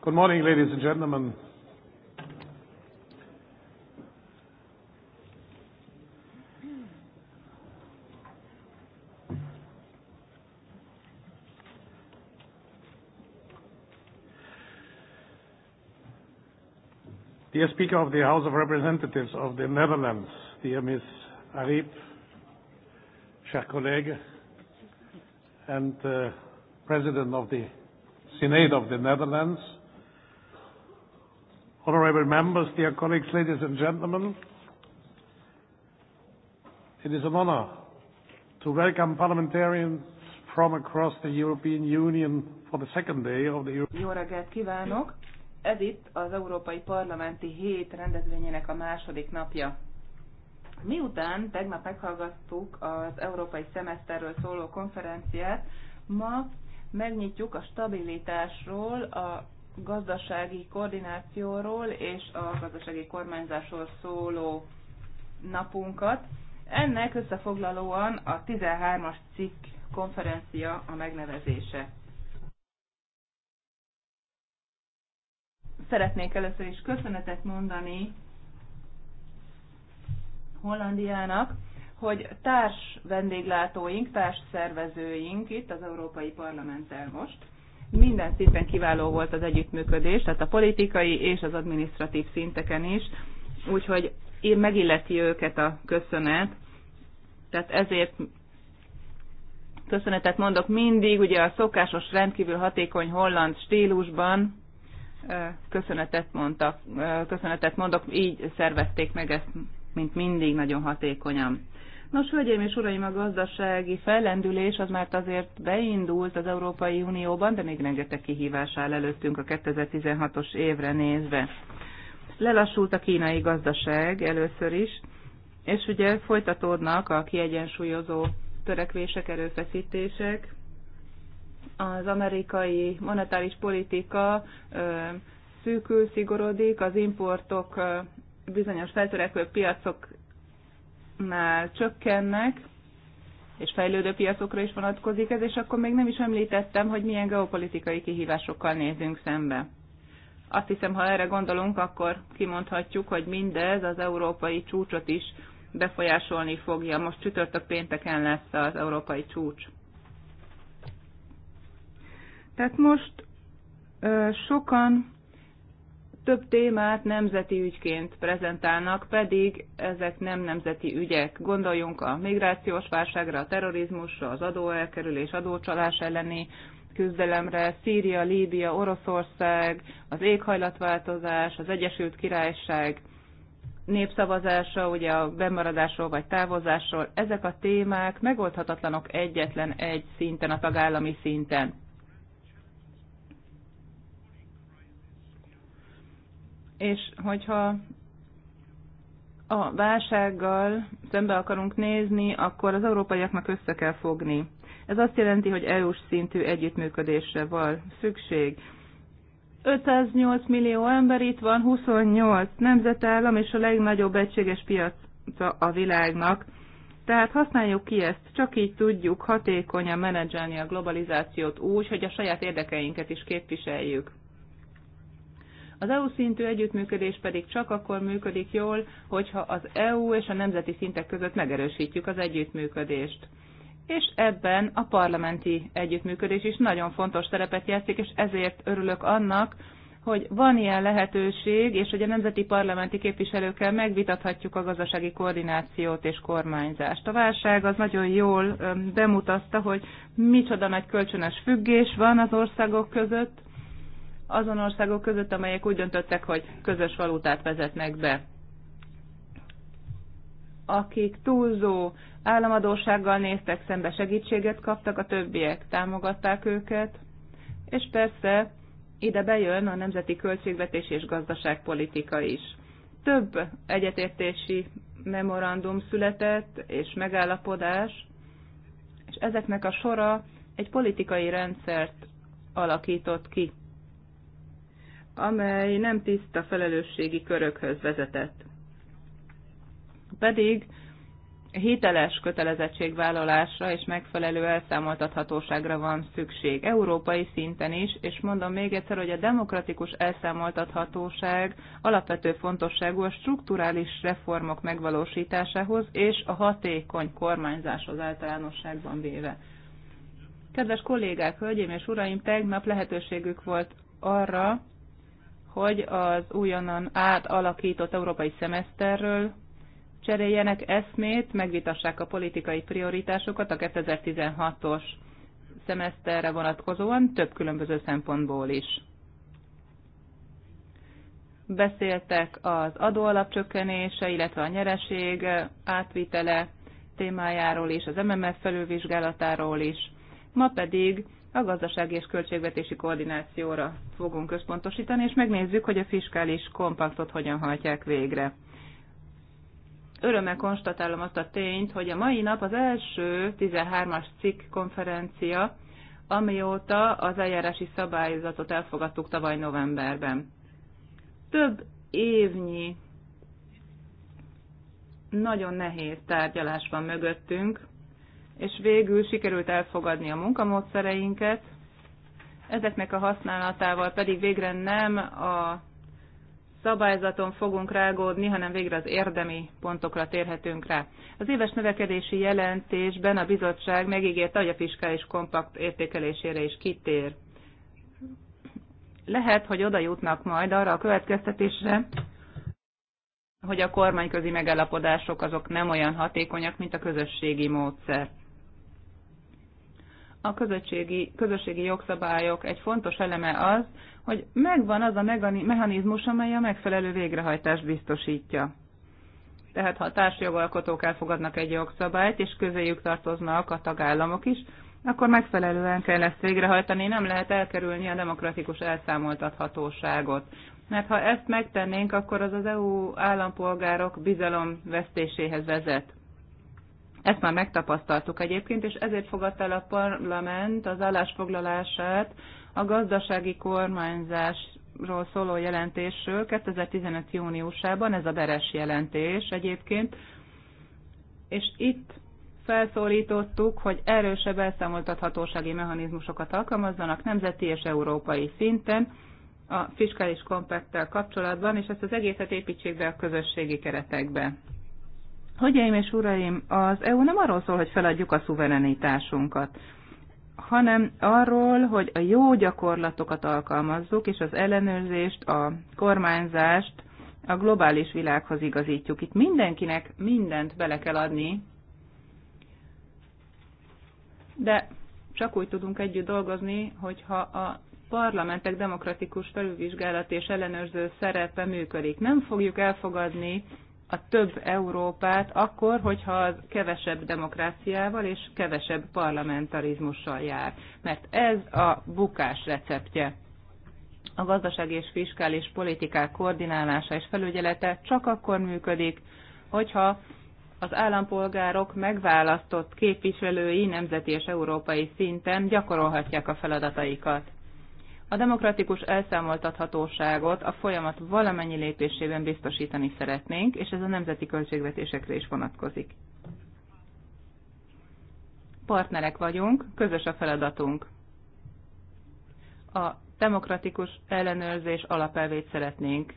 Good morning, ladies and gentlemen. Dear Speaker of the House of Representatives of the Netherlands, dear Ms. Arif, cher collègue, and uh, President of the Senate of the Netherlands, Honorable members, dear colleagues, ladies and gentlemen, it is an honor to welcome parliamentarians from across the European Union for the second day of the European Jó reggelt kívánok! Ez itt az Európai Parlamenti Hét rendezvényének a második napja. Miután tegnap meghallgattuk az Európai Szemeszterről szóló konferenciát, ma megnyitjuk a stabilitásról a gazdasági koordinációról és a gazdasági kormányzásról szóló napunkat. Ennek összefoglalóan a 13-as cikk konferencia a megnevezése. Szeretnék először is köszönetet mondani Hollandiának, hogy társ vendéglátóink, társ szervezőink itt az Európai Parlamenttel most, minden szinten kiváló volt az együttműködés, tehát a politikai és az administratív szinteken is, úgyhogy én megilleti őket a köszönet, tehát ezért köszönetet mondok mindig, ugye a szokásos rendkívül hatékony holland stílusban köszönetet, mondtak, köszönetet mondok, így szervezték meg ezt, mint mindig nagyon hatékonyan. Nos, hölgyeim és uraim, a gazdasági fellendülés az már azért beindult az Európai Unióban, de még rengeteg kihívás áll előttünk a 2016-os évre nézve. Lelassult a kínai gazdaság először is, és ugye folytatódnak a kiegyensúlyozó törekvések, erőfeszítések. Az amerikai monetáris politika ö, szűkül, szigorodik, az importok bizonyos feltörekvő piacok piacoknál csökkennek, és fejlődő piacokra is vonatkozik ez, és akkor még nem is említettem, hogy milyen geopolitikai kihívásokkal nézünk szembe. Azt hiszem, ha erre gondolunk, akkor kimondhatjuk, hogy mindez az európai csúcsot is befolyásolni fogja. Most csütörtök pénteken lesz az európai csúcs. Tehát most ö, sokan több témát nemzeti ügyként prezentálnak, pedig ezek nem nemzeti ügyek. Gondoljunk a migrációs válságra, a terrorizmusra, az adóelkerülés, adócsalás elleni küzdelemre, Szíria, Líbia, Oroszország, az éghajlatváltozás, az Egyesült Királyság népszavazása, ugye a bemaradásról vagy távozásról, ezek a témák megoldhatatlanok egyetlen egy szinten, a tagállami szinten és hogyha a válsággal szembe akarunk nézni, akkor az európaiaknak össze kell fogni. Ez azt jelenti, hogy EU-s szintű együttműködésre van szükség. 508 millió ember itt van, 28 nemzetállam és a legnagyobb egységes piaca a világnak. Tehát használjuk ki ezt, csak így tudjuk hatékonyan menedzselni a globalizációt úgy, hogy a saját érdekeinket is képviseljük. Az EU szintű együttműködés pedig csak akkor működik jól, hogyha az EU és a nemzeti szintek között megerősítjük az együttműködést. És ebben a parlamenti együttműködés is nagyon fontos szerepet játszik, és ezért örülök annak, hogy van ilyen lehetőség, és hogy a nemzeti parlamenti képviselőkkel megvitathatjuk a gazdasági koordinációt és kormányzást. A válság az nagyon jól bemutatta, hogy micsoda nagy kölcsönös függés van az országok között, azon országok között, amelyek úgy döntöttek, hogy közös valutát vezetnek be. Akik túlzó államadósággal néztek szembe, segítséget kaptak, a többiek támogatták őket, és persze ide bejön a nemzeti költségvetés és gazdaságpolitika is. Több egyetértési memorandum született és megállapodás, és ezeknek a sora egy politikai rendszert alakított ki amely nem tiszta felelősségi körökhöz vezetett. Pedig hiteles kötelezettségvállalásra és megfelelő elszámoltathatóságra van szükség, európai szinten is, és mondom még egyszer, hogy a demokratikus elszámoltathatóság alapvető fontosságú a strukturális reformok megvalósításához és a hatékony kormányzáshoz általánosságban véve. Kedves kollégák, hölgyeim és uraim, tegnap lehetőségük volt arra, hogy az újonnan átalakított európai szemeszterről cseréljenek eszmét, megvitassák a politikai prioritásokat a 2016-os szemeszterre vonatkozóan több különböző szempontból is. Beszéltek az adóalap csökkenése, illetve a nyereség átvitele témájáról is, az MMF felülvizsgálatáról is. Ma pedig a gazdasági és költségvetési koordinációra fogunk központosítani, és megnézzük, hogy a fiskális kompaktot hogyan hajtják végre. Örömmel konstatálom azt a tényt, hogy a mai nap az első 13-as cikk konferencia, amióta az eljárási szabályzatot elfogadtuk tavaly novemberben. Több évnyi nagyon nehéz tárgyalás van mögöttünk, és végül sikerült elfogadni a munkamódszereinket, ezeknek a használatával pedig végre nem a szabályzaton fogunk rágódni, hanem végre az érdemi pontokra térhetünk rá. Az éves növekedési jelentésben a bizottság megígérte, hogy a fiskális kompakt értékelésére is kitér. Lehet, hogy oda jutnak majd arra a következtetésre, hogy a kormányközi megállapodások azok nem olyan hatékonyak, mint a közösségi módszer a közösségi, közösségi jogszabályok egy fontos eleme az, hogy megvan az a mechanizmus, amely a megfelelő végrehajtást biztosítja. Tehát ha a társjogalkotók elfogadnak egy jogszabályt, és közéjük tartoznak a tagállamok is, akkor megfelelően kell ezt végrehajtani, nem lehet elkerülni a demokratikus elszámoltathatóságot. Mert ha ezt megtennénk, akkor az az EU állampolgárok bizalomvesztéséhez vezet. Ezt már megtapasztaltuk egyébként, és ezért fogadta el a parlament az állásfoglalását a gazdasági kormányzásról szóló jelentésről 2015. júniusában, ez a Beres jelentés egyébként, és itt felszólítottuk, hogy erősebb elszámoltathatósági mechanizmusokat alkalmazzanak nemzeti és európai szinten a fiskális kompettel kapcsolatban, és ezt az egészet építsék be a közösségi keretekbe. Hölgyeim és uraim, az EU nem arról szól, hogy feladjuk a szuverenitásunkat, hanem arról, hogy a jó gyakorlatokat alkalmazzuk, és az ellenőrzést, a kormányzást a globális világhoz igazítjuk. Itt mindenkinek mindent bele kell adni, de csak úgy tudunk együtt dolgozni, hogyha a parlamentek demokratikus felülvizsgálat és ellenőrző szerepe működik. Nem fogjuk elfogadni a több Európát akkor, hogyha az kevesebb demokráciával és kevesebb parlamentarizmussal jár. Mert ez a bukás receptje. A gazdasági és fiskális politikák koordinálása és felügyelete csak akkor működik, hogyha az állampolgárok megválasztott képviselői nemzeti és európai szinten gyakorolhatják a feladataikat. A demokratikus elszámoltathatóságot a folyamat valamennyi lépésében biztosítani szeretnénk, és ez a nemzeti költségvetésekre is vonatkozik. Partnerek vagyunk, közös a feladatunk. A demokratikus ellenőrzés alapelvét szeretnénk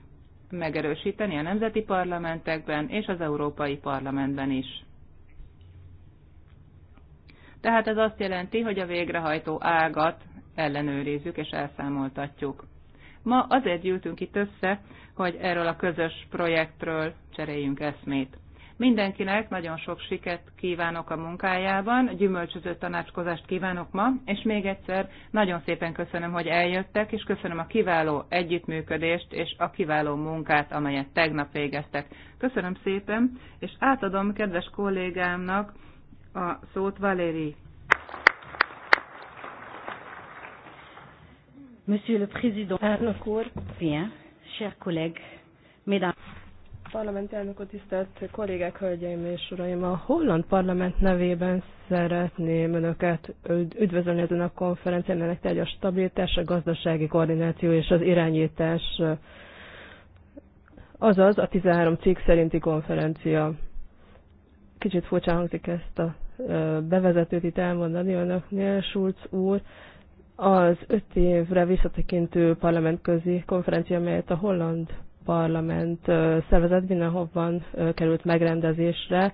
megerősíteni a nemzeti parlamentekben és az Európai Parlamentben is. Tehát ez azt jelenti, hogy a végrehajtó ágat ellenőrizzük és elszámoltatjuk. Ma azért gyűltünk itt össze, hogy erről a közös projektről cseréljünk eszmét. Mindenkinek nagyon sok siket kívánok a munkájában, gyümölcsöző tanácskozást kívánok ma, és még egyszer nagyon szépen köszönöm, hogy eljöttek, és köszönöm a kiváló együttműködést és a kiváló munkát, amelyet tegnap végeztek. Köszönöm szépen, és átadom kedves kollégámnak a szót Valéri Monsieur le Président, elnök úr, bien, cher collègue, mesdames. Parlamenti elnökot tisztelt kollégák, hölgyeim és uraim, a holland parlament nevében szeretném önöket üdvözölni ezen a konferencián, ennek egy a stabilitás, a gazdasági koordináció és az irányítás, azaz a 13 cikk szerinti konferencia. Kicsit furcsa hangzik ezt a bevezetőt itt elmondani önöknél, Schulz úr, az öt évre visszatekintő parlamentközi konferencia, amelyet a holland parlament szervezett mindenhovban került megrendezésre,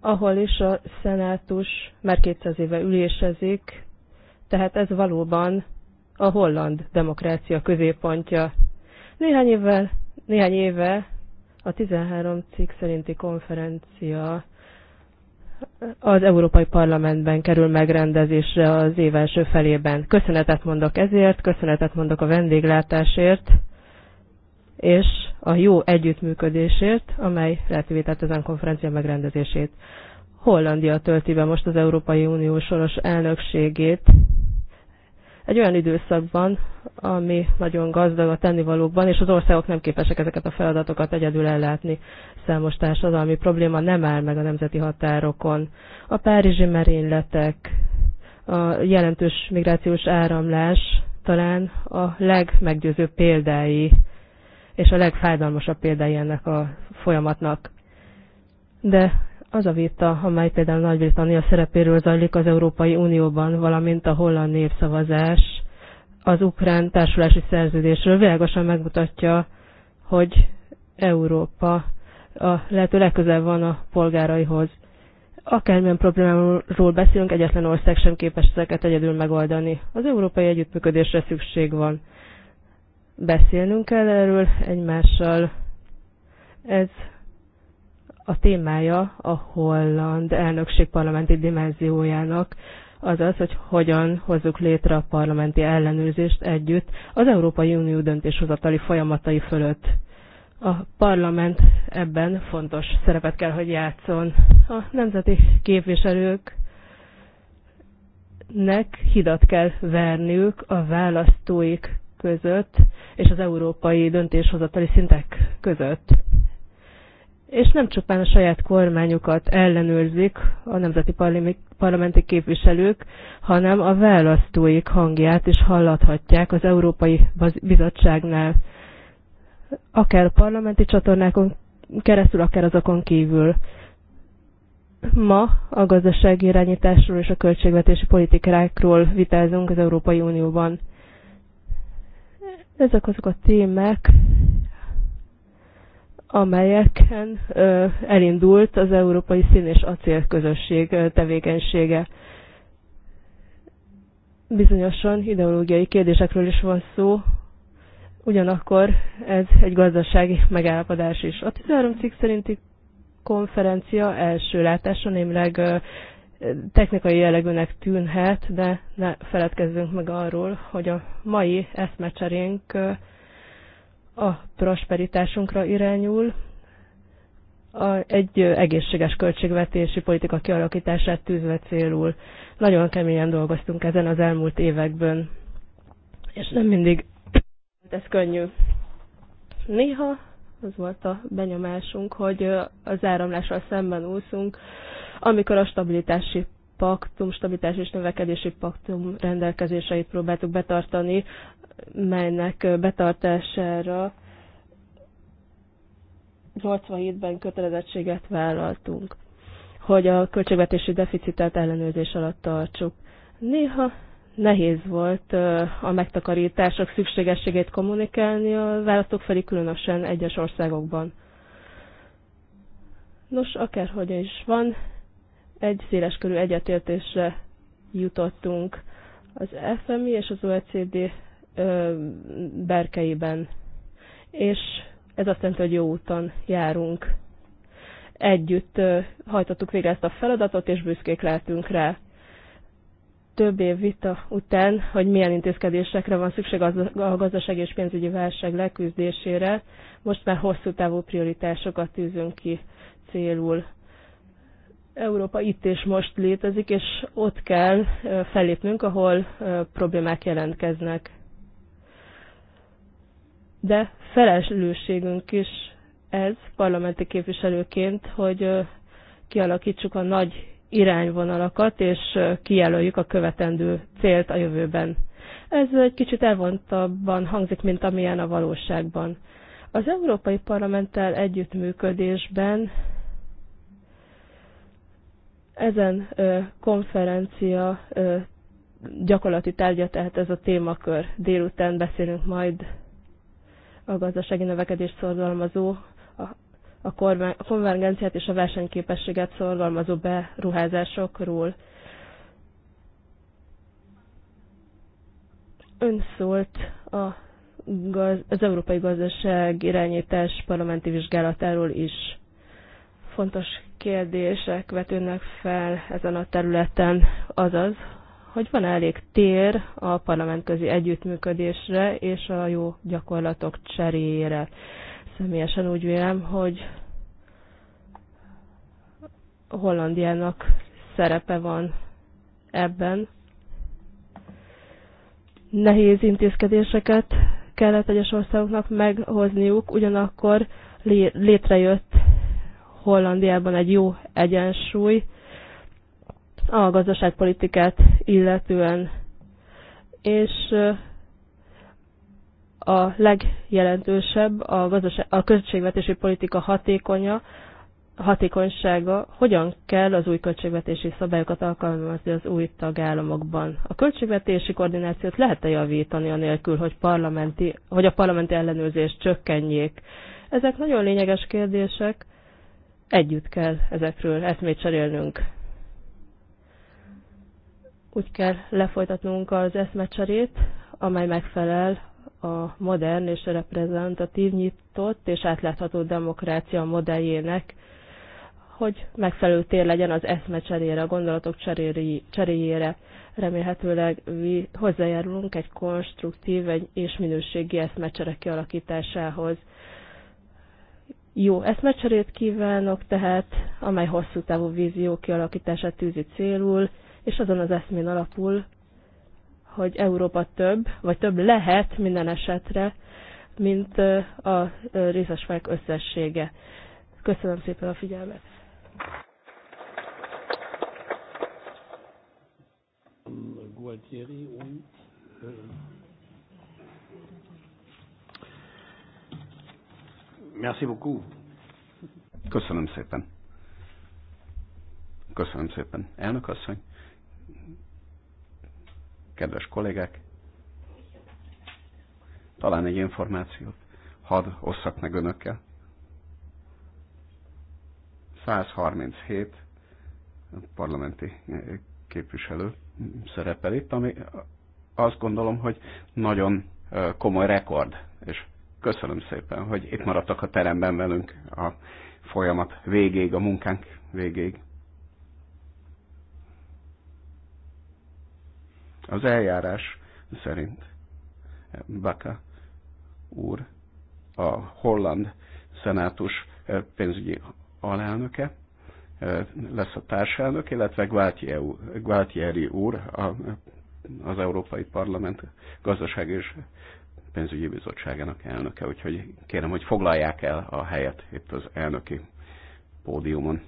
ahol is a szenátus már 200 éve ülésezik, tehát ez valóban a holland demokrácia középpontja. Néhány évvel, néhány éve a 13 cikk szerinti konferencia az Európai Parlamentben kerül megrendezésre az év első felében. Köszönetet mondok ezért, köszönetet mondok a vendéglátásért, és a jó együttműködésért, amely lehetővé tett ezen konferencia megrendezését. Hollandia tölti be most az Európai Unió soros elnökségét, egy olyan időszakban, ami nagyon gazdag a tennivalókban, és az országok nem képesek ezeket a feladatokat egyedül ellátni. Számos társadalmi probléma nem áll meg a nemzeti határokon. A párizsi merényletek, a jelentős migrációs áramlás talán a legmeggyőzőbb példái, és a legfájdalmasabb példái ennek a folyamatnak. De az a vita, amely például Nagy-Britannia szerepéről zajlik az Európai Unióban, valamint a holland népszavazás az ukrán társulási szerződésről világosan megmutatja, hogy Európa a lehető legközelebb van a polgáraihoz. Akármilyen problémáról beszélünk, egyetlen ország sem képes ezeket egyedül megoldani. Az európai együttműködésre szükség van. Beszélnünk kell erről egymással. Ez a témája a holland elnökség parlamenti dimenziójának, azaz, hogy hogyan hozzuk létre a parlamenti ellenőrzést együtt az Európai Unió döntéshozatali folyamatai fölött. A parlament ebben fontos szerepet kell, hogy játszon. A nemzeti képviselőknek hidat kell verniük a választóik között és az európai döntéshozatali szintek között és nem csupán a saját kormányukat ellenőrzik a nemzeti parlamenti képviselők, hanem a választóik hangját is hallathatják az Európai Bizottságnál, akár a parlamenti csatornákon keresztül, akár azokon kívül. Ma a gazdasági irányításról és a költségvetési politikákról vitázunk az Európai Unióban. Ezek azok a témák, amelyeken elindult az Európai Szín és Közösség tevékenysége. Bizonyosan ideológiai kérdésekről is van szó, ugyanakkor ez egy gazdasági megállapodás is. A 13 cikk szerinti konferencia első látása némileg technikai jellegűnek tűnhet, de ne feledkezzünk meg arról, hogy a mai eszmecserénk a prosperitásunkra irányul, a, egy egészséges költségvetési politika kialakítását tűzve célul. Nagyon keményen dolgoztunk ezen az elmúlt években, és nem mindig ez könnyű. Néha az volt a benyomásunk, hogy az áramlással szemben úszunk, amikor a stabilitási paktum, stabilitási és növekedési paktum rendelkezéseit próbáltuk betartani melynek betartására 87-ben kötelezettséget vállaltunk, hogy a költségvetési deficitet ellenőrzés alatt tartsuk. Néha nehéz volt a megtakarítások szükségességét kommunikálni a választók felé, különösen egyes országokban. Nos, akárhogy is van, egy széleskörű egyetértésre jutottunk az FMI és az OECD berkeiben. És ez azt jelenti, hogy jó úton járunk. Együtt hajtottuk végre ezt a feladatot, és büszkék lehetünk rá. Több év vita után, hogy milyen intézkedésekre van szükség a gazdaság és pénzügyi válság leküzdésére, most már hosszú távú prioritásokat tűzünk ki célul. Európa itt és most létezik, és ott kell fellépnünk, ahol problémák jelentkeznek de felelősségünk is ez parlamenti képviselőként, hogy kialakítsuk a nagy irányvonalakat, és kijelöljük a követendő célt a jövőben. Ez egy kicsit elvontabban hangzik, mint amilyen a valóságban. Az Európai Parlamenttel együttműködésben ezen konferencia gyakorlati tárgya, tehát ez a témakör. Délután beszélünk majd a gazdasági növekedést szorgalmazó, a, a konvergenciát és a versenyképességet szorgalmazó beruházásokról. Ön szólt a az Európai Gazdaság irányítás parlamenti vizsgálatáról is. Fontos kérdések vetőnek fel ezen a területen, azaz, hogy van elég tér a parlamentközi együttműködésre és a jó gyakorlatok cseréjére. Személyesen úgy vélem, hogy Hollandiának szerepe van ebben. Nehéz intézkedéseket kellett egyes országoknak meghozniuk, ugyanakkor létrejött Hollandiában egy jó egyensúly, a gazdaságpolitikát illetően. És a legjelentősebb a, gazdaság, a költségvetési politika hatékonya, hatékonysága, hogyan kell az új költségvetési szabályokat alkalmazni az új tagállamokban. A költségvetési koordinációt lehet-e javítani anélkül, hogy, parlamenti, hogy a parlamenti ellenőrzést csökkenjék? Ezek nagyon lényeges kérdések, együtt kell ezekről eszmét cserélnünk úgy kell lefolytatnunk az eszmecserét, amely megfelel a modern és reprezentatív nyitott és átlátható demokrácia modelljének, hogy megfelelő tér legyen az eszme cserére, a gondolatok cseréjére. Remélhetőleg mi hozzájárulunk egy konstruktív egy és minőségi eszmecsere kialakításához. Jó eszmecserét kívánok tehát, amely hosszú távú vízió kialakítását tűzi célul, és azon az eszmén alapul, hogy Európa több, vagy több lehet minden esetre, mint a részes fák összessége. Köszönöm szépen a figyelmet! Merci beaucoup. Köszönöm szépen. Köszönöm szépen. Elnök asszony kedves kollégák, talán egy információt hadd osszak meg önökkel. 137 parlamenti képviselő szerepel itt, ami azt gondolom, hogy nagyon komoly rekord, és köszönöm szépen, hogy itt maradtak a teremben velünk a folyamat végéig, a munkánk végéig. Az eljárás szerint Baka úr, a holland szenátus eh, pénzügyi alelnöke, eh, lesz a társelnök, illetve Gváltieri e úr, a, az Európai Parlament gazdaság és pénzügyi bizottságának elnöke, úgyhogy kérem, hogy foglalják el a helyet itt az elnöki pódiumon.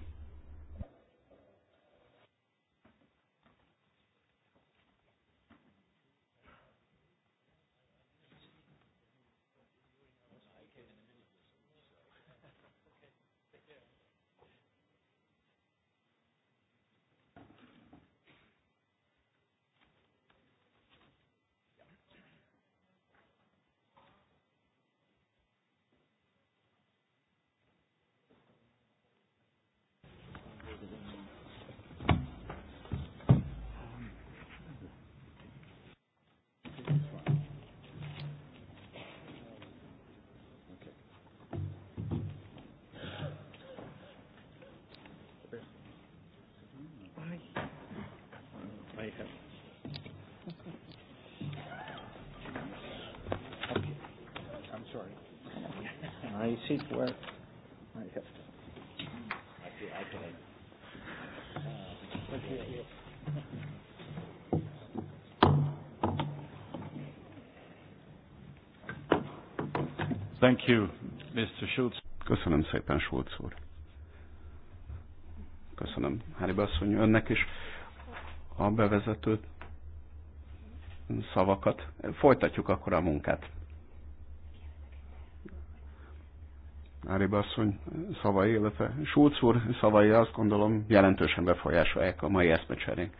Thank you, Mr. Schulz. Köszönöm szépen, Schulz úr. Köszönöm, Hári Basszony, önnek is a bevezető szavakat. Folytatjuk akkor a munkát. Ári Basszony szavai, illetve Schulz úr szavai azt gondolom jelentősen befolyásolják a mai eszmecserénk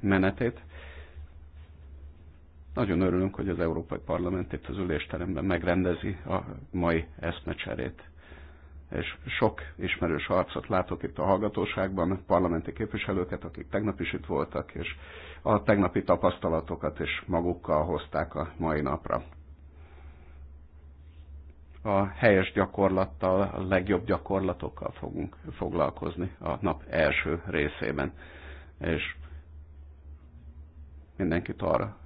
menetét. Nagyon örülünk, hogy az Európai Parlament itt az ülésteremben megrendezi a mai eszmecserét. És sok ismerős arcot látok itt a hallgatóságban, parlamenti képviselőket, akik tegnap is itt voltak, és a tegnapi tapasztalatokat is magukkal hozták a mai napra a helyes gyakorlattal, a legjobb gyakorlatokkal fogunk foglalkozni a nap első részében. És mindenkit arra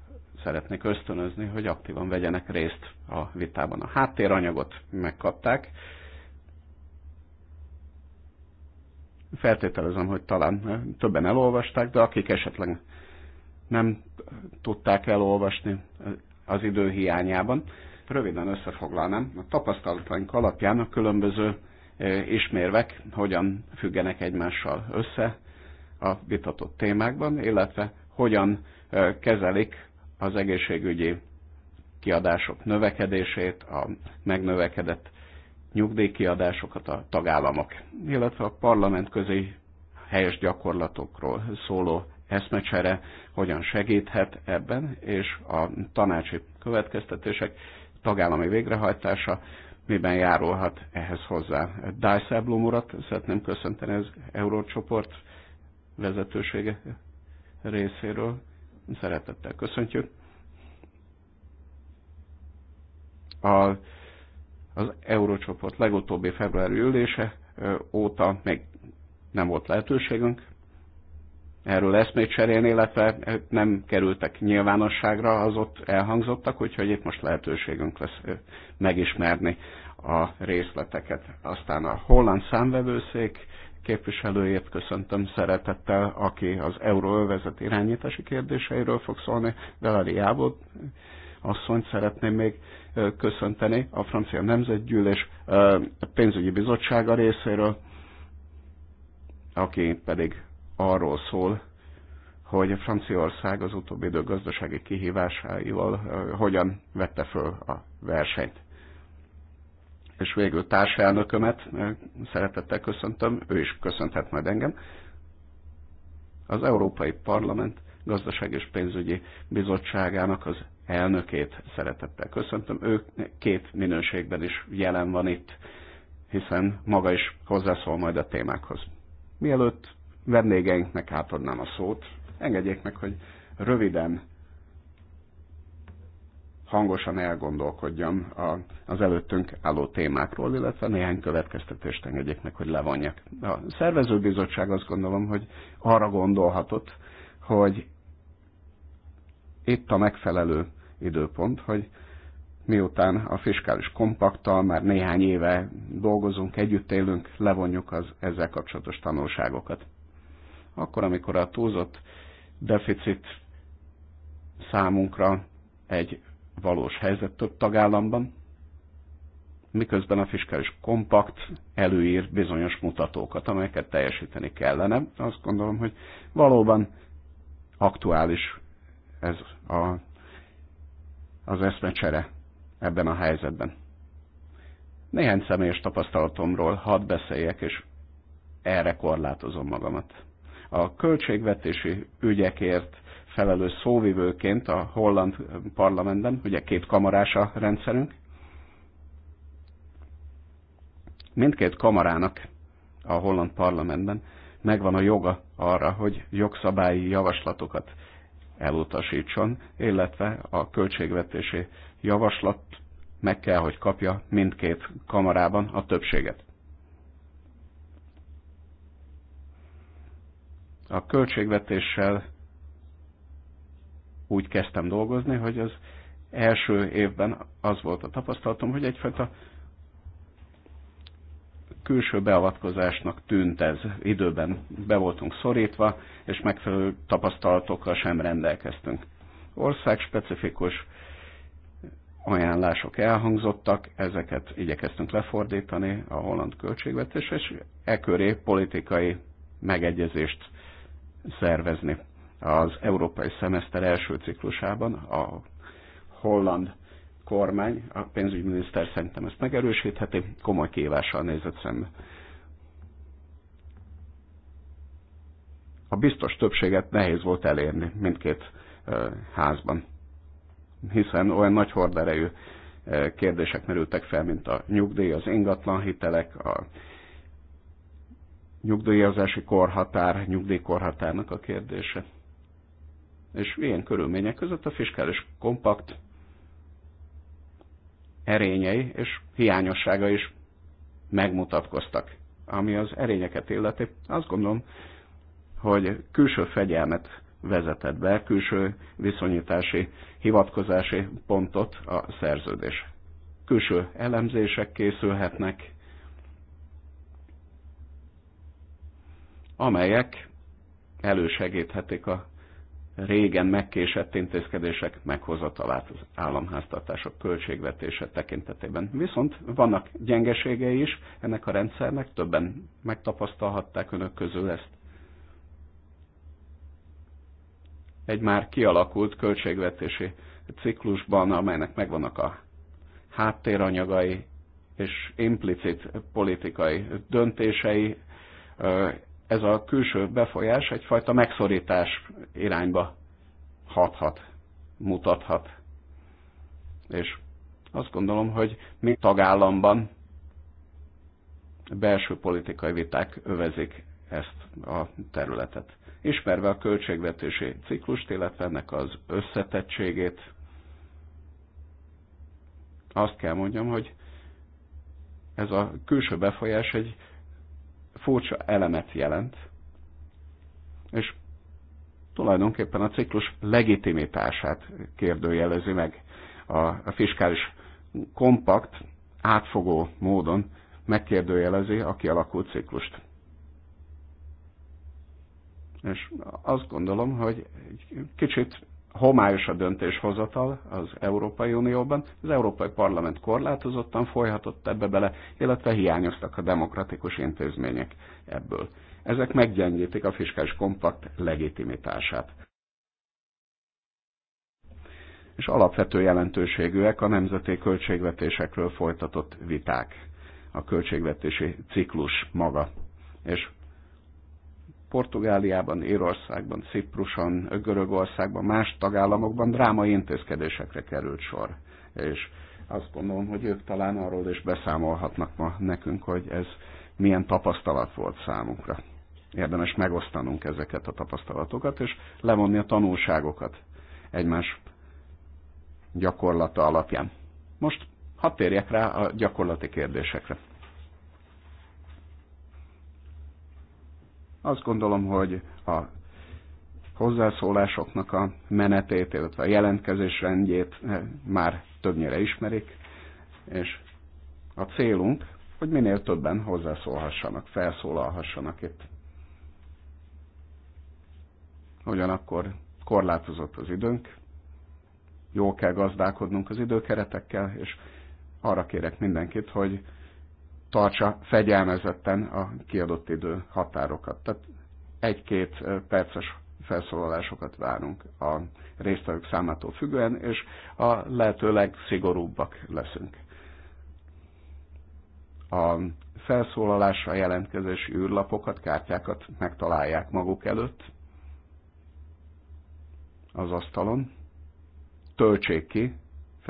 szeretnék ösztönözni, hogy aktívan vegyenek részt a vitában. A háttéranyagot megkapták. Feltételezem, hogy talán eh, többen elolvasták, de akik esetleg nem tudták elolvasni eh, az idő hiányában, röviden összefoglalnám. A tapasztalataink alapján a különböző eh, ismérvek hogyan függenek egymással össze a vitatott témákban, illetve hogyan kezelik az egészségügyi kiadások növekedését, a megnövekedett nyugdíjkiadásokat a tagállamok, illetve a parlament közé helyes gyakorlatokról szóló eszmecsere hogyan segíthet ebben, és a tanácsi következtetések tagállami végrehajtása miben járulhat ehhez hozzá. Blum urat szeretném köszönteni az Eurócsoport vezetősége részéről, Szeretettel köszöntjük. A, az Eurócsoport legutóbbi februári ülése óta még nem volt lehetőségünk erről eszmét cserélni, illetve nem kerültek nyilvánosságra az ott elhangzottak, úgyhogy itt most lehetőségünk lesz megismerni a részleteket. Aztán a holland számvevőszék képviselőjét köszöntöm szeretettel, aki az euróövezet irányítási kérdéseiről fog szólni, Delari Jábor asszonyt szeretném még köszönteni a Francia Nemzetgyűlés pénzügyi bizottsága részéről, aki pedig arról szól, hogy Franciaország az utóbbi idő gazdasági kihívásáival hogyan vette föl a versenyt és végül társelnökömet szeretettel köszöntöm, ő is köszönthet majd engem. Az Európai Parlament Gazdaság és Pénzügyi Bizottságának az elnökét szeretettel köszöntöm. Ő két minőségben is jelen van itt, hiszen maga is hozzászól majd a témákhoz. Mielőtt vendégeinknek átadnám a szót, engedjék meg, hogy röviden hangosan elgondolkodjam az előttünk álló témákról, illetve néhány következtetést engedjék meg, hogy levonjak. A szervezőbizottság azt gondolom, hogy arra gondolhatott, hogy itt a megfelelő időpont, hogy miután a fiskális kompakttal már néhány éve dolgozunk, együtt élünk, levonjuk az ezzel kapcsolatos tanulságokat. Akkor, amikor a túlzott deficit számunkra egy valós helyzet több tagállamban, miközben a fiskális kompakt előír bizonyos mutatókat, amelyeket teljesíteni kellene. Azt gondolom, hogy valóban aktuális ez a, az eszmecsere ebben a helyzetben. Néhány személyes tapasztalatomról hadd beszéljek, és erre korlátozom magamat. A költségvetési ügyekért felelős szóvivőként a holland parlamentben, ugye két kamarás a rendszerünk, mindkét kamarának a holland parlamentben megvan a joga arra, hogy jogszabályi javaslatokat elutasítson, illetve a költségvetési javaslat meg kell, hogy kapja mindkét kamarában a többséget. A költségvetéssel úgy kezdtem dolgozni, hogy az első évben az volt a tapasztalatom, hogy egyfajta külső beavatkozásnak tűnt ez időben. Be voltunk szorítva, és megfelelő tapasztalatokkal sem rendelkeztünk. Országspecifikus ajánlások elhangzottak, ezeket igyekeztünk lefordítani a holland költségvetés, és e köré politikai megegyezést szervezni az európai szemeszter első ciklusában a holland kormány, a pénzügyminiszter szerintem ezt megerősítheti, komoly kívással nézett szembe. A biztos többséget nehéz volt elérni mindkét házban, hiszen olyan nagy horderejű kérdések merültek fel, mint a nyugdíj, az ingatlan hitelek, a nyugdíjazási korhatár, nyugdíjkorhatárnak a kérdése. És ilyen körülmények között a fiskális kompakt erényei és hiányossága is megmutatkoztak. Ami az erényeket illeti, azt gondolom, hogy külső fegyelmet vezetett be, külső viszonyítási, hivatkozási pontot a szerződés. Külső elemzések készülhetnek, amelyek elősegíthetik a régen megkésett intézkedések meghozatalát az államháztartások költségvetése tekintetében. Viszont vannak gyengeségei is ennek a rendszernek, többen megtapasztalhatták önök közül ezt. Egy már kialakult költségvetési ciklusban, amelynek megvannak a háttéranyagai és implicit politikai döntései, ez a külső befolyás egyfajta megszorítás irányba hathat, mutathat. És azt gondolom, hogy mi tagállamban belső politikai viták övezik ezt a területet. Ismerve a költségvetési ciklust, illetve ennek az összetettségét, azt kell mondjam, hogy ez a külső befolyás egy furcsa elemet jelent, és tulajdonképpen a ciklus legitimitását kérdőjelezi meg a fiskális kompakt átfogó módon megkérdőjelezi a kialakult ciklust. És azt gondolom, hogy egy kicsit homályos a döntéshozatal az Európai Unióban, az Európai Parlament korlátozottan folyhatott ebbe bele, illetve hiányoztak a demokratikus intézmények ebből. Ezek meggyengítik a fiskális kompakt legitimitását. És alapvető jelentőségűek a nemzeti költségvetésekről folytatott viták, a költségvetési ciklus maga. És Portugáliában, Írországban, Cipruson, Görögországban, más tagállamokban drámai intézkedésekre került sor. És azt gondolom, hogy ők talán arról is beszámolhatnak ma nekünk, hogy ez milyen tapasztalat volt számunkra. Érdemes megosztanunk ezeket a tapasztalatokat, és levonni a tanulságokat egymás gyakorlata alapján. Most hadd térjek rá a gyakorlati kérdésekre. Azt gondolom, hogy a hozzászólásoknak a menetét, illetve a jelentkezés rendjét eh, már többnyire ismerik, és a célunk, hogy minél többen hozzászólhassanak, felszólalhassanak itt. Ugyanakkor korlátozott az időnk, jól kell gazdálkodnunk az időkeretekkel, és arra kérek mindenkit, hogy tartsa fegyelmezetten a kiadott idő határokat. Tehát egy-két perces felszólalásokat várunk a résztvevők számától függően, és a lehető legszigorúbbak leszünk. A felszólalásra jelentkezés űrlapokat, kártyákat megtalálják maguk előtt az asztalon. Töltsék ki,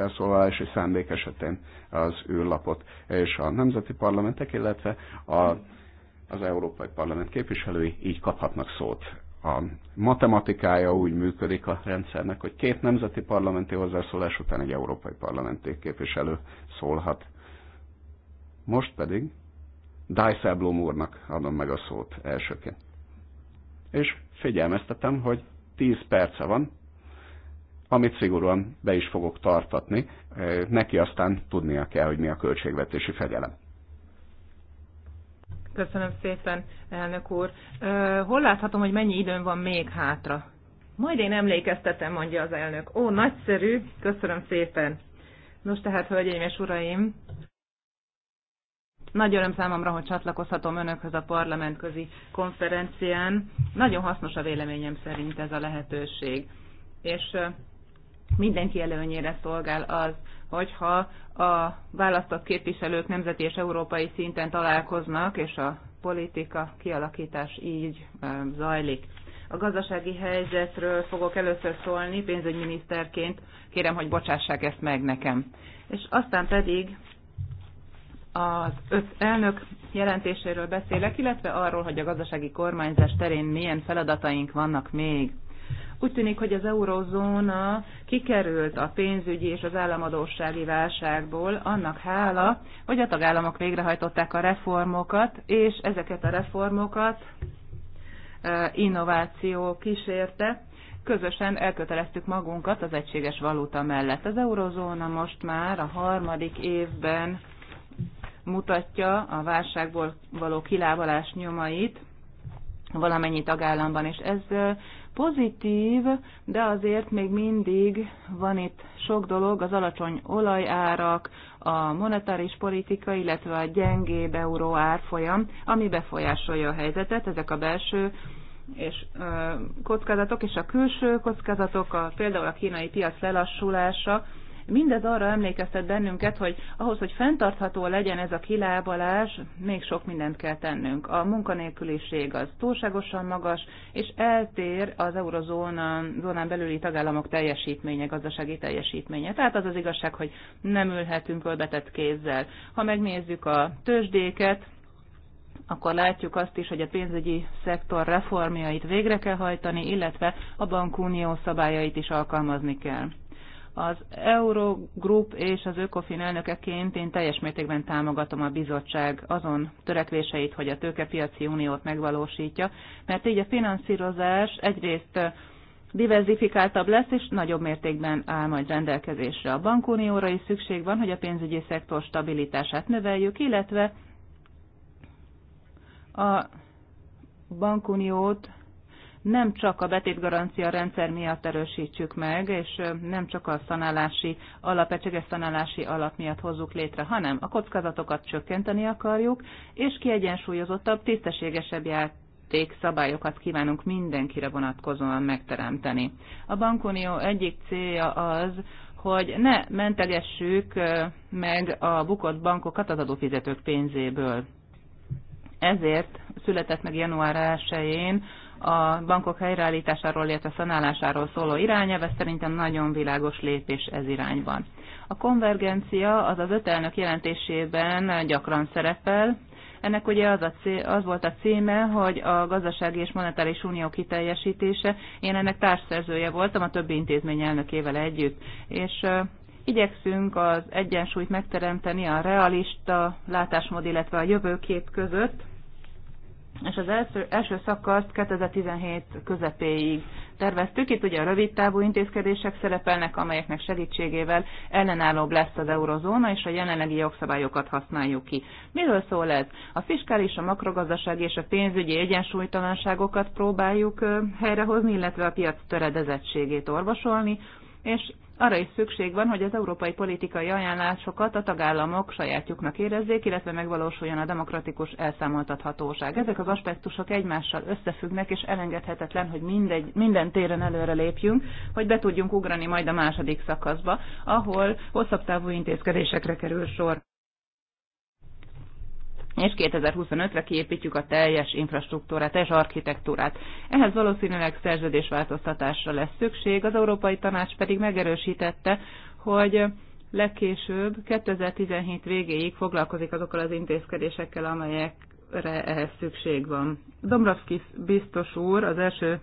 felszólalási szándék esetén az űrlapot, és a nemzeti parlamentek, illetve a, az Európai Parlament képviselői így kaphatnak szót. A matematikája úgy működik a rendszernek, hogy két nemzeti parlamenti hozzászólás után egy európai parlamenti képviselő szólhat. Most pedig Blum úrnak adom meg a szót elsőként. És figyelmeztetem, hogy 10 perce van, amit szigorúan be is fogok tartatni, neki aztán tudnia kell, hogy mi a költségvetési fegyelem. Köszönöm szépen, elnök úr. hol láthatom, hogy mennyi időn van még hátra? Majd én emlékeztetem, mondja az elnök. Ó, nagyszerű, köszönöm szépen. Nos tehát, hölgyeim és uraim, nagy öröm számomra, hogy csatlakozhatom önökhöz a parlamentközi konferencián. Nagyon hasznos a véleményem szerint ez a lehetőség. És mindenki előnyére szolgál az, hogyha a választott képviselők nemzeti és európai szinten találkoznak, és a politika kialakítás így zajlik. A gazdasági helyzetről fogok először szólni pénzügyminiszterként, kérem, hogy bocsássák ezt meg nekem. És aztán pedig az öt elnök jelentéséről beszélek, illetve arról, hogy a gazdasági kormányzás terén milyen feladataink vannak még. Úgy tűnik, hogy az eurozóna kikerült a pénzügyi és az államadósági válságból, annak hála, hogy a tagállamok végrehajtották a reformokat, és ezeket a reformokat innováció kísérte, közösen elköteleztük magunkat az egységes valuta mellett. Az eurozóna most már a harmadik évben mutatja a válságból való kilábalás nyomait valamennyi tagállamban, és ez pozitív, de azért még mindig van itt sok dolog, az alacsony olajárak, a monetáris politika, illetve a gyengébb euró árfolyam, ami befolyásolja a helyzetet, ezek a belső és kockázatok, és a külső kockázatok, a, például a kínai piac lelassulása, Mindez arra emlékeztet bennünket, hogy ahhoz, hogy fenntartható legyen ez a kilábalás, még sok mindent kell tennünk. A munkanélküliség az túlságosan magas, és eltér az eurozónán belüli tagállamok teljesítménye, gazdasági teljesítménye. Tehát az az igazság, hogy nem ülhetünk ölbetett kézzel. Ha megnézzük a tőzsdéket, akkor látjuk azt is, hogy a pénzügyi szektor reformjait végre kell hajtani, illetve a bankunió szabályait is alkalmazni kell. Az Eurogroup és az Ökofin elnökeként én teljes mértékben támogatom a bizottság azon törekvéseit, hogy a tőkepiaci uniót megvalósítja, mert így a finanszírozás egyrészt diversifikáltabb lesz, és nagyobb mértékben áll majd rendelkezésre. A bankunióra is szükség van, hogy a pénzügyi szektor stabilitását növeljük, illetve a bankuniót nem csak a betétgarancia rendszer miatt erősítsük meg, és nem csak a szanálási alap, egységes szanálási alap miatt hozzuk létre, hanem a kockázatokat csökkenteni akarjuk, és kiegyensúlyozottabb, tisztességesebb ját szabályokat kívánunk mindenkire vonatkozóan megteremteni. A bankunió egyik célja az, hogy ne mentegessük meg a bukott bankokat az adófizetők pénzéből. Ezért született meg január 1-én a bankok helyreállításáról, illetve szanálásáról szóló irányelve szerintem nagyon világos lépés ez irányban. A konvergencia az az öt elnök jelentésében gyakran szerepel, ennek ugye az, a cím, az volt a címe, hogy a gazdasági és monetáris unió kiteljesítése. Én ennek társszerzője voltam a többi intézmény elnökével együtt, és igyekszünk az egyensúlyt megteremteni a realista látásmód, illetve a jövőkép között, és az első, első szakaszt 2017 közepéig terveztük. Itt ugye a rövid távú intézkedések szerepelnek, amelyeknek segítségével ellenállóbb lesz az eurozóna, és a jelenlegi jogszabályokat használjuk ki. Miről szól ez? A fiskális, a makrogazdaság és a pénzügyi egyensúlytalanságokat próbáljuk helyrehozni, illetve a piac töredezettségét orvosolni, és arra is szükség van, hogy az európai politikai ajánlásokat a tagállamok sajátjuknak érezzék, illetve megvalósuljon a demokratikus elszámoltathatóság. Ezek az aspektusok egymással összefüggnek, és elengedhetetlen, hogy mindegy, minden téren előre lépjünk, hogy be tudjunk ugrani majd a második szakaszba, ahol hosszabb távú intézkedésekre kerül sor és 2025-re kiépítjük a teljes infrastruktúrát, teljes architektúrát. Ehhez valószínűleg szerződésváltoztatásra lesz szükség, az Európai Tanács pedig megerősítette, hogy legkésőbb 2017 végéig foglalkozik azokkal az intézkedésekkel, amelyekre ehhez szükség van. Dombrovskis biztos úr az első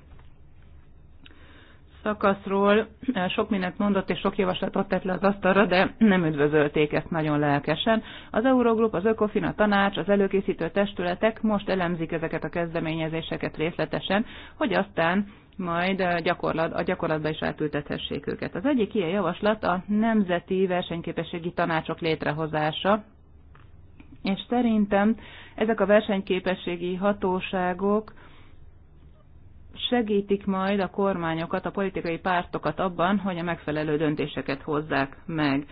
szakaszról sok mindent mondott és sok javaslatot tett le az asztalra, de nem üdvözölték ezt nagyon lelkesen. Az Eurogroup, az Ökofin, a tanács, az előkészítő testületek most elemzik ezeket a kezdeményezéseket részletesen, hogy aztán majd a gyakorlat, a gyakorlatba is átültethessék őket. Az egyik ilyen javaslat a nemzeti versenyképességi tanácsok létrehozása, és szerintem ezek a versenyképességi hatóságok segítik majd a kormányokat, a politikai pártokat abban, hogy a megfelelő döntéseket hozzák meg.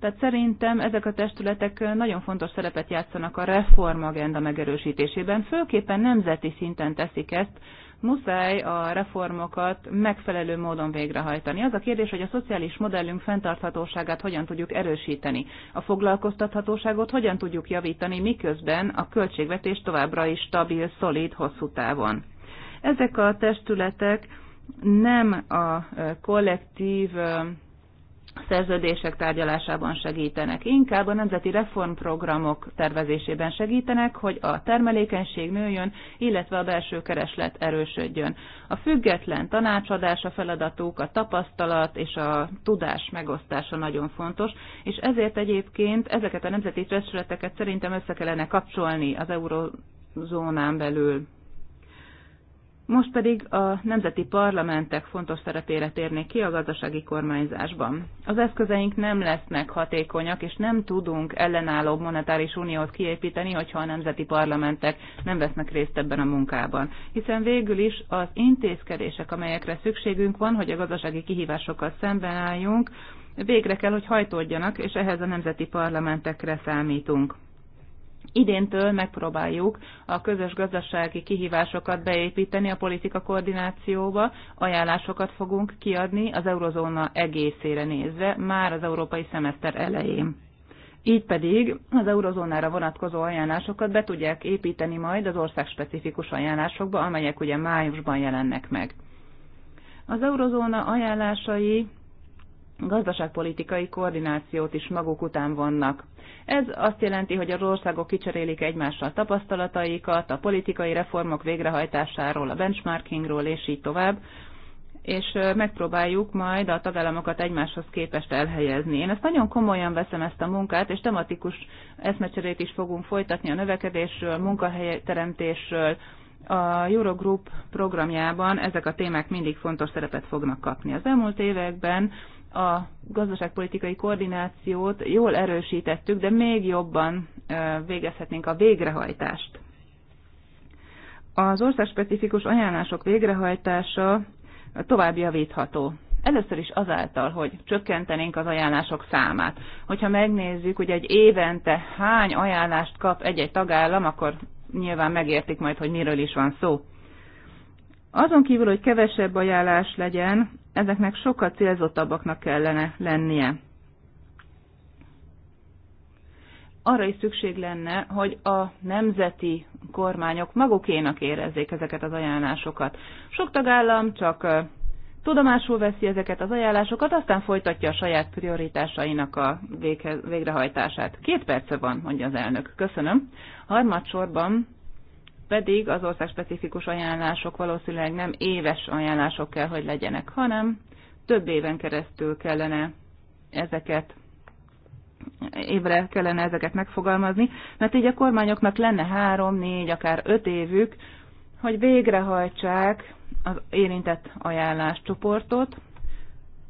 Tehát szerintem ezek a testületek nagyon fontos szerepet játszanak a reformagenda megerősítésében, főképpen nemzeti szinten teszik ezt, muszáj a reformokat megfelelő módon végrehajtani. Az a kérdés, hogy a szociális modellünk fenntarthatóságát hogyan tudjuk erősíteni, a foglalkoztathatóságot hogyan tudjuk javítani, miközben a költségvetés továbbra is stabil, szolid, hosszú távon. Ezek a testületek nem a kollektív szerződések tárgyalásában segítenek, inkább a nemzeti reformprogramok tervezésében segítenek, hogy a termelékenység nőjön, illetve a belső kereslet erősödjön. A független tanácsadás, a feladatuk, a tapasztalat és a tudás megosztása nagyon fontos, és ezért egyébként ezeket a nemzeti testületeket szerintem össze kellene kapcsolni az eurozónán belül most pedig a nemzeti parlamentek fontos szerepére térnék ki a gazdasági kormányzásban. Az eszközeink nem lesznek hatékonyak, és nem tudunk ellenálló monetáris uniót kiépíteni, hogyha a nemzeti parlamentek nem vesznek részt ebben a munkában. Hiszen végül is az intézkedések, amelyekre szükségünk van, hogy a gazdasági kihívásokkal szemben álljunk, végre kell, hogy hajtódjanak, és ehhez a nemzeti parlamentekre számítunk. Idéntől megpróbáljuk a közös gazdasági kihívásokat beépíteni a politika koordinációba, ajánlásokat fogunk kiadni az eurozóna egészére nézve, már az európai szemeszter elején. Így pedig az eurozónára vonatkozó ajánlásokat be tudják építeni majd az országspecifikus ajánlásokba, amelyek ugye májusban jelennek meg. Az eurozóna ajánlásai gazdaságpolitikai koordinációt is maguk után vannak. Ez azt jelenti, hogy az országok kicserélik egymással tapasztalataikat, a politikai reformok végrehajtásáról, a benchmarkingról, és így tovább, és megpróbáljuk majd a tagállamokat egymáshoz képest elhelyezni. Én ezt nagyon komolyan veszem ezt a munkát, és tematikus eszmecserét is fogunk folytatni a növekedésről, munkahelyteremtésről, a Eurogroup programjában ezek a témák mindig fontos szerepet fognak kapni. Az elmúlt években a gazdaságpolitikai koordinációt jól erősítettük, de még jobban végezhetnénk a végrehajtást. Az országspecifikus ajánlások végrehajtása tovább javítható. Először is azáltal, hogy csökkentenénk az ajánlások számát. Hogyha megnézzük, hogy egy évente hány ajánlást kap egy-egy tagállam, akkor nyilván megértik majd, hogy miről is van szó. Azon kívül, hogy kevesebb ajánlás legyen, ezeknek sokkal célzottabbaknak kellene lennie. Arra is szükség lenne, hogy a nemzeti kormányok magukénak érezzék ezeket az ajánlásokat. Sok tagállam csak tudomásul veszi ezeket az ajánlásokat, aztán folytatja a saját prioritásainak a végrehajtását. Két perce van, mondja az elnök. Köszönöm. Harmadsorban pedig az specifikus ajánlások valószínűleg nem éves ajánlások kell, hogy legyenek, hanem több éven keresztül kellene ezeket évre kellene ezeket megfogalmazni, mert így a kormányoknak lenne három, négy, akár öt évük, hogy végrehajtsák az érintett ajánláscsoportot,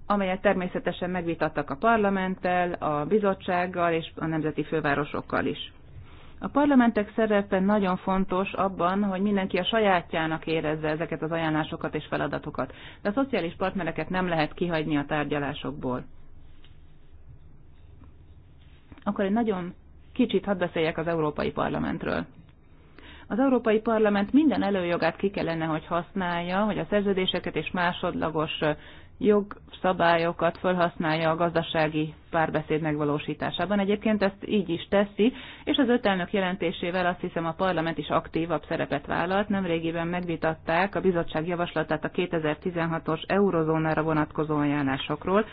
amelyet természetesen megvitattak a parlamenttel, a bizottsággal és a nemzeti fővárosokkal is. A parlamentek szerepe nagyon fontos abban, hogy mindenki a sajátjának érezze ezeket az ajánlásokat és feladatokat, de a szociális partnereket nem lehet kihagyni a tárgyalásokból. Akkor egy nagyon kicsit hadd beszéljek az Európai Parlamentről. Az Európai Parlament minden előjogát ki kellene, hogy használja, hogy a szerződéseket és másodlagos jogszabályokat felhasználja a gazdasági párbeszéd megvalósításában. Egyébként ezt így is teszi, és az öt elnök jelentésével azt hiszem a parlament is aktívabb szerepet vállalt. Nemrégiben megvitatták a bizottság javaslatát a 2016-os eurozónára vonatkozó ajánlásokról,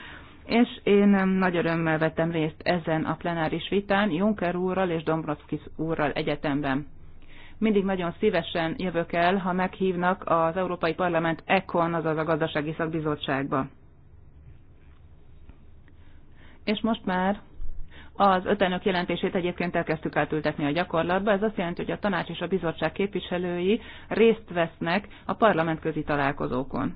és én nagy örömmel vettem részt ezen a plenáris vitán Juncker úrral és Dombrovskis úrral egyetemben. Mindig nagyon szívesen jövök el, ha meghívnak az Európai Parlament ECON, azaz a Gazdasági Szakbizottságba. És most már az ötenök jelentését egyébként elkezdtük átültetni a gyakorlatba. Ez azt jelenti, hogy a tanács és a bizottság képviselői részt vesznek a parlamentközi találkozókon.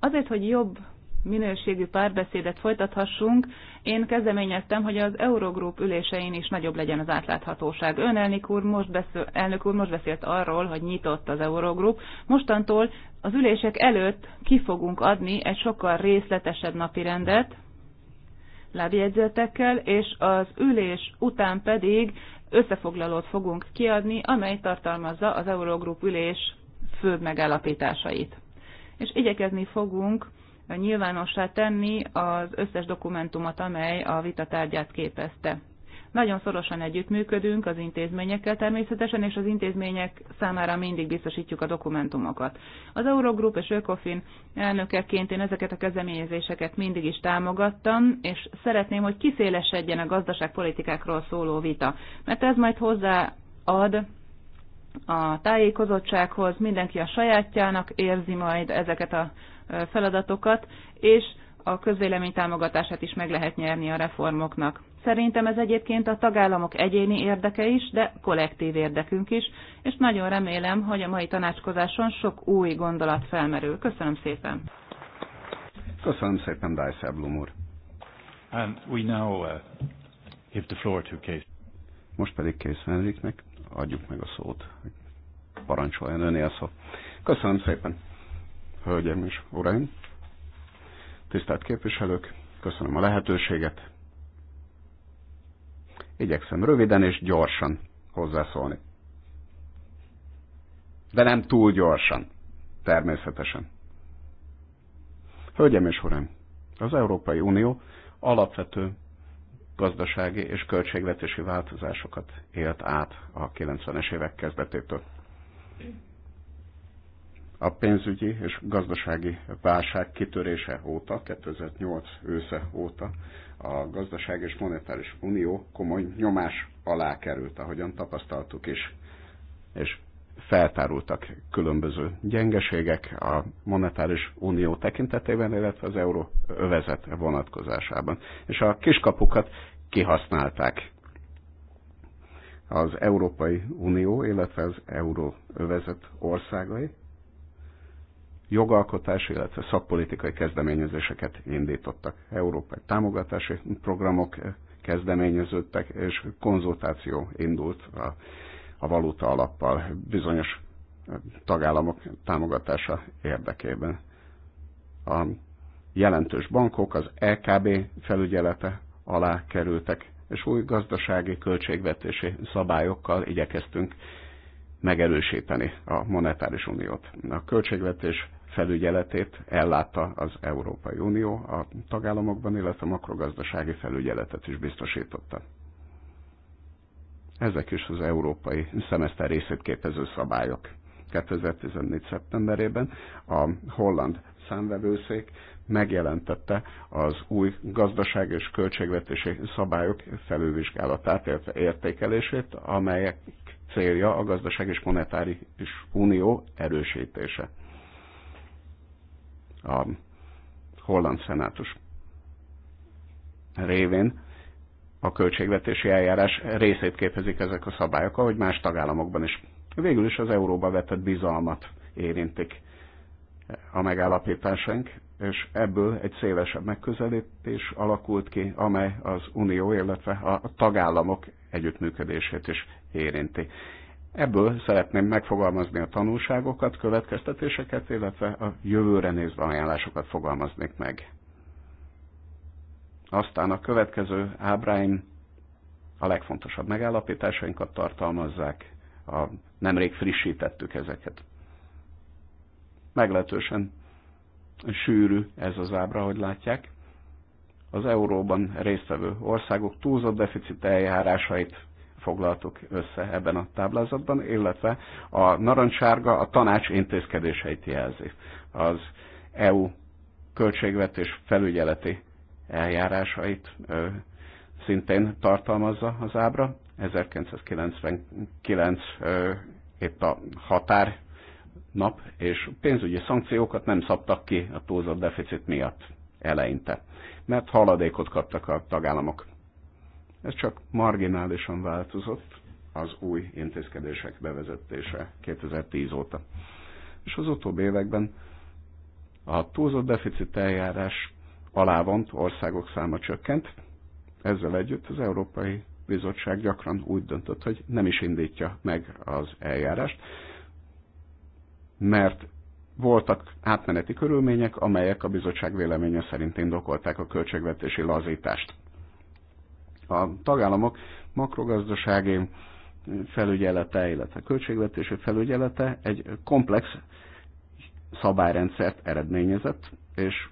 Azért, hogy jobb minőségű párbeszédet folytathassunk, én kezdeményeztem, hogy az Eurogroup ülésein is nagyobb legyen az átláthatóság. Ön elnök úr most, beszél, elnök úr most beszélt arról, hogy nyitott az Eurogroup. Mostantól az ülések előtt ki fogunk adni egy sokkal részletesebb napirendet, lábjegyzetekkel, és az ülés után pedig összefoglalót fogunk kiadni, amely tartalmazza az Eurogroup ülés főbb megállapításait. És igyekezni fogunk nyilvánossá tenni az összes dokumentumot, amely a vita tárgyát képezte. Nagyon szorosan együttműködünk az intézményekkel természetesen, és az intézmények számára mindig biztosítjuk a dokumentumokat. Az Eurogroup és Ökofin elnökeként én ezeket a kezdeményezéseket mindig is támogattam, és szeretném, hogy kiszélesedjen a gazdaságpolitikákról szóló vita, mert ez majd hozzáad a tájékozottsághoz, mindenki a sajátjának érzi majd ezeket a feladatokat, és a közvélemény támogatását is meg lehet nyerni a reformoknak. Szerintem ez egyébként a tagállamok egyéni érdeke is, de kollektív érdekünk is, és nagyon remélem, hogy a mai tanácskozáson sok új gondolat felmerül. Köszönöm szépen! Köszönöm szépen, Dice Blum úr! And we now uh, give the floor to Case. Most pedig Kész Henriknek adjuk meg a szót, hogy parancsoljon önél szó. Köszönöm szépen! hölgyem és uraim, tisztelt képviselők, köszönöm a lehetőséget. Igyekszem röviden és gyorsan hozzászólni. De nem túl gyorsan, természetesen. Hölgyem és uraim, az Európai Unió alapvető gazdasági és költségvetési változásokat élt át a 90-es évek kezdetétől a pénzügyi és gazdasági válság kitörése óta, 2008 ősze óta a gazdaság és monetáris unió komoly nyomás alá került, ahogyan tapasztaltuk is, és feltárultak különböző gyengeségek a monetáris unió tekintetében, illetve az euró övezet vonatkozásában. És a kiskapukat kihasználták az Európai Unió, illetve az euróövezet országai, jogalkotás, illetve szakpolitikai kezdeményezéseket indítottak. Európai támogatási programok kezdeményeződtek, és konzultáció indult a, a valuta alappal bizonyos tagállamok támogatása érdekében. A jelentős bankok az LKB e felügyelete alá kerültek, és új gazdasági költségvetési szabályokkal igyekeztünk megerősíteni a monetáris uniót. A költségvetés felügyeletét ellátta az Európai Unió a tagállamokban, illetve a makrogazdasági felügyeletet is biztosította. Ezek is az európai szemeszter részét képező szabályok. 2014. szeptemberében a holland számvevőszék megjelentette az új gazdaság és költségvetési szabályok felülvizsgálatát, illetve értékelését, amelyek célja a gazdaság és monetáris unió erősítése a holland szenátus révén a költségvetési eljárás részét képezik ezek a szabályok, ahogy más tagállamokban is. Végül is az euróba vetett bizalmat érintik a megállapításaink, és ebből egy szélesebb megközelítés alakult ki, amely az unió, illetve a tagállamok együttműködését is érinti. Ebből szeretném megfogalmazni a tanulságokat, következtetéseket, illetve a jövőre nézve ajánlásokat fogalmaznék meg. Aztán a következő ábráim a legfontosabb megállapításainkat tartalmazzák, a, nemrég frissítettük ezeket. Meglehetősen sűrű ez az ábra, hogy látják. Az euróban résztvevő országok túlzott deficit eljárásait foglaltuk össze ebben a táblázatban, illetve a narancsárga a tanács intézkedéseit jelzi. Az EU költségvetés felügyeleti eljárásait ö, szintén tartalmazza az ábra. 1999 ö, itt a határ nap, és pénzügyi szankciókat nem szabtak ki a túlzott deficit miatt eleinte, mert haladékot kaptak a tagállamok. Ez csak marginálisan változott az új intézkedések bevezetése 2010 óta. És az utóbbi években a túlzott deficit eljárás alá vont országok száma csökkent, ezzel együtt az Európai Bizottság gyakran úgy döntött, hogy nem is indítja meg az eljárást, mert voltak átmeneti körülmények, amelyek a bizottság véleménye szerint indokolták a költségvetési lazítást. A tagállamok makrogazdasági felügyelete, illetve költségvetési felügyelete egy komplex szabályrendszert eredményezett, és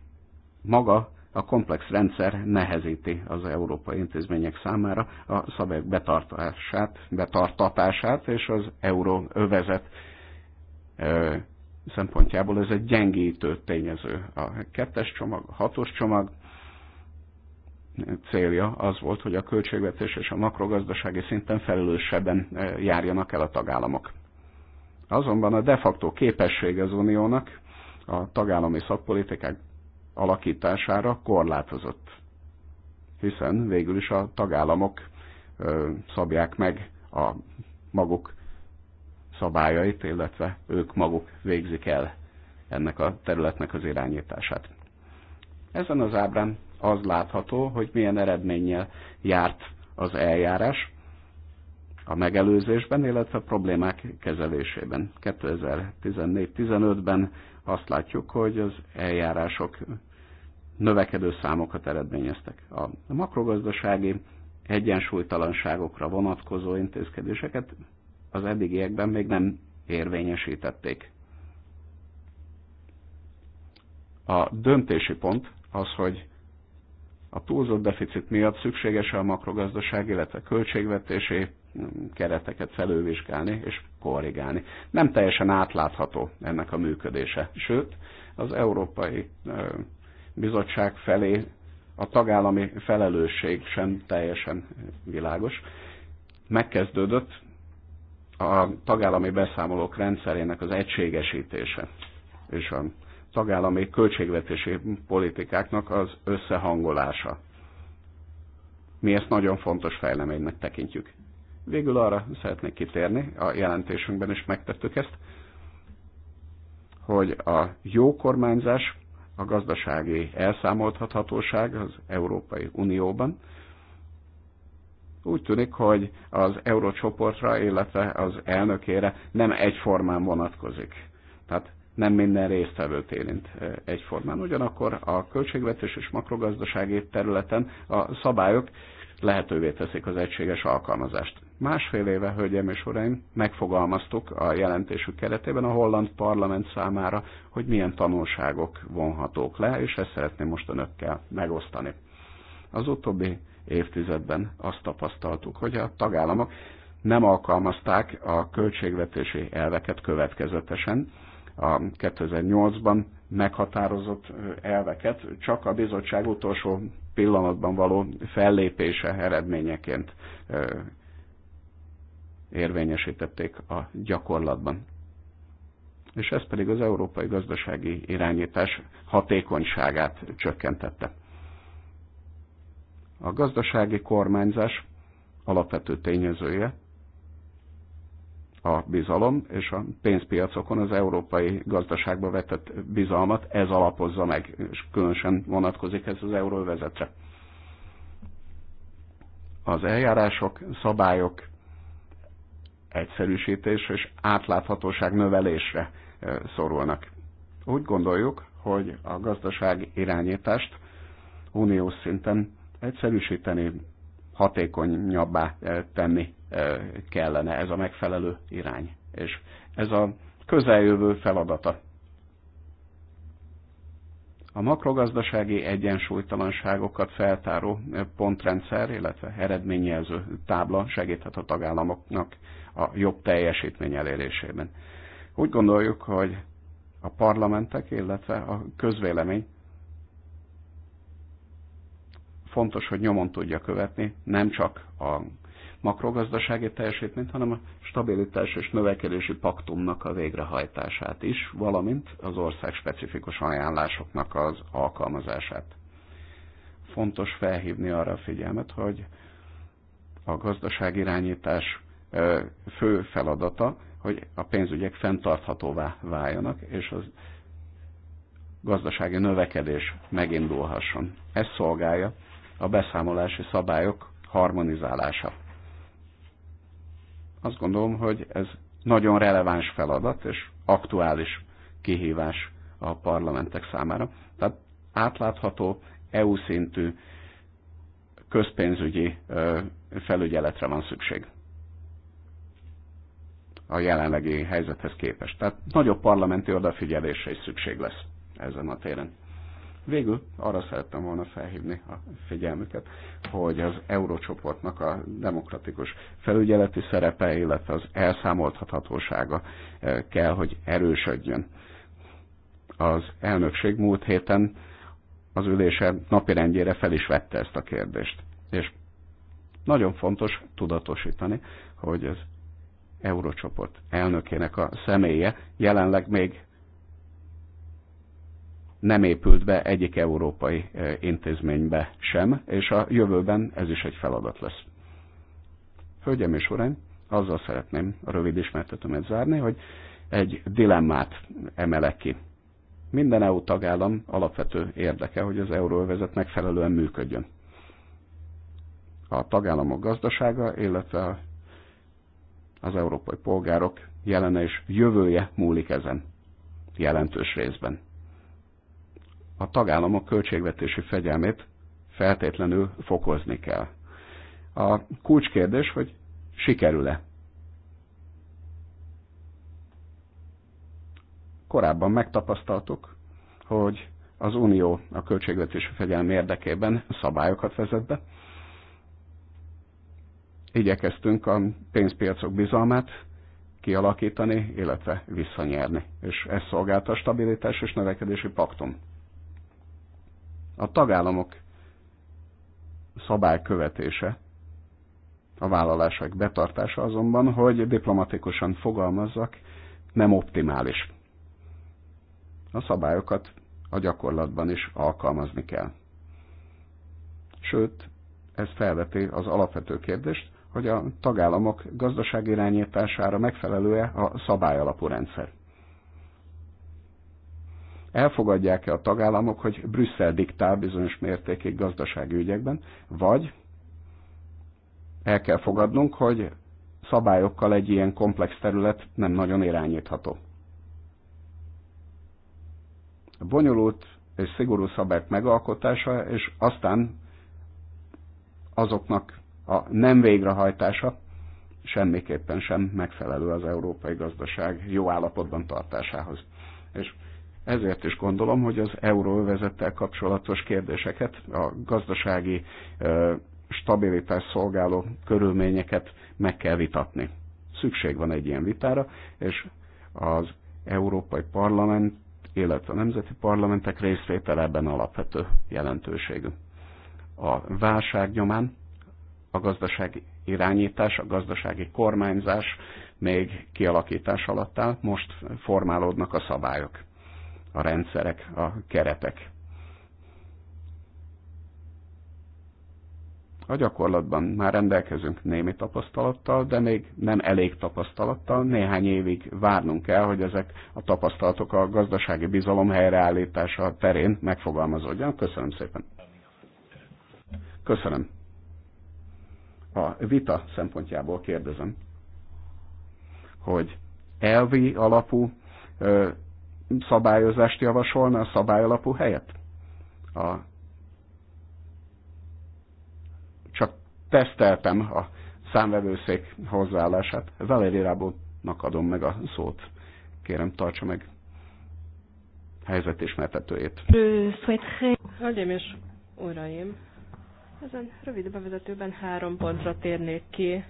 maga a komplex rendszer nehezíti az európai intézmények számára a szabályok betartását, betartatását, és az euróövezet szempontjából ez egy gyengítő tényező. A kettes csomag, a hatos csomag célja az volt, hogy a költségvetés és a makrogazdasági szinten felelősebben e, járjanak el a tagállamok. Azonban a de facto képessége az uniónak a tagállami szakpolitikák alakítására korlátozott, hiszen végül is a tagállamok e, szabják meg a maguk szabályait, illetve ők maguk végzik el ennek a területnek az irányítását. Ezen az ábrán az látható, hogy milyen eredménnyel járt az eljárás a megelőzésben, illetve a problémák kezelésében. 2014-15-ben azt látjuk, hogy az eljárások növekedő számokat eredményeztek. A makrogazdasági egyensúlytalanságokra vonatkozó intézkedéseket az eddigiekben még nem érvényesítették. A döntési pont az, hogy a túlzott deficit miatt szükséges a makrogazdaság, illetve költségvetési mm, kereteket felővizsgálni és korrigálni. Nem teljesen átlátható ennek a működése, sőt, az Európai Bizottság felé a tagállami felelősség sem teljesen világos. Megkezdődött a tagállami beszámolók rendszerének az egységesítése és a tagállami költségvetési politikáknak az összehangolása. Mi ezt nagyon fontos fejleménynek tekintjük. Végül arra szeretnék kitérni, a jelentésünkben is megtettük ezt, hogy a jó kormányzás, a gazdasági elszámoltathatóság az Európai Unióban úgy tűnik, hogy az eurócsoportra, illetve az elnökére nem egyformán vonatkozik. Tehát nem minden résztvevőt érint egyformán. Ugyanakkor a költségvetés és makrogazdasági területen a szabályok lehetővé teszik az egységes alkalmazást. Másfél éve, hölgyeim és uraim, megfogalmaztuk a jelentésük keretében a holland parlament számára, hogy milyen tanulságok vonhatók le, és ezt szeretném most önökkel megosztani. Az utóbbi évtizedben azt tapasztaltuk, hogy a tagállamok nem alkalmazták a költségvetési elveket következetesen, a 2008-ban meghatározott elveket, csak a bizottság utolsó pillanatban való fellépése eredményeként érvényesítették a gyakorlatban. És ez pedig az európai gazdasági irányítás hatékonyságát csökkentette. A gazdasági kormányzás alapvető tényezője a bizalom, és a pénzpiacokon az európai gazdaságba vetett bizalmat ez alapozza meg, és különösen vonatkozik ez az euróvezetre. Az eljárások, szabályok egyszerűsítés és átláthatóság növelésre szorulnak. Úgy gondoljuk, hogy a gazdaság irányítást uniós szinten egyszerűsíteni, hatékonyabbá tenni kellene ez a megfelelő irány. És ez a közeljövő feladata. A makrogazdasági egyensúlytalanságokat feltáró pontrendszer, illetve eredményjelző tábla segíthet a tagállamoknak a jobb teljesítmény elérésében. Úgy gondoljuk, hogy a parlamentek, illetve a közvélemény fontos, hogy nyomon tudja követni nem csak a makrogazdasági teljesítményt, hanem a stabilitás és növekedési paktumnak a végrehajtását is, valamint az ország specifikus ajánlásoknak az alkalmazását. Fontos felhívni arra a figyelmet, hogy a gazdaságirányítás fő feladata, hogy a pénzügyek fenntarthatóvá váljanak, és az gazdasági növekedés megindulhasson. Ez szolgálja a beszámolási szabályok harmonizálása. Azt gondolom, hogy ez nagyon releváns feladat és aktuális kihívás a parlamentek számára. Tehát átlátható EU szintű közpénzügyi felügyeletre van szükség a jelenlegi helyzethez képest. Tehát nagyobb parlamenti odafigyelésre is szükség lesz ezen a téren. Végül arra szerettem volna felhívni a figyelmüket, hogy az eurócsoportnak a demokratikus felügyeleti szerepe, illetve az elszámolthatósága eh, kell, hogy erősödjön. Az elnökség múlt héten az ülése napirendjére fel is vette ezt a kérdést. És nagyon fontos tudatosítani, hogy az eurócsoport elnökének a személye jelenleg még nem épült be egyik európai e, intézménybe sem, és a jövőben ez is egy feladat lesz. Hölgyem és uraim, azzal szeretném a rövid ismertetőmet zárni, hogy egy dilemmát emelek ki. Minden EU tagállam alapvető érdeke, hogy az euróövezet megfelelően működjön. A tagállamok gazdasága, illetve az európai polgárok jelene és jövője múlik ezen jelentős részben a tagállamok költségvetési fegyelmét feltétlenül fokozni kell. A kulcskérdés, hogy sikerül-e. Korábban megtapasztaltuk, hogy az Unió a költségvetési fegyelem érdekében szabályokat vezet be. Igyekeztünk a pénzpiacok bizalmát kialakítani, illetve visszanyerni. És ez szolgálta a stabilitás és növekedési paktum. A tagállamok szabálykövetése, a vállalások betartása azonban, hogy diplomatikusan fogalmazzak, nem optimális. A szabályokat a gyakorlatban is alkalmazni kell. Sőt, ez felveti az alapvető kérdést, hogy a tagállamok gazdaságirányítására megfelelő-e a szabályalapú rendszer elfogadják-e a tagállamok, hogy Brüsszel diktál bizonyos mértékig gazdasági ügyekben, vagy el kell fogadnunk, hogy szabályokkal egy ilyen komplex terület nem nagyon irányítható. A bonyolult és szigorú szabályok megalkotása, és aztán azoknak a nem végrehajtása semmiképpen sem megfelelő az európai gazdaság jó állapotban tartásához. És ezért is gondolom, hogy az euróövezettel kapcsolatos kérdéseket, a gazdasági stabilitás szolgáló körülményeket meg kell vitatni. Szükség van egy ilyen vitára, és az Európai Parlament, illetve a nemzeti parlamentek részvétel ebben alapvető jelentőségű. A válság nyomán a gazdasági irányítás, a gazdasági kormányzás még kialakítás alatt áll, most formálódnak a szabályok a rendszerek, a keretek. A gyakorlatban már rendelkezünk némi tapasztalattal, de még nem elég tapasztalattal. Néhány évig várnunk kell, hogy ezek a tapasztalatok a gazdasági bizalom helyreállítása terén megfogalmazódjanak. Köszönöm szépen. Köszönöm. A vita szempontjából kérdezem, hogy elvi alapú szabályozást javasolna a szabályalapú helyett? A... Csak teszteltem a számvevőszék hozzáállását. Valéri Rábónak adom meg a szót. Kérem, tartsa meg helyzetismertetőjét. Hölgyeim és uraim, ezen rövid bevezetőben három pontra térnék ki,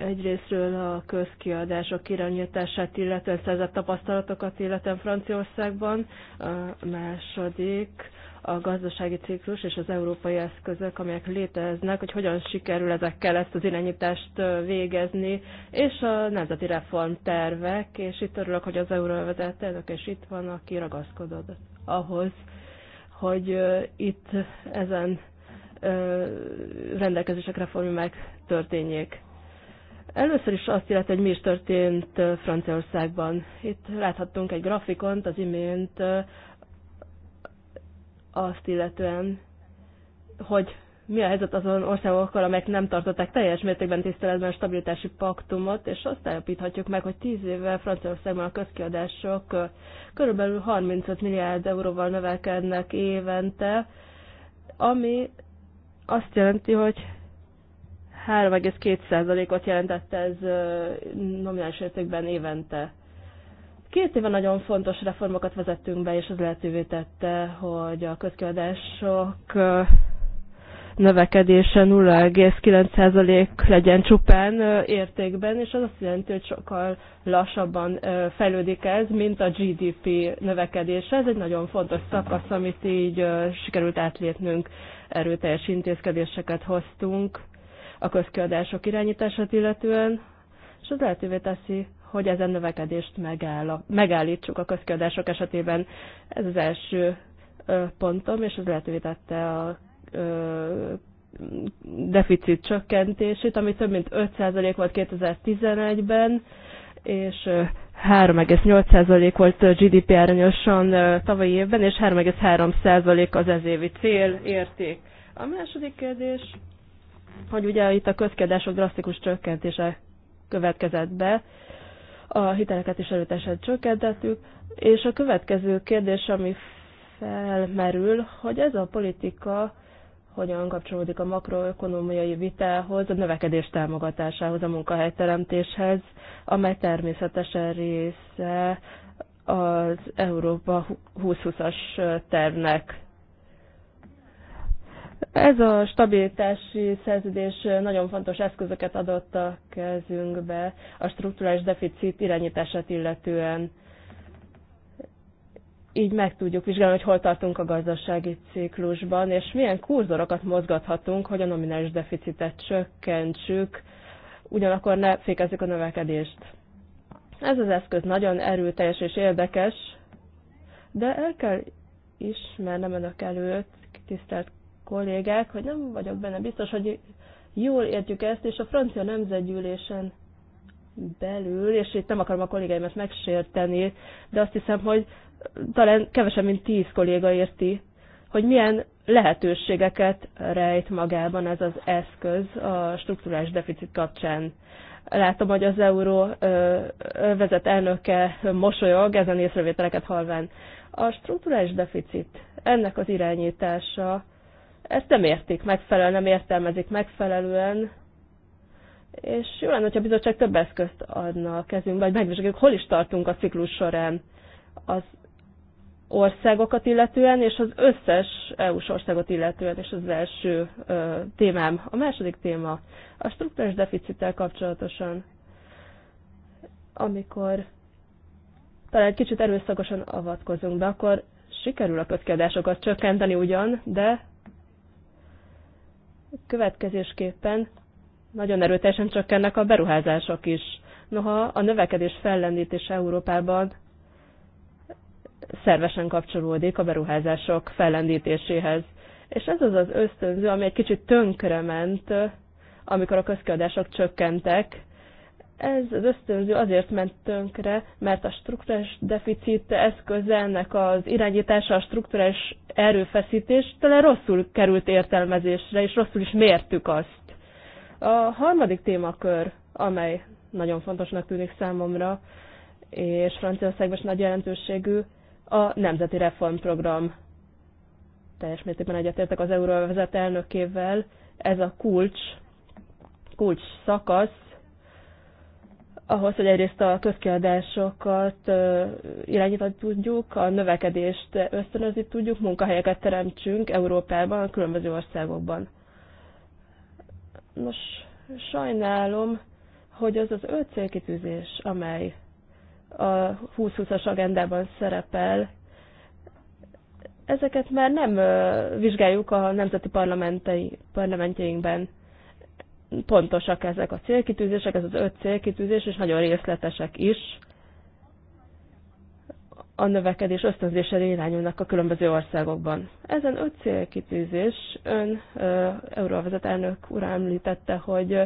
egyrésztről a közkiadások irányítását, illetve szerzett tapasztalatokat, illetve Franciaországban, a második a gazdasági ciklus és az európai eszközök, amelyek léteznek, hogy hogyan sikerül ezekkel ezt az irányítást végezni, és a nemzeti reformtervek, és itt örülök, hogy az euróvezet elnök, és itt van, aki ragaszkodott ahhoz, hogy itt ezen rendelkezések reformi meg történjék. Először is azt illeti, hogy mi is történt Franciaországban. Itt láthattunk egy grafikont az imént azt illetően, hogy mi a helyzet azon országokkal, amelyek nem tartották teljes mértékben tiszteletben a stabilitási paktumot, és azt állapíthatjuk meg, hogy tíz évvel Franciaországban a közkiadások körülbelül 35 milliárd euróval növekednek évente, ami azt jelenti, hogy 3,2%-ot jelentett ez nominális értékben évente. Két éve nagyon fontos reformokat vezettünk be, és az lehetővé tette, hogy a közkiadások növekedése 0,9% legyen csupán értékben, és az azt jelenti, hogy sokkal lassabban fejlődik ez, mint a GDP növekedése. Ez egy nagyon fontos szakasz, amit így sikerült átlépnünk, erőteljes intézkedéseket hoztunk a közkiadások irányítását illetően, és az lehetővé teszi, hogy ezen növekedést megáll, megállítsuk a közkiadások esetében. Ez az első pontom, és ez lehetővé tette a deficit csökkentését, ami több mint 5% volt 2011-ben, és 3,8% volt GDP arányosan tavalyi évben, és 3,3% az ez évi cél érték. A második kérdés hogy ugye itt a közkedások drasztikus csökkentése következett be, a hiteleket is előtesen csökkentettük, és a következő kérdés, ami felmerül, hogy ez a politika hogyan kapcsolódik a makroökonomiai vitához, a növekedés támogatásához, a munkahelyteremtéshez, amely természetesen része az Európa 2020-as tervnek. Ez a stabilitási szerződés nagyon fontos eszközöket adott a kezünkbe a strukturális deficit irányítását illetően. Így meg tudjuk vizsgálni, hogy hol tartunk a gazdasági ciklusban, és milyen kurzorokat mozgathatunk, hogy a nominális deficitet csökkentsük, ugyanakkor ne fékezzük a növekedést. Ez az eszköz nagyon erőteljes és érdekes, de el kell ismernem önök előtt, tisztelt kollégák, hogy nem vagyok benne biztos, hogy jól értjük ezt, és a francia nemzetgyűlésen belül, és itt nem akarom a kollégáimat megsérteni, de azt hiszem, hogy talán kevesebb, mint tíz kolléga érti, hogy milyen lehetőségeket rejt magában ez az eszköz a strukturális deficit kapcsán. Látom, hogy az euró vezet elnöke mosolyog ezen észrevételeket halván. A strukturális deficit, ennek az irányítása ezt nem értik megfelelően, nem értelmezik megfelelően, és jó lenne, hogyha a bizottság több eszközt adna a kezünkbe, hogy megvizsgáljuk, hol is tartunk a ciklus során az országokat illetően, és az összes EU-s országot illetően, és az első ö, témám. A második téma a struktúrás deficittel kapcsolatosan, amikor talán egy kicsit erőszakosan avatkozunk be, akkor sikerül a kötkedásokat csökkenteni ugyan, de Következésképpen nagyon erőteljesen csökkennek a beruházások is. Noha a növekedés fellendítés Európában szervesen kapcsolódik a beruházások fellendítéséhez. És ez az az ösztönző, ami egy kicsit tönkrement, amikor a közkiadások csökkentek, ez az ösztönző azért ment tönkre, mert a strukturális deficit eszköze ennek az irányítása, a strukturális erőfeszítés talán rosszul került értelmezésre, és rosszul is mértük azt. A harmadik témakör, amely nagyon fontosnak tűnik számomra, és Franciaországban is nagy jelentőségű, a Nemzeti Reformprogram. Teljes mértékben egyetértek az Euróvezet elnökével. Ez a kulcs, kulcs szakasz, ahhoz, hogy egyrészt a közkiadásokat irányítani tudjuk, a növekedést ösztönözni tudjuk, munkahelyeket teremtsünk Európában, a különböző országokban. Nos, sajnálom, hogy az az öt célkitűzés, amely a 2020-as agendában szerepel, ezeket már nem vizsgáljuk a nemzeti parlamentjeinkben pontosak ezek a célkitűzések, ez az öt célkitűzés, és nagyon részletesek is. A növekedés ösztönzésére irányulnak a különböző országokban. Ezen öt célkitűzés, ön, Euróvezet elnök úr említette, hogy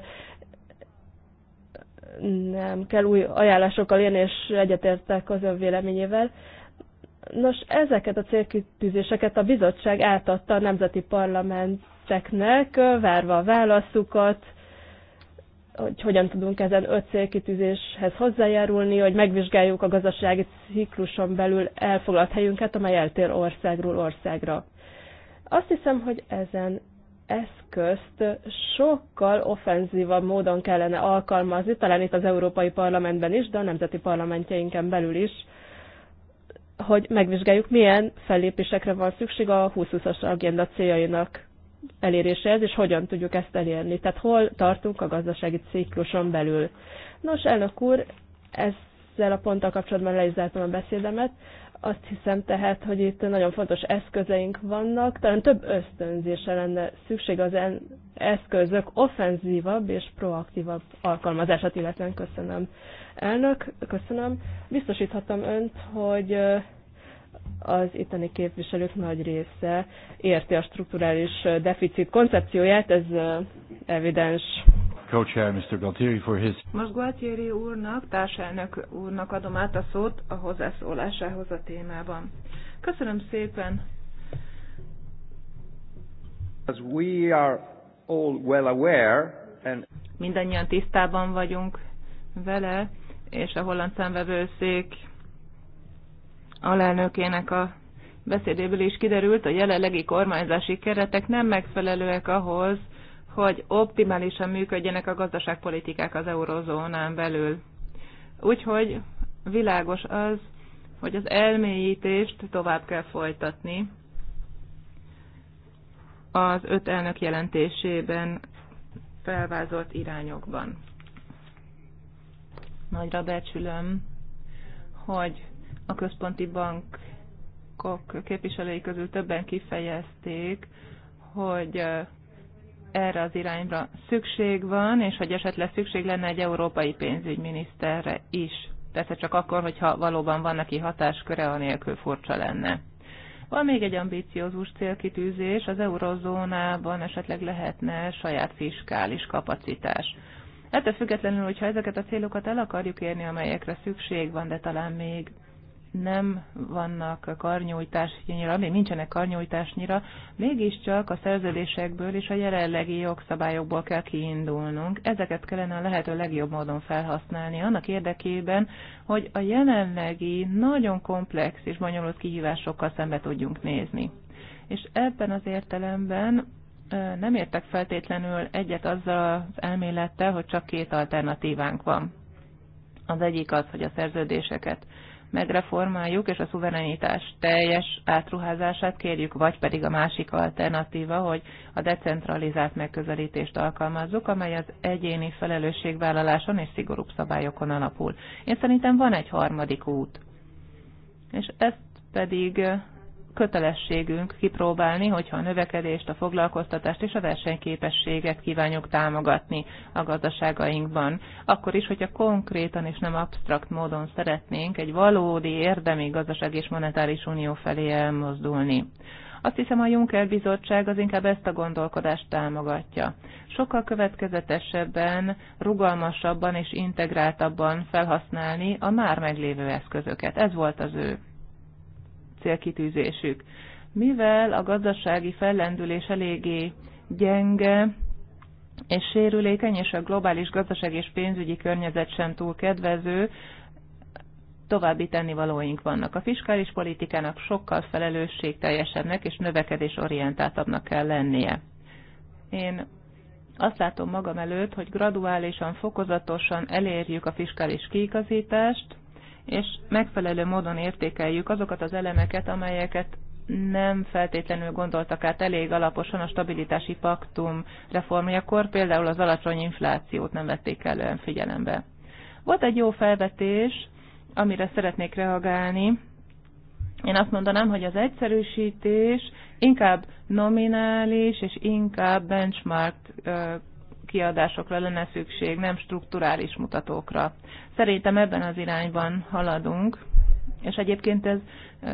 nem kell új ajánlásokkal érni, és egyetértek az ön véleményével. Nos, ezeket a célkitűzéseket a bizottság átadta a nemzeti parlamenteknek, várva a válaszukat, hogy hogyan tudunk ezen öt célkitűzéshez hozzájárulni, hogy megvizsgáljuk a gazdasági cikluson belül elfoglalt helyünket, amely eltér országról országra. Azt hiszem, hogy ezen eszközt sokkal offenzívabb módon kellene alkalmazni, talán itt az Európai Parlamentben is, de a nemzeti parlamentjeinken belül is, hogy megvizsgáljuk, milyen fellépésekre van szükség a 2020-as agenda céljainak eléréséhez, és hogyan tudjuk ezt elérni. Tehát hol tartunk a gazdasági cikluson belül. Nos, elnök úr, ezzel a ponttal kapcsolatban le is zártam a beszédemet. Azt hiszem tehát, hogy itt nagyon fontos eszközeink vannak, talán több ösztönzése lenne szükség az eszközök offenzívabb és proaktívabb alkalmazását, illetve köszönöm. Elnök, köszönöm. Biztosíthatom önt, hogy az itteni képviselők nagy része érti a strukturális deficit koncepcióját, ez evidens. Co-chair Mr. Galtieri for his... Most Galtieri úrnak, társelnök úrnak adom át a szót a hozzászólásához a témában. Köszönöm szépen. As we are all well aware and... Mindannyian tisztában vagyunk vele, és a holland számvevőszék alelnökének a beszédéből is kiderült, a jelenlegi kormányzási keretek nem megfelelőek ahhoz, hogy optimálisan működjenek a gazdaságpolitikák az eurozónán belül. Úgyhogy világos az, hogy az elmélyítést tovább kell folytatni. Az öt elnök jelentésében felvázolt irányokban. Nagyra becsülöm, hogy a központi bankok képviselői közül többen kifejezték, hogy erre az irányra szükség van, és hogy esetleg szükség lenne egy európai pénzügyminiszterre is. Persze csak akkor, hogyha valóban van neki hatásköre, anélkül furcsa lenne. Van még egy ambíciózus célkitűzés, az eurozónában esetleg lehetne saját fiskális kapacitás. Ettől függetlenül, hogyha ezeket a célokat el akarjuk érni, amelyekre szükség van, de talán még nem vannak karnyújtásnyira, még nincsenek karnyújtásnyira, mégiscsak a szerződésekből és a jelenlegi jogszabályokból kell kiindulnunk. Ezeket kellene a lehető legjobb módon felhasználni annak érdekében, hogy a jelenlegi nagyon komplex és bonyolult kihívásokkal szembe tudjunk nézni. És ebben az értelemben nem értek feltétlenül egyet azzal az elmélettel, hogy csak két alternatívánk van. Az egyik az, hogy a szerződéseket megreformáljuk, és a szuverenitás teljes átruházását kérjük, vagy pedig a másik alternatíva, hogy a decentralizált megközelítést alkalmazzuk, amely az egyéni felelősségvállaláson és szigorúbb szabályokon alapul. Én szerintem van egy harmadik út, és ezt pedig kötelességünk kipróbálni, hogyha a növekedést, a foglalkoztatást és a versenyképességet kívánjuk támogatni a gazdaságainkban. Akkor is, hogyha konkrétan és nem absztrakt módon szeretnénk egy valódi érdemi gazdaság és monetáris unió felé elmozdulni. Azt hiszem a Juncker bizottság az inkább ezt a gondolkodást támogatja. Sokkal következetesebben, rugalmasabban és integráltabban felhasználni a már meglévő eszközöket. Ez volt az ő célkitűzésük. Mivel a gazdasági fellendülés eléggé gyenge, és sérülékeny, és a globális gazdaság és pénzügyi környezet sem túl kedvező, további tennivalóink vannak. A fiskális politikának sokkal felelősségteljesebbnek és növekedésorientáltabbnak kell lennie. Én azt látom magam előtt, hogy graduálisan, fokozatosan elérjük a fiskális kiigazítást, és megfelelő módon értékeljük azokat az elemeket, amelyeket nem feltétlenül gondoltak át elég alaposan a stabilitási paktum reformjakor, például az alacsony inflációt nem vették kellően figyelembe. Volt egy jó felvetés, amire szeretnék reagálni. Én azt mondanám, hogy az egyszerűsítés inkább nominális és inkább benchmark kiadásokra lenne szükség, nem strukturális mutatókra. Szerintem ebben az irányban haladunk, és egyébként ez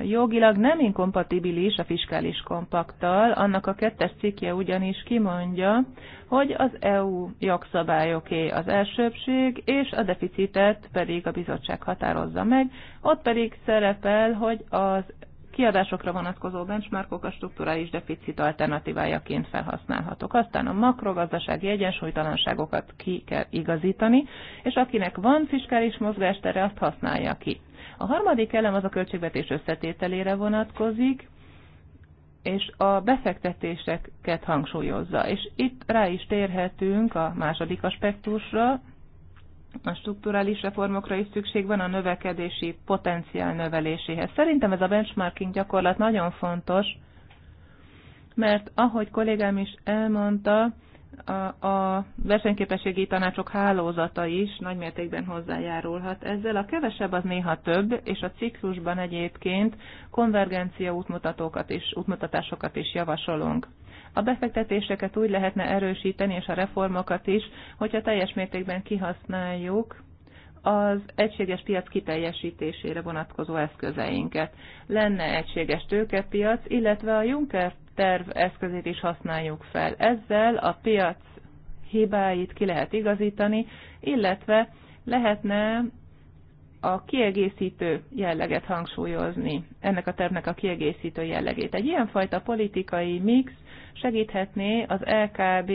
jogilag nem inkompatibilis a fiskális kompaktal, annak a kettes cikkje ugyanis kimondja, hogy az EU jogszabályoké az elsőbség, és a deficitet pedig a bizottság határozza meg, ott pedig szerepel, hogy az kiadásokra vonatkozó benchmarkok a strukturális deficit alternatívájaként felhasználhatók. Aztán a makrogazdasági egyensúlytalanságokat ki kell igazítani, és akinek van fiskális mozgástere, azt használja ki. A harmadik elem az a költségvetés összetételére vonatkozik, és a befektetéseket hangsúlyozza. És itt rá is térhetünk a második aspektusra, a strukturális reformokra is szükség van a növekedési potenciál növeléséhez. Szerintem ez a benchmarking gyakorlat nagyon fontos, mert ahogy kollégám is elmondta, a, a versenyképességi tanácsok hálózata is nagymértékben hozzájárulhat. Ezzel a kevesebb az néha több, és a ciklusban egyébként konvergencia útmutatókat és útmutatásokat is javasolunk. A befektetéseket úgy lehetne erősíteni, és a reformokat is, hogyha teljes mértékben kihasználjuk az egységes piac kiteljesítésére vonatkozó eszközeinket. Lenne egységes tőkepiac, illetve a Juncker terv eszközét is használjuk fel. Ezzel a piac hibáit ki lehet igazítani, illetve lehetne a kiegészítő jelleget hangsúlyozni, ennek a tervnek a kiegészítő jellegét. Egy ilyenfajta politikai mix segíthetné az LKB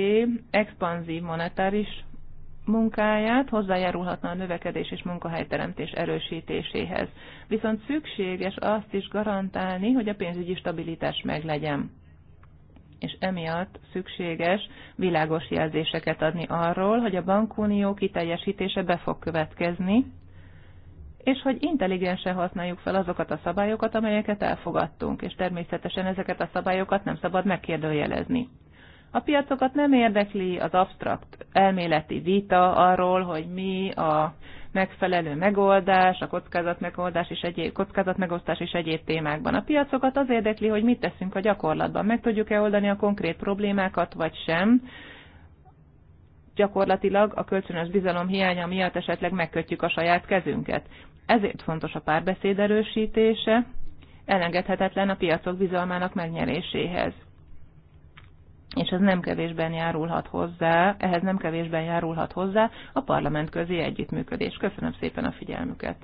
expanzív monetáris munkáját, hozzájárulhatna a növekedés és munkahelyteremtés erősítéséhez. Viszont szükséges azt is garantálni, hogy a pénzügyi stabilitás meglegyen és emiatt szükséges világos jelzéseket adni arról, hogy a bankunió kiteljesítése be fog következni, és hogy intelligensen használjuk fel azokat a szabályokat, amelyeket elfogadtunk, és természetesen ezeket a szabályokat nem szabad megkérdőjelezni. A piacokat nem érdekli az absztrakt elméleti vita arról, hogy mi a megfelelő megoldás, a kockázatmegoldás és egyéb, kockázatmegosztás és egyéb témákban. A piacokat az érdekli, hogy mit teszünk a gyakorlatban, meg tudjuk-e oldani a konkrét problémákat, vagy sem. Gyakorlatilag a kölcsönös bizalom hiánya miatt esetleg megkötjük a saját kezünket. Ezért fontos a párbeszéd erősítése, elengedhetetlen a piacok bizalmának megnyeréséhez. És ez nem kevésben járulhat hozzá, ehhez nem kevésben járulhat hozzá a parlament közé együttműködés. Köszönöm szépen a figyelmüket.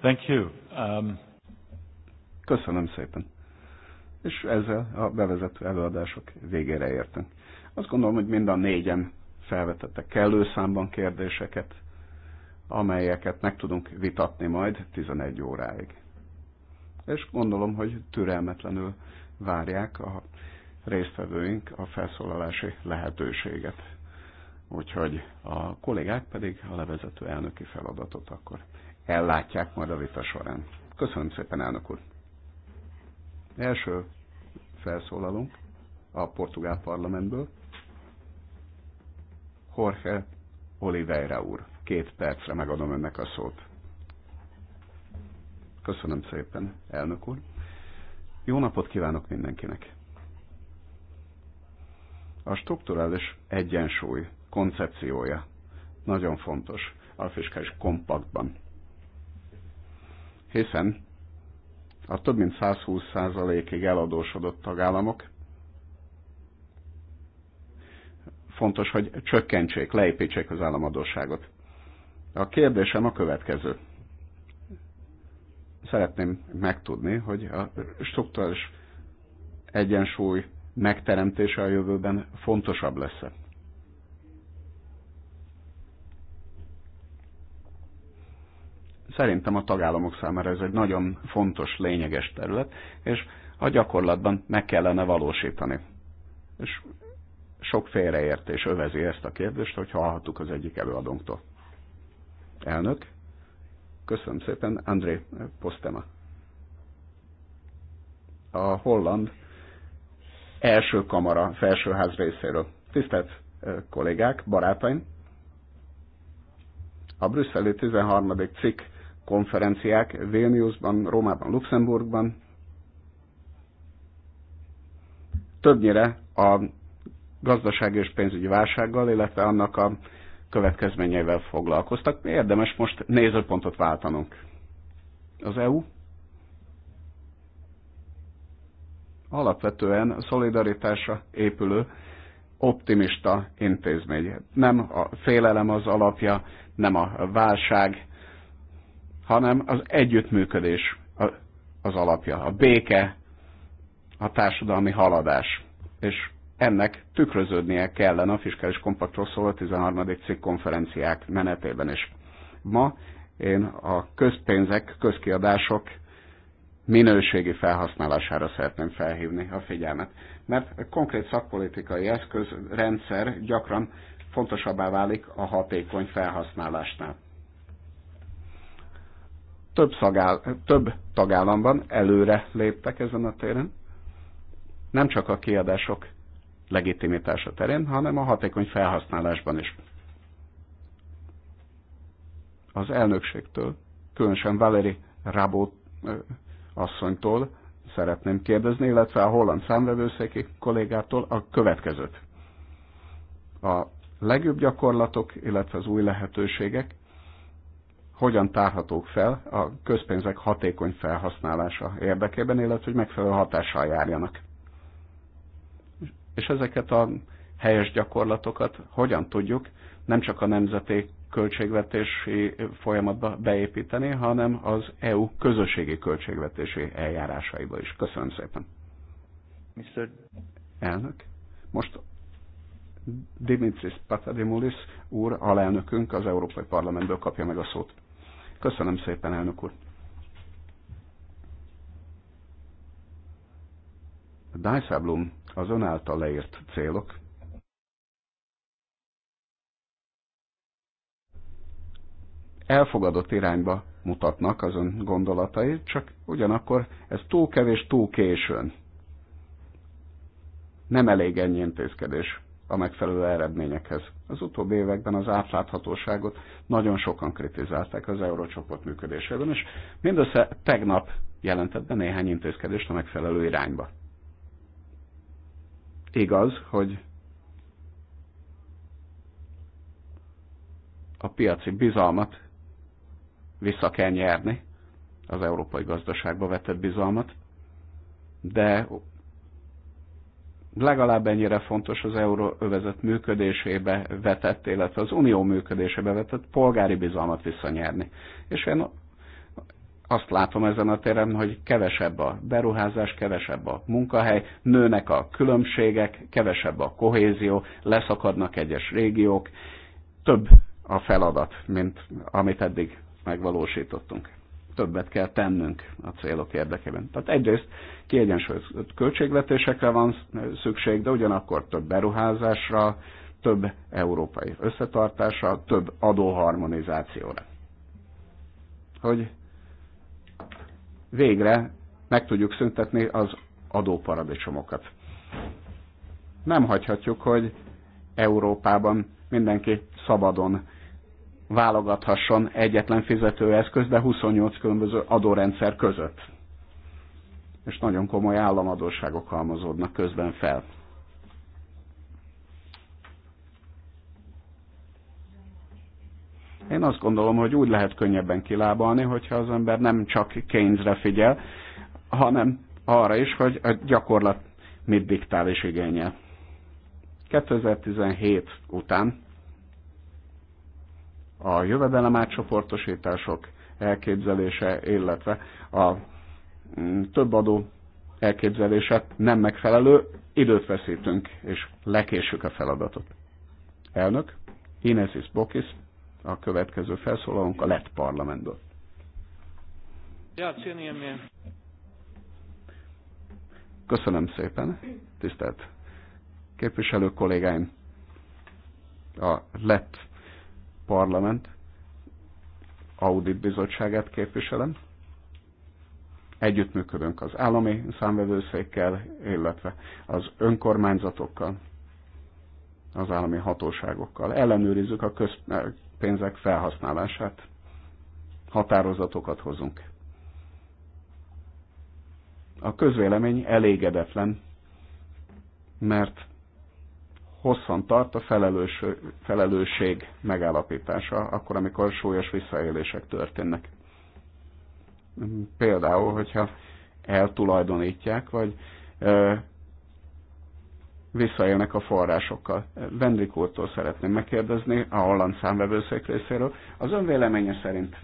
Thank you. Um... Köszönöm szépen. És ezzel a bevezető előadások végére értünk. Azt gondolom, hogy mind a négyen felvetette kellő számban kérdéseket, amelyeket meg tudunk vitatni majd 11 óráig. És gondolom, hogy türelmetlenül várják a résztvevőink a felszólalási lehetőséget. Úgyhogy a kollégák pedig a levezető elnöki feladatot akkor ellátják majd a vita során. Köszönöm szépen, elnök úr! Első felszólalunk a portugál parlamentből. Jorge Oliveira úr, két percre megadom önnek a szót. Köszönöm szépen, elnök úr. Jó napot kívánok mindenkinek! A strukturális egyensúly koncepciója nagyon fontos a fiskális kompaktban, hiszen a több mint 120%-ig eladósodott tagállamok fontos, hogy csökkentsék, leépítsék az államadóságot. A kérdésem a következő. Szeretném megtudni, hogy a struktúrális egyensúly megteremtése a jövőben fontosabb lesz -e. Szerintem a tagállamok számára ez egy nagyon fontos, lényeges terület, és a gyakorlatban meg kellene valósítani. És sok félreértés övezi ezt a kérdést, hogy hallhattuk az egyik előadónktól. Elnök, köszönöm szépen, André Postema. A holland első kamara, felsőház részéről. Tisztelt eh, kollégák, barátaim! A brüsszeli 13. cikk konferenciák Vilniusban, Rómában, Luxemburgban többnyire a gazdasági és pénzügyi válsággal, illetve annak a következményeivel foglalkoztak. Érdemes most nézőpontot váltanunk. Az EU alapvetően szolidaritásra épülő, optimista intézmény. Nem a félelem az alapja, nem a válság, hanem az együttműködés az alapja, a béke, a társadalmi haladás. És ennek tükröződnie kellene a fiskális kompaktról szóló 13. cikk konferenciák menetében is. Ma én a közpénzek, közkiadások minőségi felhasználására szeretném felhívni a figyelmet. Mert a konkrét szakpolitikai eszköz, rendszer gyakran fontosabbá válik a hatékony felhasználásnál. Több, szagáll, több tagállamban előre léptek ezen a téren, nem csak a kiadások legitimitása terén, hanem a hatékony felhasználásban is. Az elnökségtől, különösen Valeri Rabó asszonytól szeretném kérdezni, illetve a holland számvevőszéki kollégától a következőt. A legjobb gyakorlatok, illetve az új lehetőségek hogyan tárhatók fel a közpénzek hatékony felhasználása érdekében, illetve hogy megfelelő hatással járjanak. És ezeket a helyes gyakorlatokat hogyan tudjuk nem csak a nemzeti költségvetési folyamatba beépíteni, hanem az EU közösségi költségvetési eljárásaiba is. Köszönöm szépen. Mr. Elnök, most Dimitris Patadimulis úr, alelnökünk az Európai Parlamentből kapja meg a szót. Köszönöm szépen, elnök úr. Dijsselbloem az ön által leírt célok elfogadott irányba mutatnak az ön gondolatai, csak ugyanakkor ez túl kevés, túl későn. Nem elég ennyi intézkedés a megfelelő eredményekhez. Az utóbbi években az átláthatóságot nagyon sokan kritizálták az eurócsoport működésében, és mindössze tegnap jelentett be néhány intézkedést a megfelelő irányba. Igaz, hogy a piaci bizalmat vissza kell nyerni, az európai gazdaságba vetett bizalmat, de legalább ennyire fontos az euróövezet működésébe vetett, illetve az unió működésébe vetett polgári bizalmat visszanyerni. És én azt látom ezen a téren, hogy kevesebb a beruházás, kevesebb a munkahely, nőnek a különbségek, kevesebb a kohézió, leszakadnak egyes régiók, több a feladat, mint amit eddig megvalósítottunk. Többet kell tennünk a célok érdekében. Tehát egyrészt kiegyensúlyozott költségvetésekre van szükség, de ugyanakkor több beruházásra, több európai összetartásra, több adóharmonizációra. Hogy végre meg tudjuk szüntetni az adóparadicsomokat. Nem hagyhatjuk, hogy Európában mindenki szabadon válogathasson egyetlen fizetőeszköz, de 28 különböző adórendszer között. És nagyon komoly államadóságok halmozódnak közben fel. Én azt gondolom, hogy úgy lehet könnyebben kilábalni, hogyha az ember nem csak Keynesre figyel, hanem arra is, hogy a gyakorlat mit diktál és igényel. 2017 után a jövedelem átcsoportosítások elképzelése, illetve a mm, több adó elképzelése nem megfelelő, időt veszítünk, és lekésük a feladatot. Elnök, Inesis Bokis a következő felszólalónk a lett parlamentből. Köszönöm szépen, tisztelt képviselő kollégáim. A lett parlament audit bizottságát képviselem. Együttműködünk az állami számvevőszékkel, illetve az önkormányzatokkal, az állami hatóságokkal. Ellenőrizzük a köz, pénzek felhasználását. Határozatokat hozunk. A közvélemény elégedetlen, mert hosszan tart a felelős, felelősség megállapítása, akkor, amikor súlyos visszaélések történnek. Például, hogyha eltulajdonítják, vagy visszaélnek a forrásokkal. Vendrik úrtól szeretném megkérdezni a holland számvevőszék részéről. Az ön véleménye szerint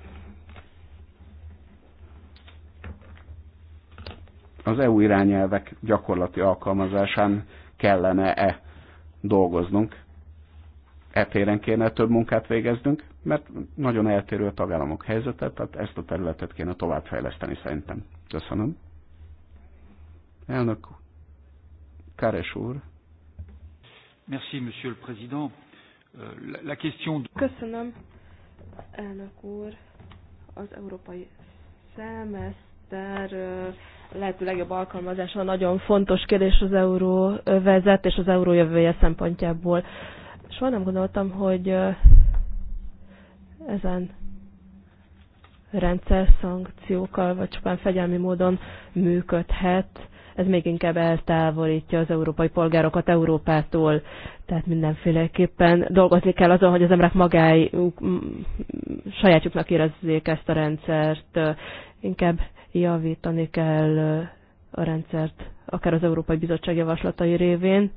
az EU irányelvek gyakorlati alkalmazásán kellene-e dolgoznunk? Etéren kéne több munkát végeznünk, mert nagyon eltérő a tagállamok helyzete, tehát ezt a területet kéne továbbfejleszteni szerintem. Köszönöm. Elnök Káres úr. Merci, Monsieur le Président. Euh, la question... Köszönöm, elnök úr. Az európai szemeszter lehető legjobb alkalmazása nagyon fontos kérdés az euróvezet és az euró jövője szempontjából. Soha nem gondoltam, hogy ezen rendszer szankciókkal, vagy csupán fegyelmi módon működhet ez még inkább eltávolítja az európai polgárokat Európától. Tehát mindenféleképpen dolgozni kell azon, hogy az emberek magájuk, sajátjuknak érezzék ezt a rendszert. Inkább javítani kell a rendszert, akár az Európai Bizottság javaslatai révén.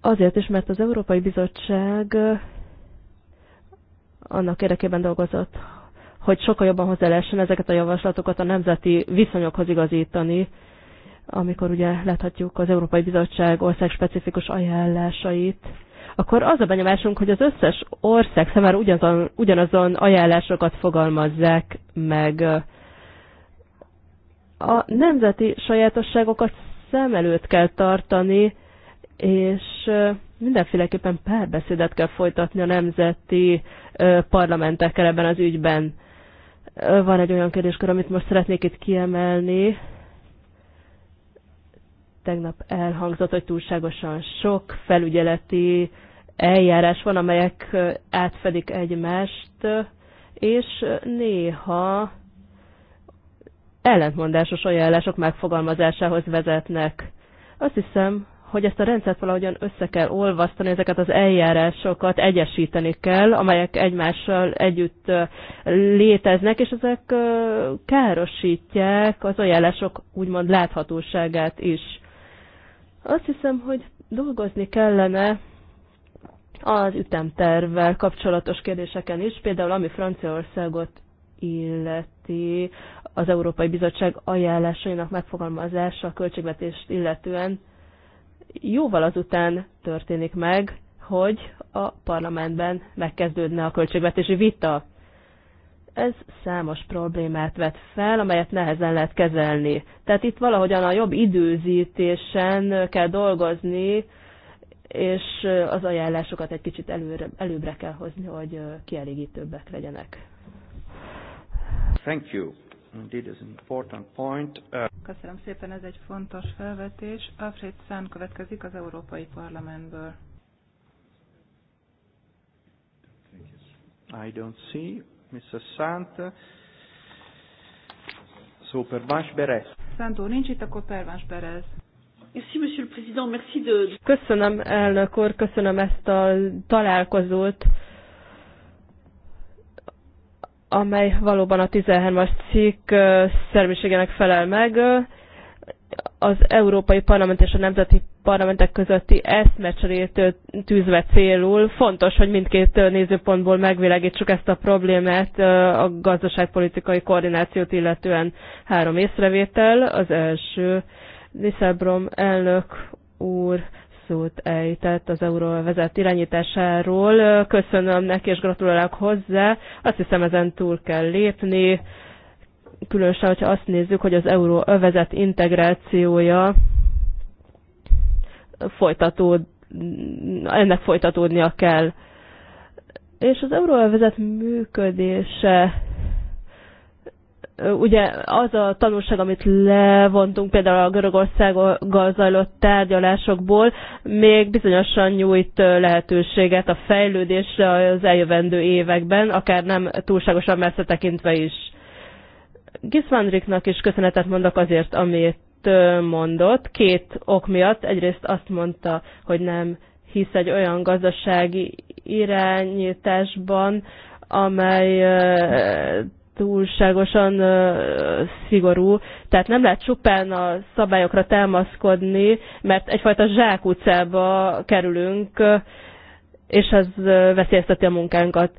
Azért is, mert az Európai Bizottság annak érdekében dolgozott, hogy sokkal jobban hozzá lehessen ezeket a javaslatokat a nemzeti viszonyokhoz igazítani, amikor ugye láthatjuk az Európai Bizottság ország specifikus ajánlásait, akkor az a benyomásunk, hogy az összes ország számára ugyanazon, ugyanazon ajánlásokat fogalmazzák meg. A nemzeti sajátosságokat szem előtt kell tartani, és mindenféleképpen párbeszédet kell folytatni a nemzeti parlamentekkel ebben az ügyben. Van egy olyan kérdéskör, amit most szeretnék itt kiemelni. Tegnap elhangzott, hogy túlságosan sok felügyeleti eljárás van, amelyek átfedik egymást, és néha ellentmondásos ajánlások megfogalmazásához vezetnek. Azt hiszem, hogy ezt a rendszert valahogyan össze kell olvasztani, ezeket az eljárásokat egyesíteni kell, amelyek egymással együtt léteznek, és ezek károsítják az ajánlások úgymond láthatóságát is. Azt hiszem, hogy dolgozni kellene az ütemtervvel kapcsolatos kérdéseken is, például ami Franciaországot illeti, az Európai Bizottság ajánlásainak megfogalmazása a költségvetést illetően jóval azután történik meg, hogy a parlamentben megkezdődne a költségvetési vita. Ez számos problémát vet fel, amelyet nehezen lehet kezelni. Tehát itt valahogyan a jobb időzítésen kell dolgozni, és az ajánlásokat egy kicsit előre, előbbre kell hozni, hogy kielégítőbbek legyenek. Thank you. Indeed, is an important point. Uh, köszönöm szépen, ez egy fontos felvetés. Alfred Szán következik az Európai Parlamentből. I don't see Mr. Sant. So, Pervans Berez. Szántó nincs itt, akkor Pervans Berez. Köszönöm, elnök úr, köszönöm ezt a találkozót amely valóban a 13-as cikk szellemiségének felel meg, az Európai Parlament és a Nemzeti Parlamentek közötti eszmecserét tűzve célul. Fontos, hogy mindkét nézőpontból megvilágítsuk ezt a problémát a gazdaságpolitikai koordinációt illetően három észrevétel. Az első Nisselbrom elnök úr szót ejtett az euró vezet irányításáról. Köszönöm neki, és gratulálok hozzá. Azt hiszem, ezen túl kell lépni, különösen, hogyha azt nézzük, hogy az euró övezet integrációja folytatód, ennek folytatódnia kell. És az euróvezet működése ugye az a tanulság, amit levontunk például a Görögországgal zajlott tárgyalásokból, még bizonyosan nyújt lehetőséget a fejlődésre az eljövendő években, akár nem túlságosan messze tekintve is. Gisvandriknak is köszönetet mondok azért, amit mondott, két ok miatt. Egyrészt azt mondta, hogy nem hisz egy olyan gazdasági irányításban, amely túlságosan szigorú, tehát nem lehet csupán a szabályokra támaszkodni, mert egyfajta zsákutcába kerülünk, és az veszélyezteti a munkánkat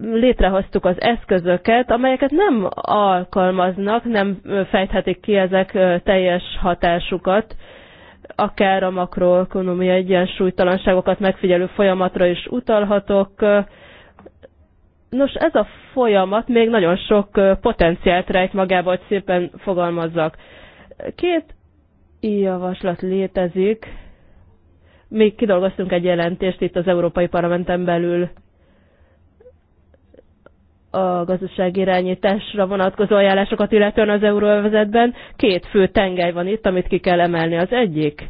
létrehoztuk az eszközöket, amelyeket nem alkalmaznak, nem fejthetik ki ezek teljes hatásukat, akár a makroekonomiai egyensúlytalanságokat megfigyelő folyamatra is utalhatok, Nos, ez a folyamat még nagyon sok potenciált rejt magába, hogy szépen fogalmazzak. Két javaslat létezik. Még kidolgoztunk egy jelentést itt az Európai Parlamenten belül a gazdasági irányításra vonatkozó ajánlásokat illetően az euróvezetben. Két fő tengely van itt, amit ki kell emelni. Az egyik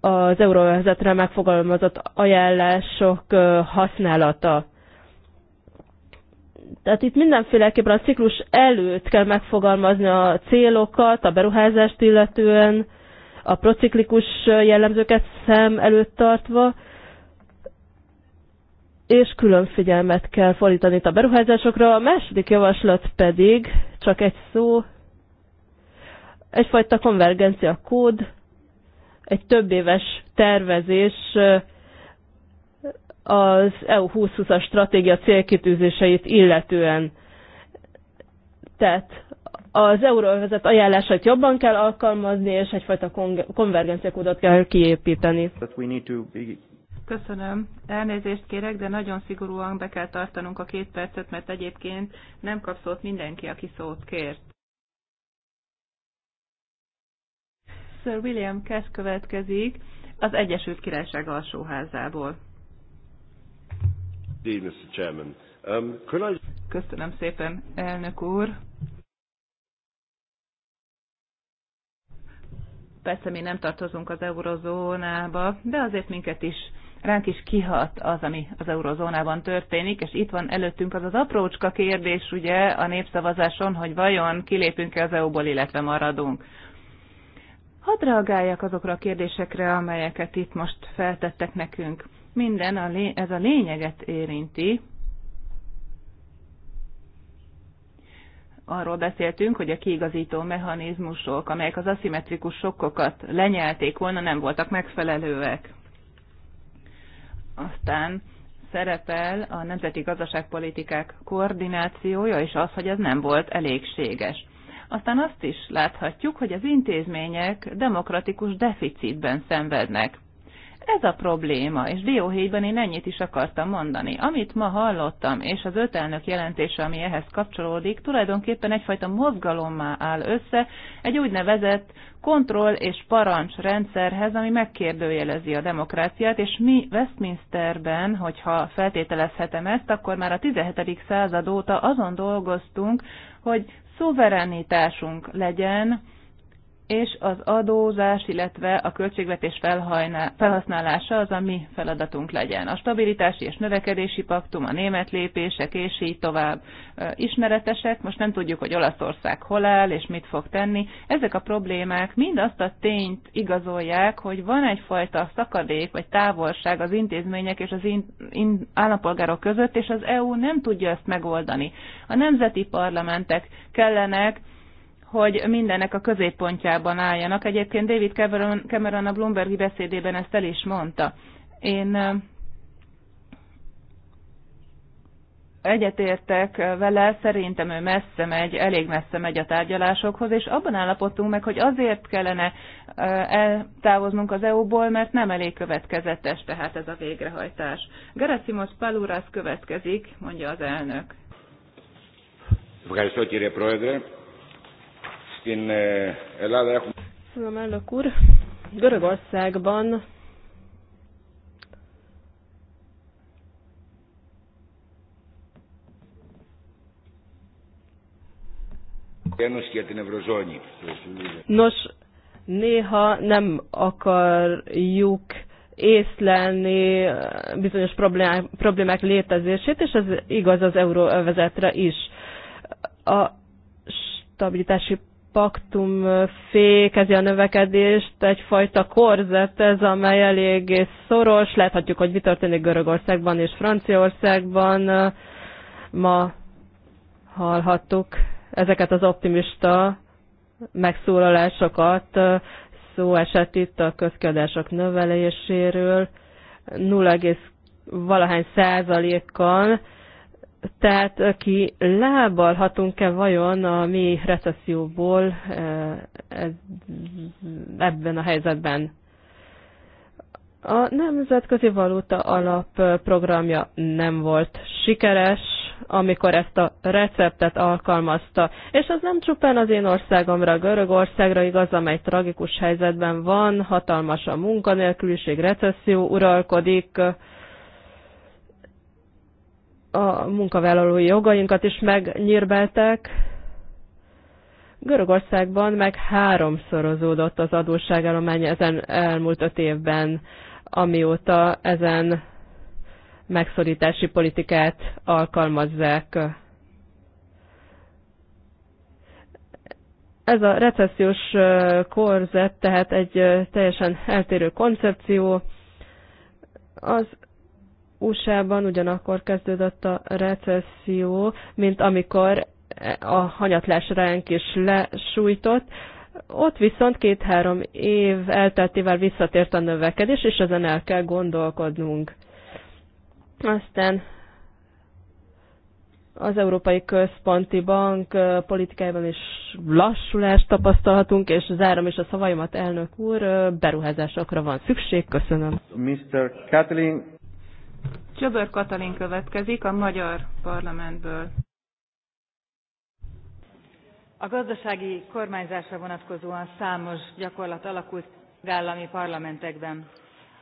az euróvezetre megfogalmazott ajánlások használata tehát itt mindenféleképpen a ciklus előtt kell megfogalmazni a célokat, a beruházást illetően, a prociklikus jellemzőket szem előtt tartva, és külön figyelmet kell fordítani itt a beruházásokra. A második javaslat pedig, csak egy szó, egyfajta konvergencia kód, egy több éves tervezés az EU 2020-as stratégia célkitűzéseit illetően. Tehát az euróvezet ajánlásait jobban kell alkalmazni, és egyfajta konvergenciakódot kell kiépíteni. Köszönöm. Elnézést kérek, de nagyon szigorúan be kell tartanunk a két percet, mert egyébként nem kap szót mindenki, aki szót kért. Sir William Kess következik az Egyesült Királyság alsóházából. Um, Köszönöm szépen, elnök úr. Persze mi nem tartozunk az eurozónába, de azért minket is ránk is kihat az, ami az eurozónában történik, és itt van előttünk az az aprócska kérdés ugye a népszavazáson, hogy vajon kilépünk-e az EU-ból, illetve maradunk. Hadd reagáljak azokra a kérdésekre, amelyeket itt most feltettek nekünk minden a lé- ez a lényeget érinti. Arról beszéltünk, hogy a kiigazító mechanizmusok, amelyek az aszimmetrikus sokkokat lenyelték volna, nem voltak megfelelőek. Aztán szerepel a nemzeti gazdaságpolitikák koordinációja, és az, hogy ez nem volt elégséges. Aztán azt is láthatjuk, hogy az intézmények demokratikus deficitben szenvednek. Ez a probléma, és dióhéjban én ennyit is akartam mondani. Amit ma hallottam, és az öt elnök jelentése, ami ehhez kapcsolódik, tulajdonképpen egyfajta mozgalommá áll össze egy úgynevezett kontroll és parancs rendszerhez, ami megkérdőjelezi a demokráciát, és mi Westminsterben, hogyha feltételezhetem ezt, akkor már a 17. század óta azon dolgoztunk, hogy szuverenitásunk legyen, és az adózás, illetve a költségvetés felhasználása az a mi feladatunk legyen. A stabilitási és növekedési paktum, a német lépések, és így tovább ismeretesek. Most nem tudjuk, hogy Olaszország hol áll, és mit fog tenni. Ezek a problémák mind azt a tényt igazolják, hogy van egyfajta szakadék vagy távolság az intézmények és az in, in, állampolgárok között, és az EU nem tudja ezt megoldani. A nemzeti parlamentek kellenek, hogy mindennek a középpontjában álljanak. Egyébként David Cameron, Cameron a Bloombergi beszédében ezt el is mondta. Én egyetértek vele, szerintem ő messze megy, elég messze megy a tárgyalásokhoz, és abban állapodtunk meg, hogy azért kellene eltávoznunk az EU-ból, mert nem elég következetes tehát ez a végrehajtás. Gerasimos Paluras következik, mondja az elnök. Köszönöm, Szóval Ελλάδα έχουμε... Tudom, elnök úr, Görögországban Nos, néha nem akarjuk észlelni eh, bizonyos problémák, problémák létezését, és ez igaz az euróövezetre is. A stabilitási paktum fékezi a növekedést, egyfajta korzet ez, amely eléggé szoros. Láthatjuk, hogy mi történik Görögországban és Franciaországban. Ma hallhattuk ezeket az optimista megszólalásokat. Szó esett itt a közkiadások növeléséről 0, valahány százalékkal tehát ki lábalhatunk-e vajon a mi recesszióból eh, ebben a helyzetben? A Nemzetközi Valuta Alap eh, programja nem volt sikeres, amikor ezt a receptet alkalmazta. És az nem csupán az én országomra, Görögországra igaz, amely tragikus helyzetben van, hatalmas a munkanélküliség, recesszió uralkodik, a munkavállalói jogainkat is megnyírbeltek. Görögországban meg háromszorozódott az adósságállomány ezen elmúlt öt évben, amióta ezen megszorítási politikát alkalmazzák. Ez a recessziós korzet tehát egy teljesen eltérő koncepció. Az USA-ban ugyanakkor kezdődött a recesszió, mint amikor a hanyatlás ránk is lesújtott. Ott viszont két-három év elteltével visszatért a növekedés, és ezen el kell gondolkodnunk. Aztán az Európai Központi Bank politikájában is lassulást tapasztalhatunk, és zárom is a szavaimat, elnök úr, beruházásokra van szükség. Köszönöm. Mr. Kathleen Csöbör Katalin következik a Magyar Parlamentből. A gazdasági kormányzásra vonatkozóan számos gyakorlat alakult állami parlamentekben.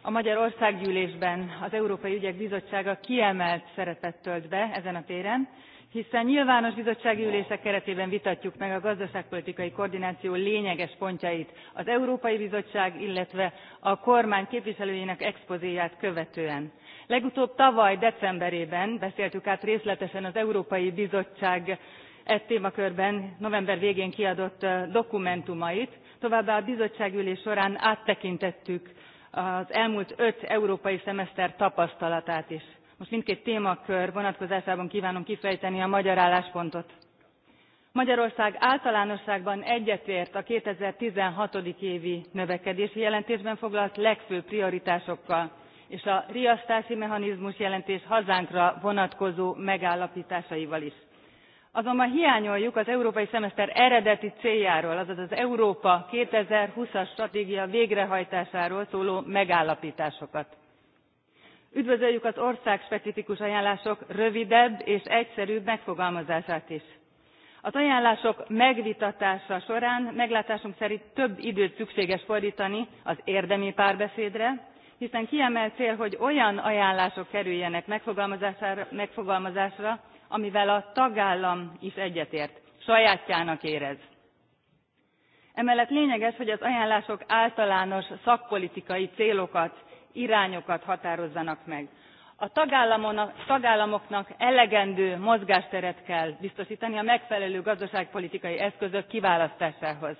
A Magyar Országgyűlésben az Európai Ügyek Bizottsága kiemelt szerepet tölt be ezen a téren, hiszen nyilvános bizottsági ülések keretében vitatjuk meg a gazdaságpolitikai koordináció lényeges pontjait az Európai Bizottság, illetve a kormány képviselőjének expozéját követően legutóbb tavaly decemberében beszéltük át részletesen az európai bizottság e témakörben november végén kiadott dokumentumait továbbá a bizottság ülés során áttekintettük az elmúlt öt európai szemeszter tapasztalatát is. most mindkét témakör vonatkozásában kvánom kifejteni a magyar álláspontot. magyarország általánosságban egyetért a two thousand and sixteen évi növekedési jelentésben foglalt legfőbb prioritásokkal és a riasztási mechanizmus jelentés hazánkra vonatkozó megállapításaival is. Azonban hiányoljuk az európai szemeszter eredeti céljáról, azaz az Európa 2020-as stratégia végrehajtásáról szóló megállapításokat. Üdvözöljük az ország specifikus ajánlások rövidebb és egyszerűbb megfogalmazását is. Az ajánlások megvitatása során meglátásunk szerint több időt szükséges fordítani az érdemi párbeszédre, hiszen kiemelt cél hogy olyan ajánlások kerüljenek megfogalmazásra amivel a tagállam is egyetért sajátjának érez. emellett lényeges hogy az ajánlások általános szakpolitikai célokat irányokat határozzanak meg. a tagállamoknak elegendő mozgásteret kell biztostani a megfelelő gazdaságpolitikai eszközök kiválasztásához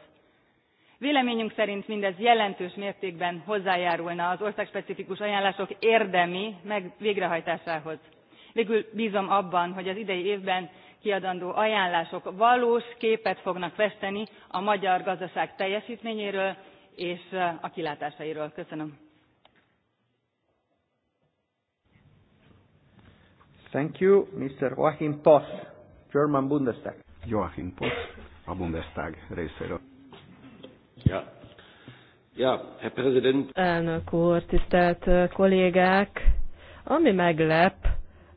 véleményünk szerint mindez jelentős mértékben hozzájárulna az országspecifikus ajánlások érdemi végrehajtásához. végül bzom abban hogy az idei évben kiadandó ajánlások valós képet fognak festeni a magyar gazdaság teljestményéről és a kilátásairól. köszönöm. Thank you, Mr. Joachim Poss, German Bundestag. Joachim Poss, a Bundestag részéről. Ja. Ja, Herr Präsident. Elnök úr, tisztelt kollégák! Ami meglep,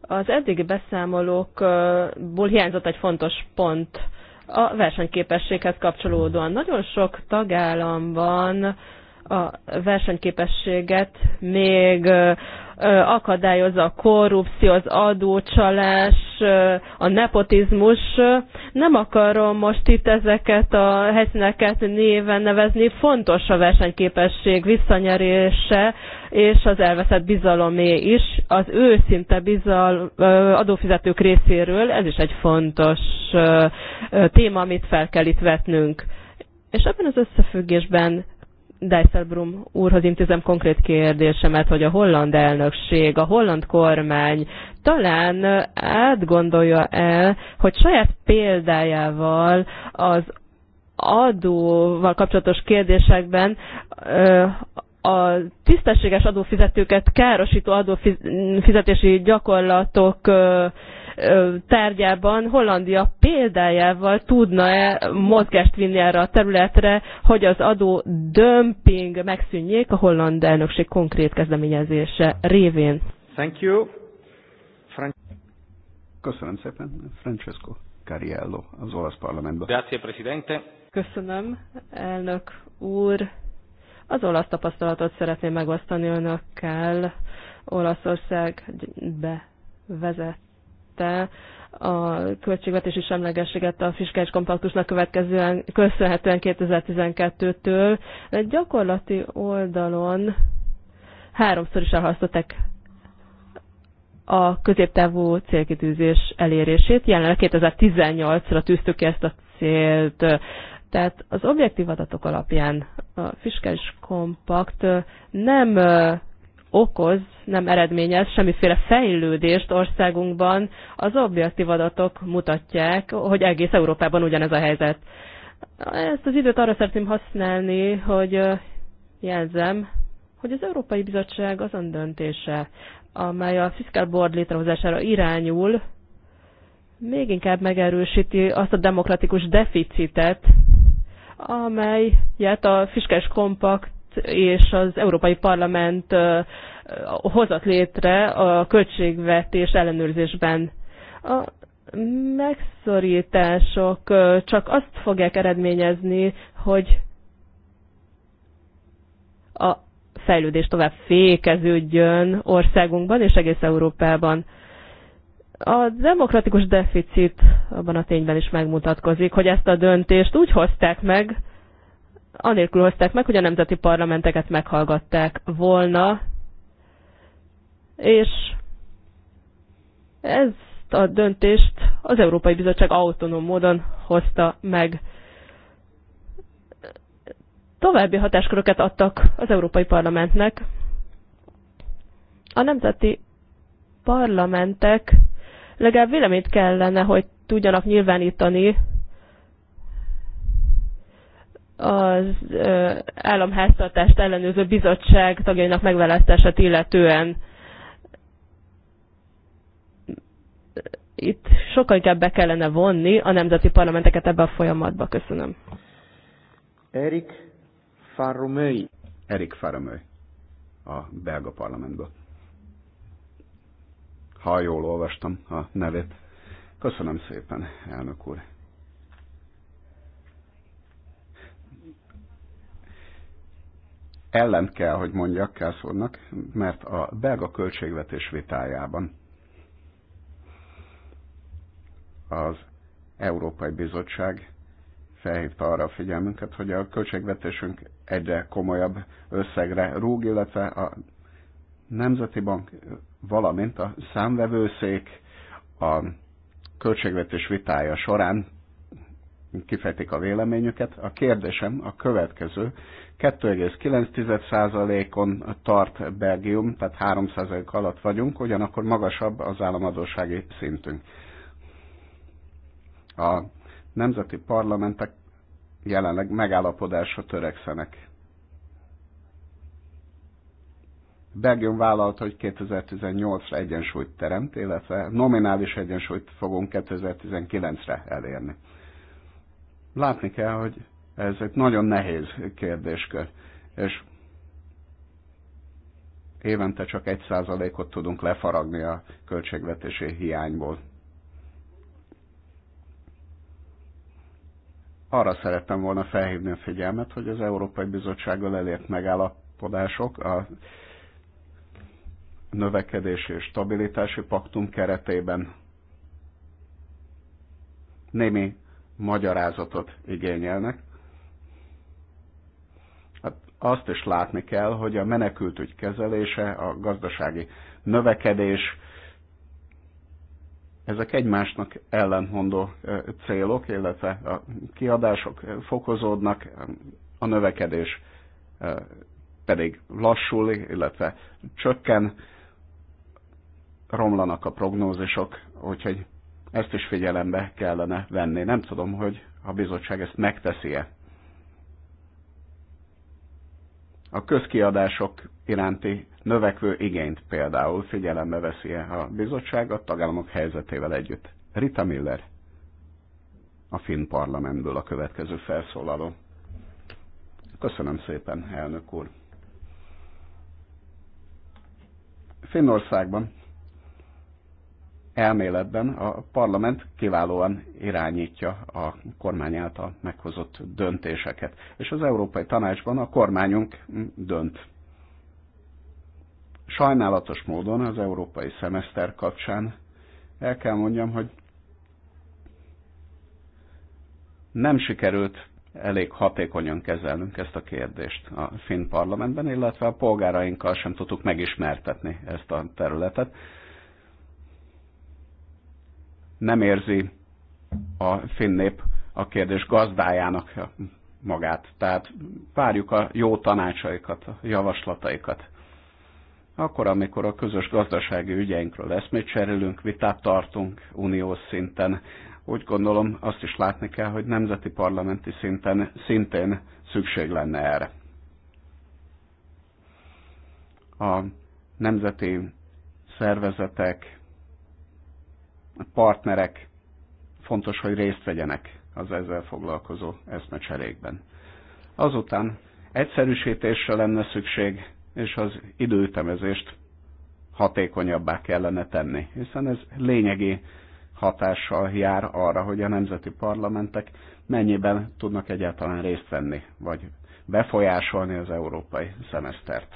az eddigi beszámolókból hiányzott egy fontos pont a versenyképességhez kapcsolódóan. Nagyon sok tagállamban a versenyképességet még akadályozza a korrupció, az adócsalás, a nepotizmus. Nem akarom most itt ezeket a helyszíneket néven nevezni. Fontos a versenyképesség visszanyerése és az elveszett bizalomé is. Az őszinte bizal, adófizetők részéről ez is egy fontos téma, amit fel kell itt vetnünk. És ebben az összefüggésben Dijsselbrum úrhoz intézem konkrét kérdésemet, hogy a holland elnökség, a holland kormány talán átgondolja el, hogy saját példájával az adóval kapcsolatos kérdésekben a tisztességes adófizetőket károsító adófizetési gyakorlatok tárgyában Hollandia példájával tudna-e mozgást vinni erre a területre, hogy az adó dömping megszűnjék a holland elnökség konkrét kezdeményezése révén. Thank you. Fran Köszönöm szépen, Francesco Cariello az olasz parlamentben. Grazie, Presidente. Köszönöm, elnök úr. Az olasz tapasztalatot szeretném megosztani önökkel. Olaszország bevezet megtette a költségvetési semlegességet a fiskális kompaktusnak következően, köszönhetően 2012-től. Gyakorlati oldalon háromszor is elhasztották a középtávú célkitűzés elérését. Jelenleg 2018-ra tűztük ki ezt a célt. Tehát az objektív adatok alapján a fiskális kompakt nem okoz, nem eredményez semmiféle fejlődést országunkban, az objektív adatok mutatják, hogy egész Európában ugyanez a helyzet. Ezt az időt arra szeretném használni, hogy jelzem, hogy az Európai Bizottság azon döntése, amely a Fiscal Board létrehozására irányul, még inkább megerősíti azt a demokratikus deficitet, amelyet a fiskális kompakt és az Európai Parlament hozott létre a költségvetés ellenőrzésben. A megszorítások csak azt fogják eredményezni, hogy a fejlődés tovább fékeződjön országunkban és egész Európában. A demokratikus deficit abban a tényben is megmutatkozik, hogy ezt a döntést úgy hozták meg, anélkül hozták meg, hogy a nemzeti parlamenteket meghallgatták volna, és ezt a döntést az Európai Bizottság autonóm módon hozta meg. További hatásköröket adtak az Európai Parlamentnek. A nemzeti parlamentek legalább véleményt kellene, hogy tudjanak nyilvánítani az államháztartást ellenőrző bizottság tagjainak megválasztását illetően itt sokkal inkább be kellene vonni a nemzeti parlamenteket ebbe a folyamatba. Köszönöm. Erik Faromöi. Erik Faromöi a belga parlamentből. Ha jól olvastam a nevét. Köszönöm szépen, elnök úr. ellent kell, hogy mondjak Kászornak, mert a belga költségvetés vitájában az Európai Bizottság felhívta arra a figyelmünket, hogy a költségvetésünk egyre komolyabb összegre rúg, illetve a Nemzeti Bank, valamint a számvevőszék a költségvetés vitája során kifejtik a véleményüket. A kérdésem a következő, 2,9%-on tart Belgium, tehát 3% alatt vagyunk, ugyanakkor magasabb az államadósági szintünk. A nemzeti parlamentek jelenleg megállapodásra törekszenek. Belgium vállalta, hogy 2018-ra egyensúlyt teremt, illetve nominális egyensúlyt fogunk 2019-re elérni. Látni kell, hogy ez egy nagyon nehéz kérdéskör. És évente csak egy százalékot tudunk lefaragni a költségvetési hiányból. Arra szerettem volna felhívni a figyelmet, hogy az Európai Bizottsággal elért megállapodások a növekedési és stabilitási paktum keretében némi magyarázatot igényelnek, azt is látni kell, hogy a menekültügy kezelése, a gazdasági növekedés, ezek egymásnak ellentmondó célok, illetve a kiadások fokozódnak, a növekedés pedig lassul, illetve csökken, romlanak a prognózisok, úgyhogy ezt is figyelembe kellene venni. Nem tudom, hogy a bizottság ezt megteszi-e. a közkiadások iránti növekvő igényt például figyelembe veszi -e a bizottság a tagállamok helyzetével együtt. Rita Miller, a finn parlamentből a következő felszólaló. Köszönöm szépen, elnök úr. Finnországban elméletben a parlament kiválóan irányítja a kormány által meghozott döntéseket. És az Európai Tanácsban a kormányunk dönt. Sajnálatos módon az európai szemeszter kapcsán el kell mondjam, hogy nem sikerült elég hatékonyan kezelnünk ezt a kérdést a finn parlamentben, illetve a polgárainkkal sem tudtuk megismertetni ezt a területet nem érzi a finn nép a kérdés gazdájának magát. Tehát várjuk a jó tanácsaikat, a javaslataikat. Akkor, amikor a közös gazdasági ügyeinkről eszmét cserélünk, vitát tartunk uniós szinten, úgy gondolom azt is látni kell, hogy nemzeti parlamenti szinten szintén szükség lenne erre. A nemzeti szervezetek, partnerek fontos, hogy részt vegyenek az ezzel foglalkozó eszmecserékben. Azután egyszerűsítésre lenne szükség, és az időtemezést hatékonyabbá kellene tenni, hiszen ez lényegi hatással jár arra, hogy a nemzeti parlamentek mennyiben tudnak egyáltalán részt venni, vagy befolyásolni az európai szemesztert.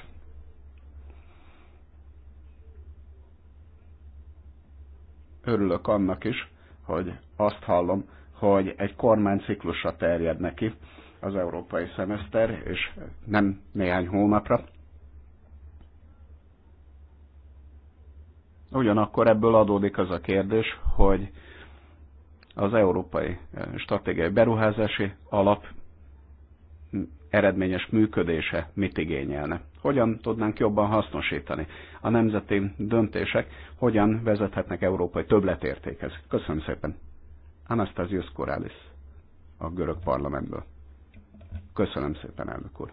örülök annak is, hogy azt hallom, hogy egy kormányciklusra terjed neki az európai szemeszter, és nem néhány hónapra. Ugyanakkor ebből adódik az a kérdés, hogy az Európai Stratégiai Beruházási Alap eredményes működése mit igényelne. Hogyan tudnánk jobban hasznosítani? A nemzeti döntések hogyan vezethetnek európai többletértékhez? Köszönöm szépen. Anastasius Koralis a görög parlamentből. Köszönöm szépen, elnök úr.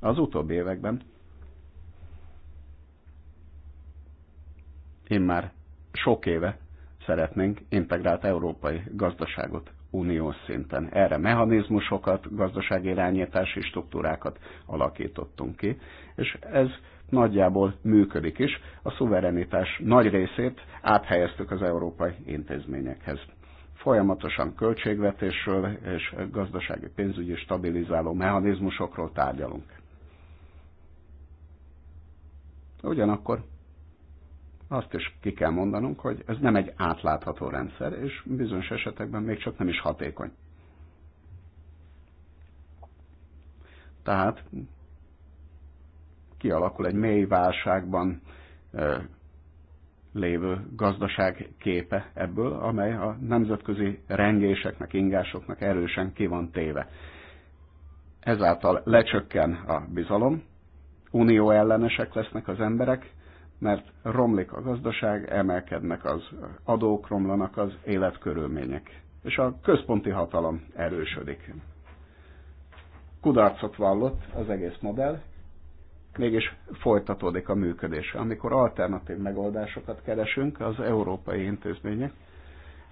Az utóbbi években én már sok éve szeretnénk integrált európai gazdaságot uniós szinten. Erre mechanizmusokat, gazdasági irányítási struktúrákat alakítottunk ki, és ez nagyjából működik is. A szuverenitás nagy részét áthelyeztük az európai intézményekhez. Folyamatosan költségvetésről és gazdasági pénzügyi stabilizáló mechanizmusokról tárgyalunk. Ugyanakkor azt is ki kell mondanunk, hogy ez nem egy átlátható rendszer, és bizonyos esetekben még csak nem is hatékony. Tehát kialakul egy mély válságban lévő gazdaság képe ebből, amely a nemzetközi rengéseknek, ingásoknak erősen ki van téve. Ezáltal lecsökken a bizalom, unió ellenesek lesznek az emberek, mert romlik a gazdaság, emelkednek az adók, romlanak az életkörülmények, és a központi hatalom erősödik. Kudarcot vallott az egész modell, mégis folytatódik a működés. Amikor alternatív megoldásokat keresünk, az európai intézmények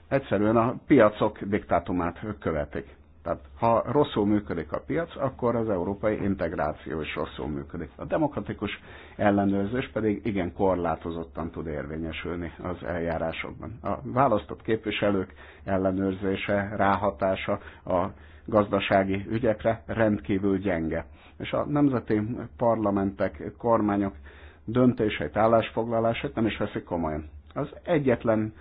egyszerűen a piacok diktátumát követik. Tehát ha rosszul működik a piac, akkor az európai integráció is rosszul működik. A demokratikus ellenőrzés pedig igen korlátozottan tud érvényesülni az eljárásokban. A választott képviselők ellenőrzése, ráhatása a gazdasági ügyekre rendkívül gyenge. És a nemzeti parlamentek, kormányok döntéseit, állásfoglalását nem is veszik komolyan. Az egyetlen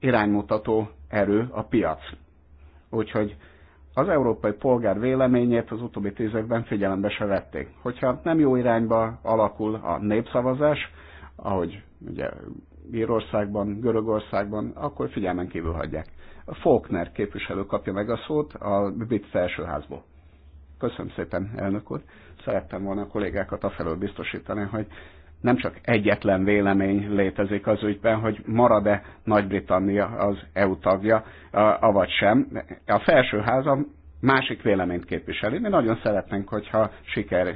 iránymutató erő a piac. Úgyhogy az európai polgár véleményét az utóbbi tíz évben figyelembe se vették. Hogyha nem jó irányba alakul a népszavazás, ahogy ugye Írországban, Görögországban, akkor figyelmen kívül hagyják. A Faulkner képviselő kapja meg a szót a BIT felsőházból. Köszönöm szépen, elnök úr. Szerettem volna a kollégákat felől biztosítani, hogy nem csak egyetlen vélemény létezik az ügyben, hogy marad-e Nagy-Britannia az EU tagja, avagy sem. A felsőház a másik véleményt képviseli. Mi nagyon szeretnénk, hogyha siker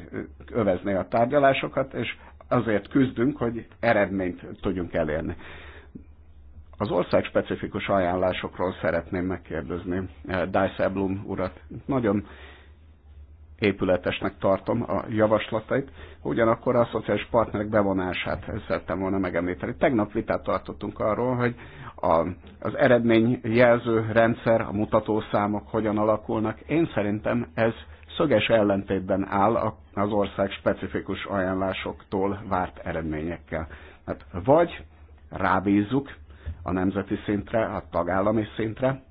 övezné a tárgyalásokat, és azért küzdünk, hogy eredményt tudjunk elérni. Az ország specifikus ajánlásokról szeretném megkérdezni eh, Blum urat. Nagyon épületesnek tartom a javaslatait, ugyanakkor a szociális partnerek bevonását szerettem volna megemlíteni. Tegnap vitát tartottunk arról, hogy a, az eredményjelző rendszer, a mutatószámok hogyan alakulnak. Én szerintem ez szöges ellentétben áll az ország specifikus ajánlásoktól várt eredményekkel. Hát vagy rábízzuk a nemzeti szintre, a tagállami szintre,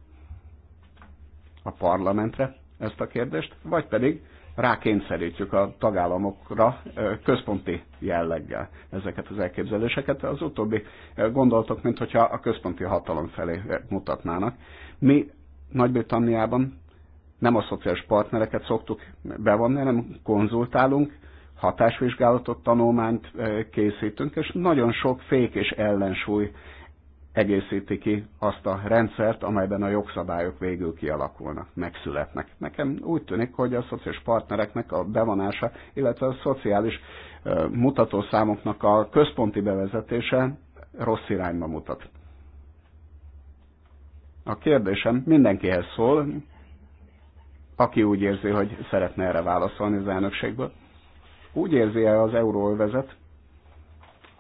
a parlamentre ezt a kérdést, vagy pedig rákényszerítjük a tagállamokra központi jelleggel ezeket az elképzeléseket. Az utóbbi gondoltok, mint hogyha a központi hatalom felé mutatnának. Mi Nagy-Britanniában nem a szociális partnereket szoktuk bevonni, hanem konzultálunk, hatásvizsgálatot, tanulmányt készítünk, és nagyon sok fék és ellensúly egészíti ki azt a rendszert, amelyben a jogszabályok végül kialakulnak, megszületnek. Nekem úgy tűnik, hogy a szociális partnereknek a bevonása, illetve a szociális mutatószámoknak a központi bevezetése rossz irányba mutat. A kérdésem mindenkihez szól, aki úgy érzi, hogy szeretne erre válaszolni az elnökségből. Úgy érzi-e az euróövezet,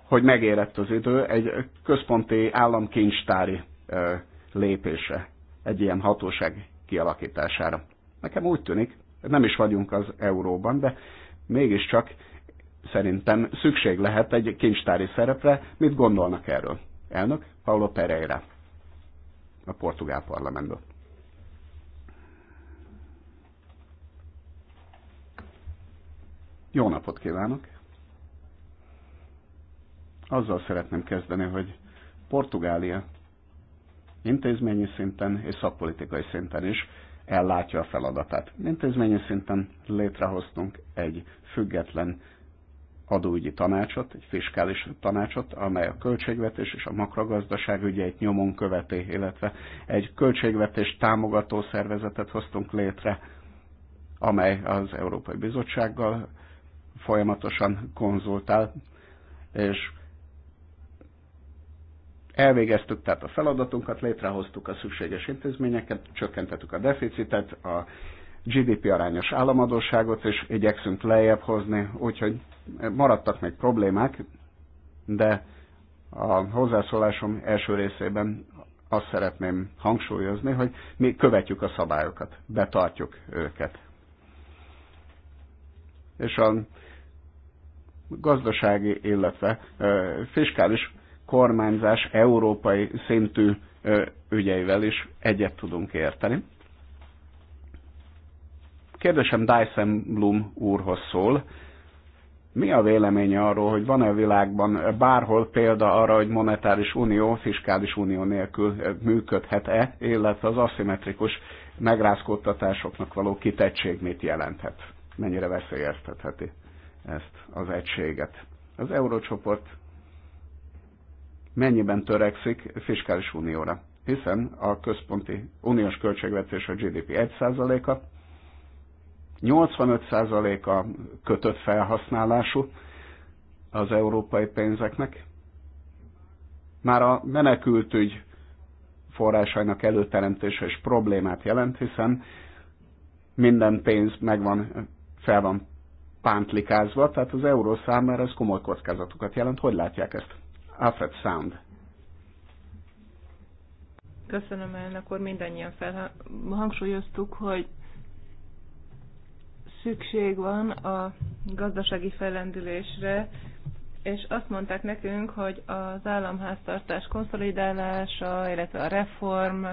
hogy megérett az idő egy központi államkincstári lépése, egy ilyen hatóság kialakítására. Nekem úgy tűnik, nem is vagyunk az euróban, de mégiscsak szerintem szükség lehet egy kincstári szerepre. Mit gondolnak erről? Elnök Paulo Pereira, a portugál parlamentből. Jó napot kívánok! azzal szeretném kezdeni, hogy Portugália intézményi szinten és szakpolitikai szinten is ellátja a feladatát. Intézményi szinten létrehoztunk egy független adóügyi tanácsot, egy fiskális tanácsot, amely a költségvetés és a makragazdaság ügyeit nyomon követi, illetve egy költségvetés támogató szervezetet hoztunk létre, amely az Európai Bizottsággal folyamatosan konzultál, és Elvégeztük tehát a feladatunkat, létrehoztuk a szükséges intézményeket, csökkentettük a deficitet, a GDP arányos államadóságot, és igyekszünk lejjebb hozni, úgyhogy maradtak még problémák, de a hozzászólásom első részében azt szeretném hangsúlyozni, hogy mi követjük a szabályokat, betartjuk őket. És a gazdasági, illetve fiskális kormányzás európai szintű ügyeivel is egyet tudunk érteni. Kérdésem Dyson Bloom úrhoz szól. Mi a véleménye arról, hogy van-e a világban bárhol példa arra, hogy monetáris unió, fiskális unió nélkül működhet-e, illetve az aszimmetrikus megrázkódtatásoknak való kitettség mit jelenthet? Mennyire veszélyeztetheti ezt az egységet? Az eurócsoport mennyiben törekszik fiskális unióra. Hiszen a központi uniós költségvetés a GDP 1%-a, 85%-a kötött felhasználású az európai pénzeknek. Már a menekültügy forrásainak előteremtése is problémát jelent, hiszen minden pénz megvan, fel van pántlikázva, tehát az euró számára ez komoly kockázatokat jelent. Hogy látják ezt? Alfred Sound. Köszönöm el, akkor mindannyian felhangsúlyoztuk, hogy szükség van a gazdasági fellendülésre, és azt mondták nekünk, hogy az államháztartás konszolidálása, illetve a reform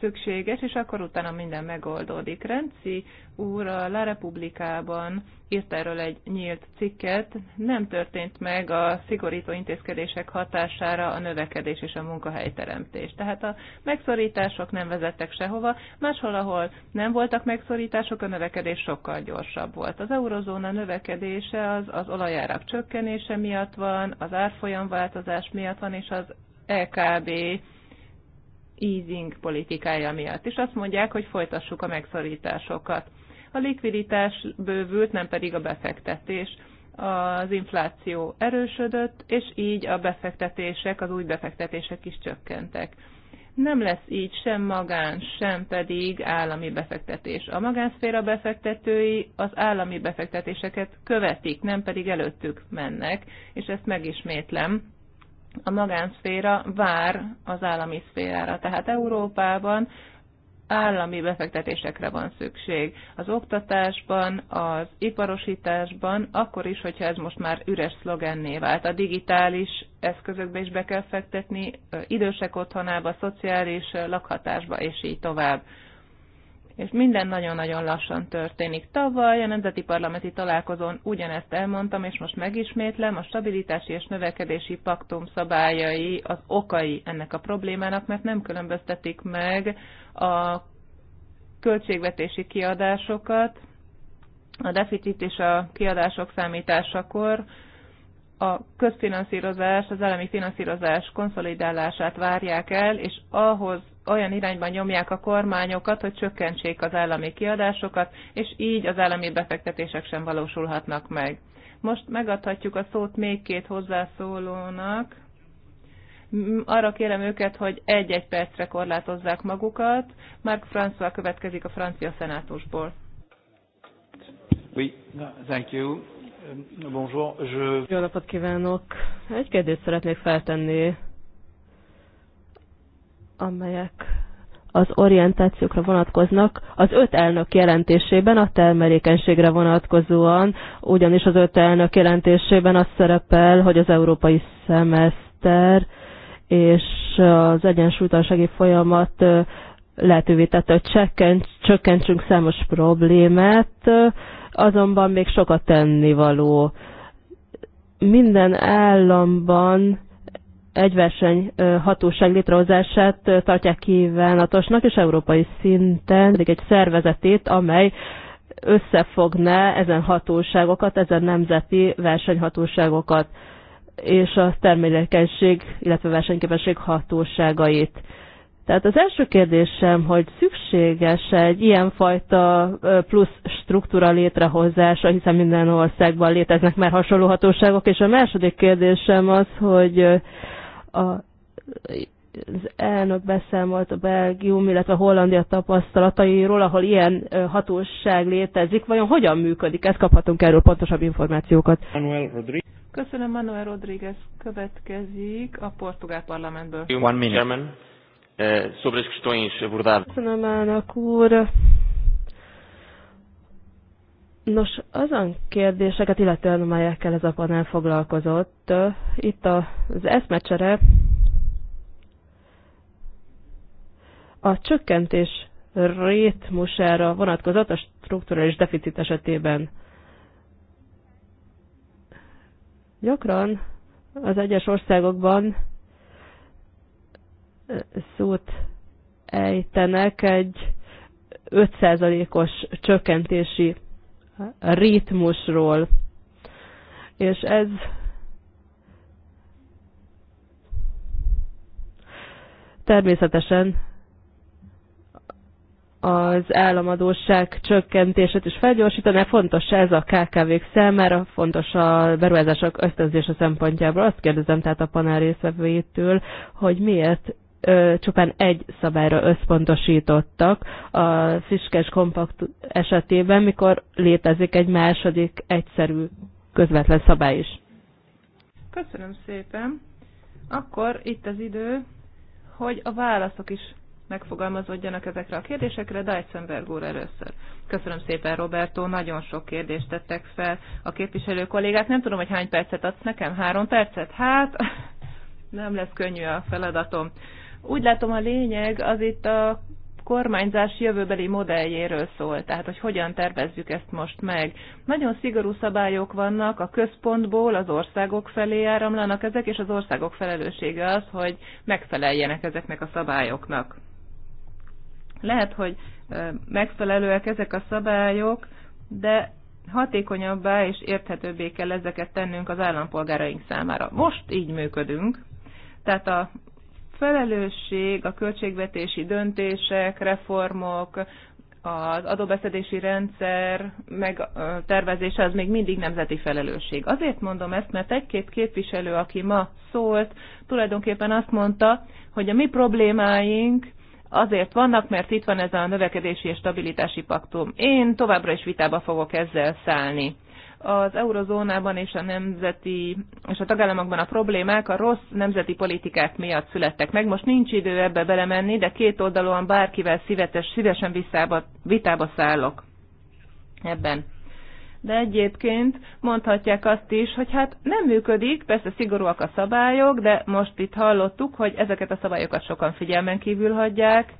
szükséges, és akkor utána minden megoldódik. Renci úr a La Republikában írt erről egy nyílt cikket, nem történt meg a szigorító intézkedések hatására a növekedés és a munkahelyteremtés. Tehát a megszorítások nem vezettek sehova, máshol, ahol nem voltak megszorítások, a növekedés sokkal gyorsabb volt. Az eurozóna növekedése az, az olajárak csökkenése miatt van, az árfolyam változás miatt van, és az LKB e easing politikája miatt, és azt mondják, hogy folytassuk a megszorításokat. A likviditás bővült, nem pedig a befektetés. Az infláció erősödött, és így a befektetések, az új befektetések is csökkentek. Nem lesz így sem magán, sem pedig állami befektetés. A magánszféra befektetői az állami befektetéseket követik, nem pedig előttük mennek, és ezt megismétlem a magánszféra vár az állami szférára. Tehát Európában állami befektetésekre van szükség. Az oktatásban, az iparosításban, akkor is, hogyha ez most már üres szlogenné vált. A digitális eszközökbe is be kell fektetni, idősek otthonába, szociális lakhatásba, és így tovább és minden nagyon-nagyon lassan történik. Tavaly a Nemzeti Parlamenti Találkozón ugyanezt elmondtam, és most megismétlem, a stabilitási és növekedési paktum szabályai az okai ennek a problémának, mert nem különböztetik meg a költségvetési kiadásokat, a deficit és a kiadások számításakor, a közfinanszírozás, az állami finanszírozás konszolidálását várják el, és ahhoz olyan irányban nyomják a kormányokat, hogy csökkentsék az állami kiadásokat, és így az állami befektetések sem valósulhatnak meg. Most megadhatjuk a szót még két hozzászólónak. Arra kérem őket, hogy egy-egy percre korlátozzák magukat. Mark François következik a francia szenátusból. Oui, thank you. Bonjour, je... Jó napot kívánok! Egy kérdést szeretnék feltenni, amelyek az orientációkra vonatkoznak. Az öt elnök jelentésében a termelékenységre vonatkozóan, ugyanis az öt elnök jelentésében az szerepel, hogy az európai szemeszter és az egyensúlytalansági folyamat lehetővé tette, hogy csökkentsünk számos problémát, azonban még sokat tennivaló. Minden államban egy verseny hatóság létrehozását tartják kívánatosnak, és európai szinten pedig egy szervezetét, amely összefogná ezen hatóságokat, ezen nemzeti versenyhatóságokat és a termelékenység, illetve versenyképesség hatóságait. Tehát az első kérdésem, hogy szükséges -e egy ilyenfajta plusz struktúra létrehozása, hiszen minden országban léteznek már hasonló hatóságok, és a második kérdésem az, hogy a, az elnök beszámolt a Belgium, illetve a Hollandia tapasztalatairól, ahol ilyen hatóság létezik. Vajon hogyan működik? Ezt kaphatunk erről pontosabb információkat. Manuel Rodriguez. Köszönöm, Manuel Rodriguez következik a portugál parlamentből. One minute. Eh, sobre as questões abordadas. Köszönöm, elnök úr. Nos, azon kérdéseket, illetően melyekkel ez a panel foglalkozott, itt az eszmecsere a csökkentés rétmusára vonatkozott a strukturális deficit esetében. Gyakran az egyes országokban szót ejtenek egy 5%-os csökkentési ritmusról. És ez természetesen az államadóság csökkentését is felgyorsítaná. Fontos ez a KKV-k számára, fontos a beruházások ösztönzése szempontjából. Azt kérdezem tehát a panel részvevőjétől, hogy miért csupán egy szabályra összpontosítottak a fiskes kompakt esetében, mikor létezik egy második egyszerű közvetlen szabály is. Köszönöm szépen. Akkor itt az idő, hogy a válaszok is megfogalmazódjanak ezekre a kérdésekre, Deisenberg úr először. Köszönöm szépen, Roberto, nagyon sok kérdést tettek fel a képviselő kollégák. Nem tudom, hogy hány percet adsz nekem, három percet? Hát, nem lesz könnyű a feladatom. Úgy látom a lényeg az itt a kormányzás jövőbeli modelljéről szól, tehát hogy hogyan tervezzük ezt most meg. Nagyon szigorú szabályok vannak, a központból az országok felé áramlanak ezek, és az országok felelőssége az, hogy megfeleljenek ezeknek a szabályoknak. Lehet, hogy megfelelőek ezek a szabályok, de hatékonyabbá és érthetőbbé kell ezeket tennünk az állampolgáraink számára. Most így működünk, tehát a felelősség a költségvetési döntések, reformok, az adóbeszedési rendszer meg tervezése az még mindig nemzeti felelősség. Azért mondom ezt, mert egy-két képviselő, aki ma szólt, tulajdonképpen azt mondta, hogy a mi problémáink azért vannak, mert itt van ez a növekedési és stabilitási paktum. Én továbbra is vitába fogok ezzel szállni az eurozónában és a nemzeti és a tagállamokban a problémák a rossz nemzeti politikák miatt születtek meg. Most nincs idő ebbe belemenni, de két oldalon bárkivel szívetes, szívesen visszába, vitába szállok ebben. De egyébként mondhatják azt is, hogy hát nem működik, persze szigorúak a szabályok, de most itt hallottuk, hogy ezeket a szabályokat sokan figyelmen kívül hagyják,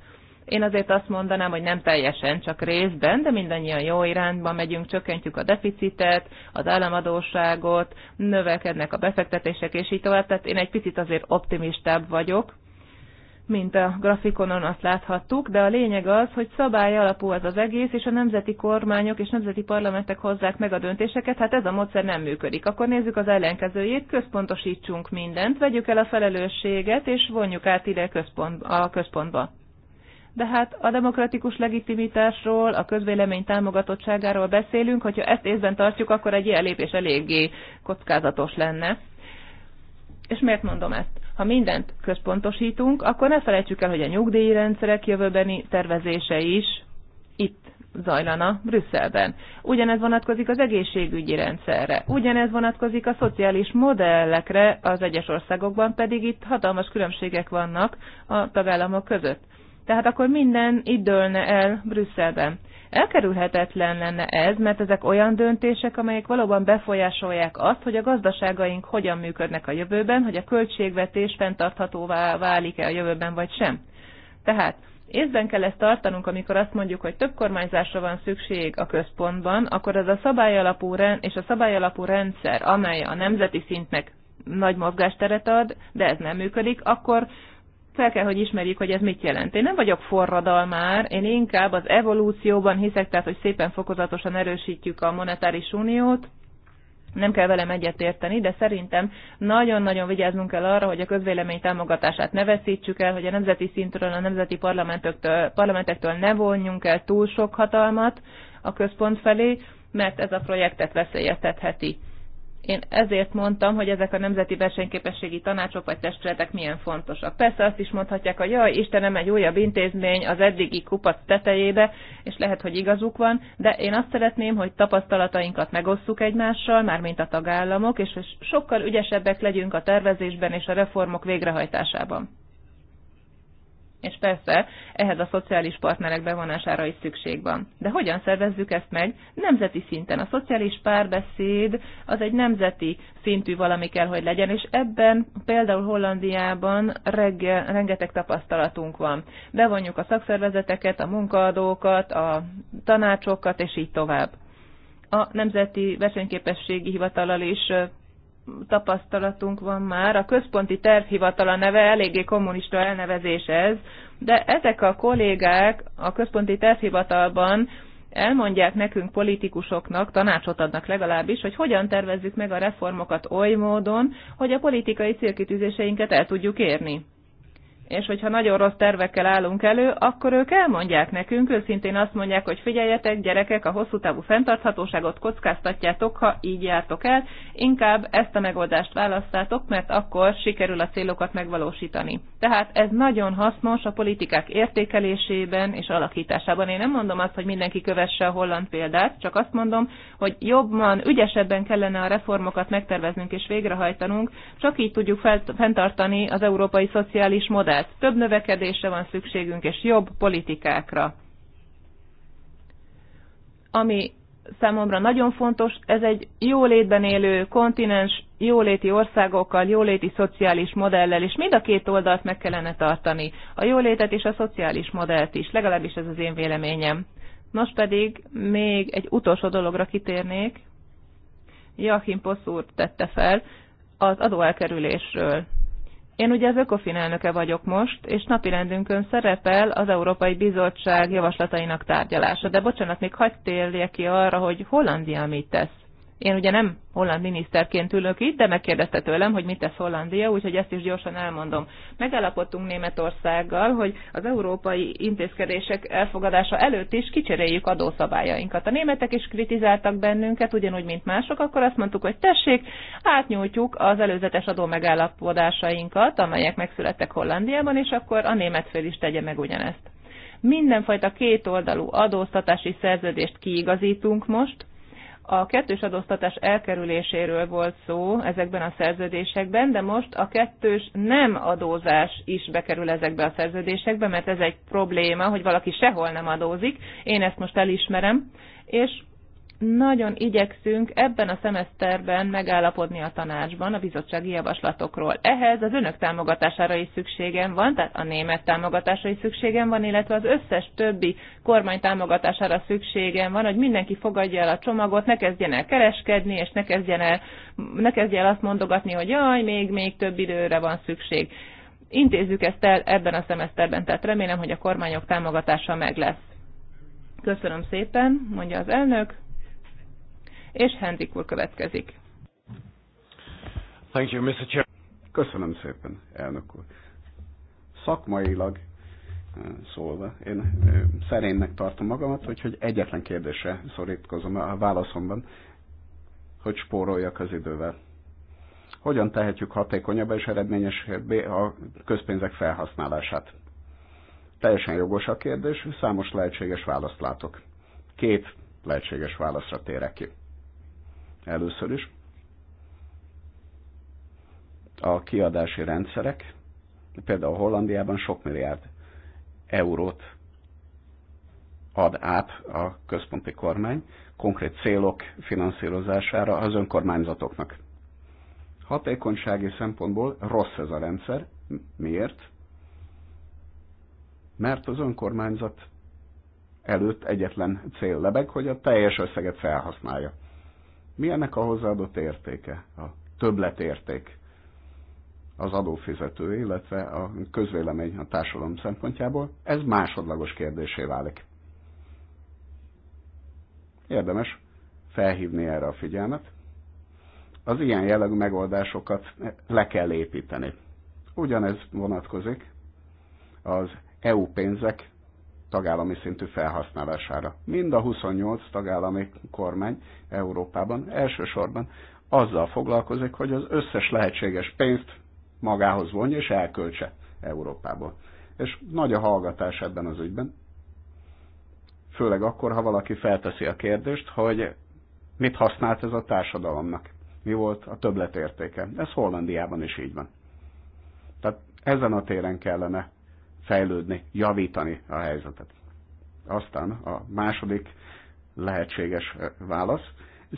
én azért azt mondanám, hogy nem teljesen, csak részben, de mindannyian jó irányba megyünk, csökkentjük a deficitet, az államadóságot, növekednek a befektetések, és így tovább. Tehát én egy picit azért optimistább vagyok, mint a grafikonon azt láthattuk, de a lényeg az, hogy szabály alapú ez az egész, és a nemzeti kormányok és nemzeti parlamentek hozzák meg a döntéseket, hát ez a módszer nem működik. Akkor nézzük az ellenkezőjét, központosítsunk mindent, vegyük el a felelősséget, és vonjuk át ide központ, a központba de hát a demokratikus legitimitásról, a közvélemény támogatottságáról beszélünk, hogyha ezt észben tartjuk, akkor egy ilyen lépés eléggé kockázatos lenne. És miért mondom ezt? Ha mindent központosítunk, akkor ne felejtsük el, hogy a nyugdíjrendszerek jövőbeni tervezése is itt zajlana Brüsszelben. Ugyanez vonatkozik az egészségügyi rendszerre, ugyanez vonatkozik a szociális modellekre, az egyes országokban pedig itt hatalmas különbségek vannak a tagállamok között. Tehát akkor minden itt dőlne el Brüsszelben. Elkerülhetetlen lenne ez, mert ezek olyan döntések, amelyek valóban befolyásolják azt, hogy a gazdaságaink hogyan működnek a jövőben, hogy a költségvetés fenntarthatóvá válik-e a jövőben vagy sem. Tehát észben kell ezt tartanunk, amikor azt mondjuk, hogy több kormányzásra van szükség a központban, akkor ez a szabályalapú rend, és a szabályalapú rendszer, amely a nemzeti szintnek nagy mozgásteret ad, de ez nem működik, akkor fel kell, hogy ismerjük, hogy ez mit jelent. Én nem vagyok forradalmár, én inkább az evolúcióban hiszek, tehát hogy szépen fokozatosan erősítjük a monetáris uniót, nem kell velem egyetérteni, de szerintem nagyon-nagyon vigyáznunk kell arra, hogy a közvélemény támogatását ne veszítsük el, hogy a nemzeti szintről, a nemzeti parlamentektől ne vonjunk el túl sok hatalmat a központ felé, mert ez a projektet veszélyeztetheti. Én ezért mondtam, hogy ezek a nemzeti versenyképességi tanácsok vagy testületek milyen fontosak. Persze azt is mondhatják, hogy jaj, Istenem, egy újabb intézmény az eddigi kupac tetejébe, és lehet, hogy igazuk van, de én azt szeretném, hogy tapasztalatainkat megosszuk egymással, mármint a tagállamok, és hogy sokkal ügyesebbek legyünk a tervezésben és a reformok végrehajtásában. És persze ehhez a szociális partnerek bevonására is szükség van. De hogyan szervezzük ezt meg? Nemzeti szinten. A szociális párbeszéd az egy nemzeti szintű valami kell, hogy legyen, és ebben például Hollandiában regge, rengeteg tapasztalatunk van. Bevonjuk a szakszervezeteket, a munkaadókat, a tanácsokat, és így tovább. A Nemzeti Versenyképességi Hivatallal is tapasztalatunk van már. A központi tervhivatala neve eléggé kommunista elnevezés ez, de ezek a kollégák a központi tervhivatalban elmondják nekünk politikusoknak, tanácsot adnak legalábbis, hogy hogyan tervezzük meg a reformokat oly módon, hogy a politikai célkitűzéseinket el tudjuk érni és hogyha nagyon rossz tervekkel állunk elő, akkor ők elmondják nekünk, őszintén azt mondják, hogy figyeljetek, gyerekek, a hosszú távú fenntarthatóságot kockáztatjátok, ha így jártok el, inkább ezt a megoldást választátok, mert akkor sikerül a célokat megvalósítani. Tehát ez nagyon hasznos a politikák értékelésében és alakításában. Én nem mondom azt, hogy mindenki kövesse a holland példát, csak azt mondom, hogy jobban, ügyesebben kellene a reformokat megterveznünk és végrehajtanunk, csak így tudjuk fenntartani az európai szociális modellt tehát több növekedésre van szükségünk, és jobb politikákra. Ami számomra nagyon fontos, ez egy jólétben élő kontinens, jóléti országokkal, jóléti szociális modellel, és mind a két oldalt meg kellene tartani. A jólétet és a szociális modellt is, legalábbis ez az én véleményem. Most pedig még egy utolsó dologra kitérnék. Joachim Poszúr tette fel az adóelkerülésről. Én ugye az Ökofin elnöke vagyok most, és napirendünkön szerepel az Európai Bizottság javaslatainak tárgyalása. De bocsánat, még hagyd térje ki arra, hogy Hollandia mit tesz. Én ugye nem holland miniszterként ülök itt, de megkérdezte tőlem, hogy mit tesz Hollandia, úgyhogy ezt is gyorsan elmondom. Megállapodtunk Németországgal, hogy az európai intézkedések elfogadása előtt is kicseréljük adószabályainkat. A németek is kritizáltak bennünket, ugyanúgy, mint mások, akkor azt mondtuk, hogy tessék, átnyújtjuk az előzetes adó megállapodásainkat, amelyek megszülettek Hollandiában, és akkor a német fél is tegye meg ugyanezt mindenfajta kétoldalú adóztatási szerződést kiigazítunk most, a kettős adóztatás elkerüléséről volt szó ezekben a szerződésekben, de most a kettős nem adózás is bekerül ezekbe a szerződésekbe, mert ez egy probléma, hogy valaki sehol nem adózik. Én ezt most elismerem, és nagyon igyekszünk ebben a szemeszterben megállapodni a tanácsban a bizottsági javaslatokról. Ehhez az önök támogatására is szükségem van, tehát a német támogatásra is szükségem van, illetve az összes többi kormány támogatására szükségem van, hogy mindenki fogadja el a csomagot, ne kezdjen el kereskedni, és ne kezdjen el, ne kezdjen el azt mondogatni, hogy jaj, még, még több időre van szükség. Intézzük ezt el ebben a szemeszterben, tehát remélem, hogy a kormányok támogatása meg lesz. Köszönöm szépen, mondja az elnök és Hendrik úr következik. Thank you, Mr. Chair. Köszönöm szépen, elnök úr. Szakmailag eh, szólva, én eh, szerénynek tartom magamat, hogy egyetlen kérdésre szorítkozom a válaszomban, hogy spóroljak az idővel. Hogyan tehetjük hatékonyabb és eredményesebbé a közpénzek felhasználását? Teljesen jogos a kérdés, számos lehetséges választ látok. Két lehetséges válaszra térek ki először is. A kiadási rendszerek, például Hollandiában sok milliárd eurót ad át a központi kormány konkrét célok finanszírozására az önkormányzatoknak. Hatékonysági szempontból rossz ez a rendszer. Miért? Mert az önkormányzat előtt egyetlen cél lebeg, hogy a teljes összeget felhasználja. Mi ennek a hozzáadott értéke, a többletérték az adófizető, illetve a közvélemény a társadalom szempontjából? Ez másodlagos kérdésé válik. Érdemes felhívni erre a figyelmet. Az ilyen jellegű megoldásokat le kell építeni. Ugyanez vonatkozik az EU pénzek tagállami szintű felhasználására. Mind a 28 tagállami kormány Európában elsősorban azzal foglalkozik, hogy az összes lehetséges pénzt magához vonja és elköltse Európából. És nagy a hallgatás ebben az ügyben, főleg akkor, ha valaki felteszi a kérdést, hogy mit használt ez a társadalomnak, mi volt a többletértéke. Ez Hollandiában is így van. Tehát ezen a téren kellene fejlődni, javítani a helyzetet. Aztán a második lehetséges eh, válasz,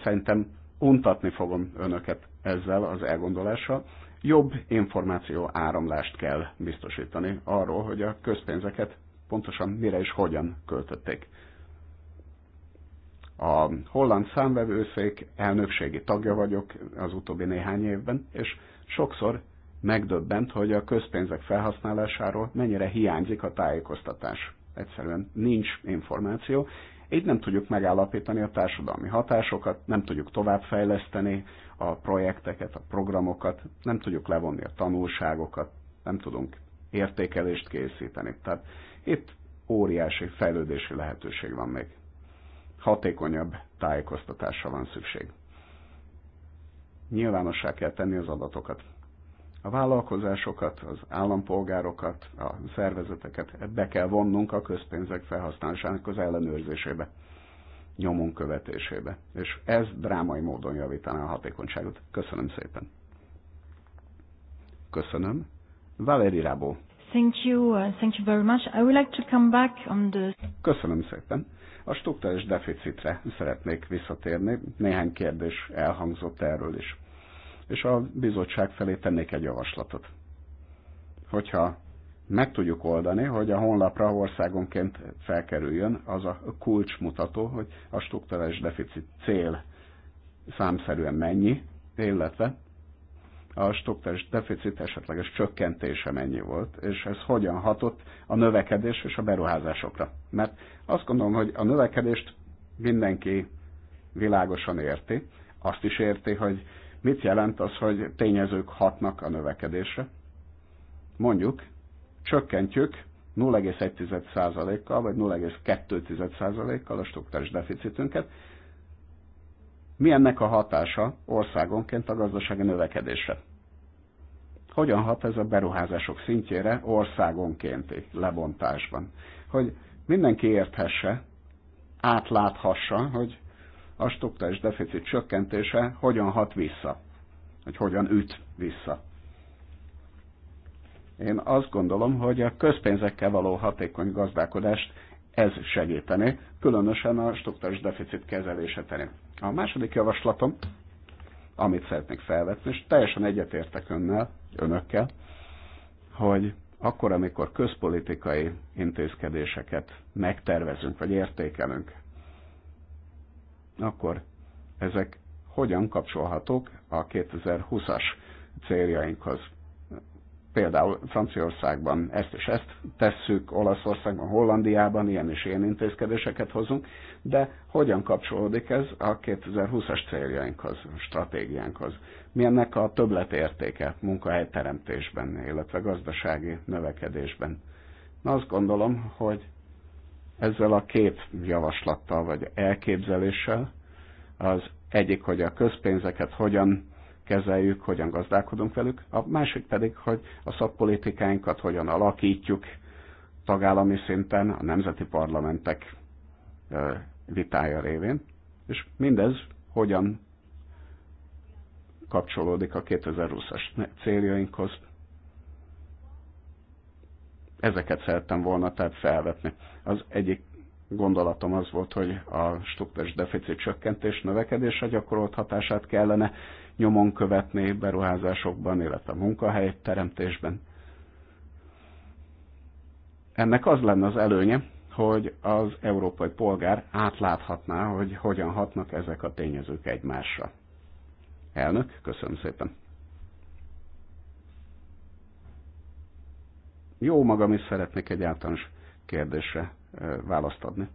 szerintem untatni fogom önöket ezzel az elgondolással, jobb információ áramlást kell biztosítani arról, hogy a közpénzeket pontosan mire és hogyan költötték. A holland számvevőszék elnökségi tagja vagyok az utóbbi néhány évben, és sokszor megdöbbent, hogy a közpénzek felhasználásáról mennyire hiányzik a tájékoztatás. Egyszerűen nincs információ, így nem tudjuk megállapítani a társadalmi hatásokat, nem tudjuk továbbfejleszteni a projekteket, a programokat, nem tudjuk levonni a tanulságokat, nem tudunk értékelést készíteni. Tehát itt óriási fejlődési lehetőség van még. Hatékonyabb tájékoztatásra van szükség. Nyilvánossá kell tenni az adatokat a vállalkozásokat, az állampolgárokat, a szervezeteket be kell vonnunk a közpénzek felhasználásának az ellenőrzésébe, nyomunk követésébe. És ez drámai módon javítaná a hatékonyságot. Köszönöm szépen. Köszönöm. Valéri Rábó. Thank you, uh, thank you very much. I would like to come back on the... Köszönöm szépen. A struktúrás deficitre szeretnék visszatérni. Néhány kérdés elhangzott erről is és a bizottság felé tennék egy javaslatot. Hogyha meg tudjuk oldani, hogy a honlapra országonként felkerüljön az a kulcsmutató, hogy a struktúrális deficit cél számszerűen mennyi, illetve a struktúrális deficit esetleges csökkentése mennyi volt, és ez hogyan hatott a növekedés és a beruházásokra. Mert azt gondolom, hogy a növekedést mindenki világosan érti, azt is érti, hogy Mit jelent az, hogy tényezők hatnak a növekedésre? Mondjuk, csökkentjük 0,1%-kal vagy 0,2%-kal a struktúrás deficitünket. Mi ennek a hatása országonként a gazdasági növekedésre? Hogyan hat ez a beruházások szintjére országonkénti lebontásban? Hogy mindenki érthesse, átláthassa, hogy a struktúrás deficit csökkentése hogyan hat vissza, hogy hogyan üt vissza. Én azt gondolom, hogy a közpénzekkel való hatékony gazdálkodást ez segíteni, különösen a struktúrás deficit kezelése terén. A második javaslatom, amit szeretnék felvetni, és teljesen egyetértek önnel, önökkel, hogy akkor, amikor közpolitikai intézkedéseket megtervezünk, vagy értékelünk, akkor ezek hogyan kapcsolhatók a 2020-as céljainkhoz. Például Franciaországban ezt és ezt tesszük, Olaszországban, Hollandiában ilyen és ilyen intézkedéseket hozunk, de hogyan kapcsolódik ez a 2020-as céljainkhoz, stratégiánkhoz? Mi ennek a többletértéke munkahelyteremtésben, illetve gazdasági növekedésben? Na azt gondolom, hogy ezzel a két javaslattal vagy elképzeléssel az egyik, hogy a közpénzeket hogyan kezeljük, hogyan gazdálkodunk velük, a másik pedig, hogy a szakpolitikáinkat hogyan alakítjuk tagállami szinten, a nemzeti parlamentek vitája révén, és mindez hogyan kapcsolódik a 2020-as céljainkhoz, Ezeket szerettem volna tehát felvetni. Az egyik gondolatom az volt, hogy a struktúrás deficit csökkentés növekedésre gyakorolt hatását kellene nyomon követni beruházásokban, illetve munkahely teremtésben. Ennek az lenne az előnye, hogy az európai polgár átláthatná, hogy hogyan hatnak ezek a tényezők egymásra. Elnök, köszönöm szépen. Jó magam is szeretnék egy általános kérdésre választ adni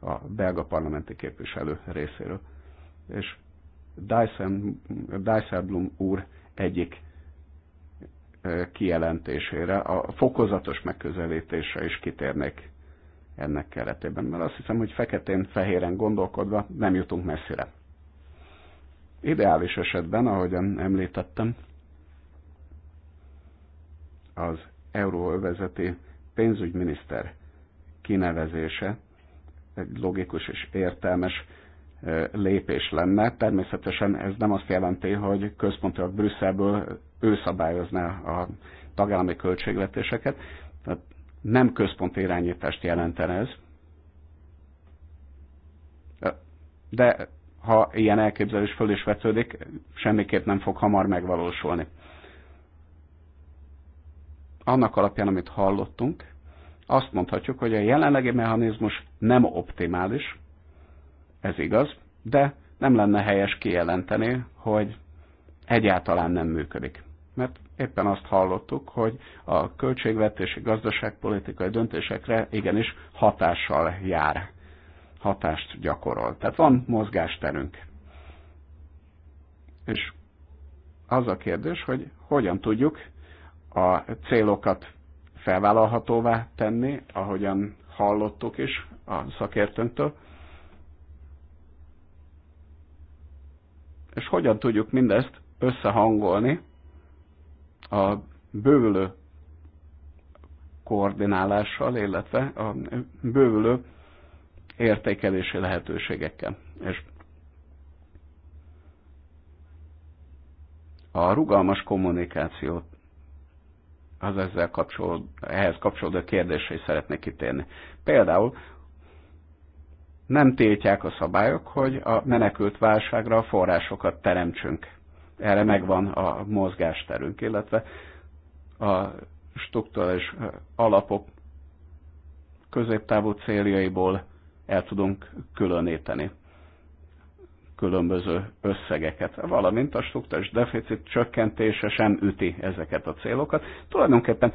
a belga parlamenti képviselő részéről. És Dyson, Dyson úr egyik kijelentésére, a fokozatos megközelítésre is kitérnék ennek keretében, mert azt hiszem, hogy feketén-fehéren gondolkodva nem jutunk messzire. Ideális esetben, ahogyan említettem, az euróövezeti pénzügyminiszter kinevezése egy logikus és értelmes lépés lenne. Természetesen ez nem azt jelenti, hogy központilag Brüsszelből ő szabályozná a tagállami költségvetéseket. Tehát nem központi irányítást jelentene ez. De ha ilyen elképzelés föl is vetődik, semmiképp nem fog hamar megvalósulni annak alapján, amit hallottunk, azt mondhatjuk, hogy a jelenlegi mechanizmus nem optimális, ez igaz, de nem lenne helyes kijelenteni, hogy egyáltalán nem működik. Mert éppen azt hallottuk, hogy a költségvetési gazdaságpolitikai döntésekre igenis hatással jár, hatást gyakorol. Tehát van mozgásterünk. És az a kérdés, hogy hogyan tudjuk a célokat felvállalhatóvá tenni, ahogyan hallottuk is a szakértőnktől, és hogyan tudjuk mindezt összehangolni a bővülő koordinálással, illetve a bővülő értékelési lehetőségekkel. És a rugalmas kommunikációt az ezzel kapcsolód, ehhez kapcsolódó kérdésre is szeretnék kitérni. Például nem tiltják a szabályok, hogy a menekült válságra a forrásokat teremtsünk. Erre megvan a mozgásterünk, illetve a struktúrális alapok középtávú céljaiból el tudunk különíteni különböző összegeket, valamint a struktúrás deficit csökkentése sem üti ezeket a célokat. Tulajdonképpen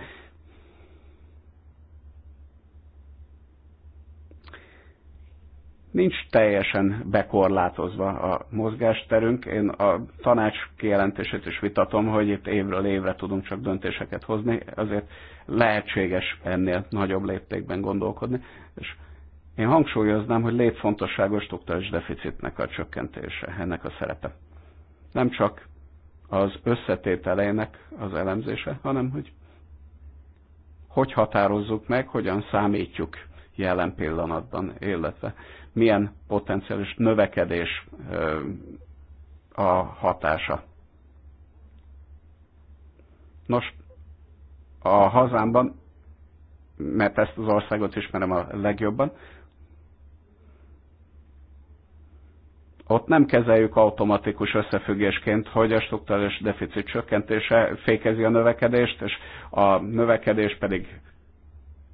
nincs teljesen bekorlátozva a mozgásterünk. Én a tanács kijelentését is vitatom, hogy itt évről évre tudunk csak döntéseket hozni, azért lehetséges ennél nagyobb léptékben gondolkodni, és én hangsúlyoznám, hogy létfontosságos struktúrális deficitnek a csökkentése, ennek a szerepe. Nem csak az összetételeinek az elemzése, hanem hogy hogy határozzuk meg, hogyan számítjuk jelen pillanatban, illetve milyen potenciális növekedés a hatása. Nos, a hazámban, mert ezt az országot ismerem a legjobban, ott nem kezeljük automatikus összefüggésként, hogy a struktúrális deficit csökkentése fékezi a növekedést, és a növekedés pedig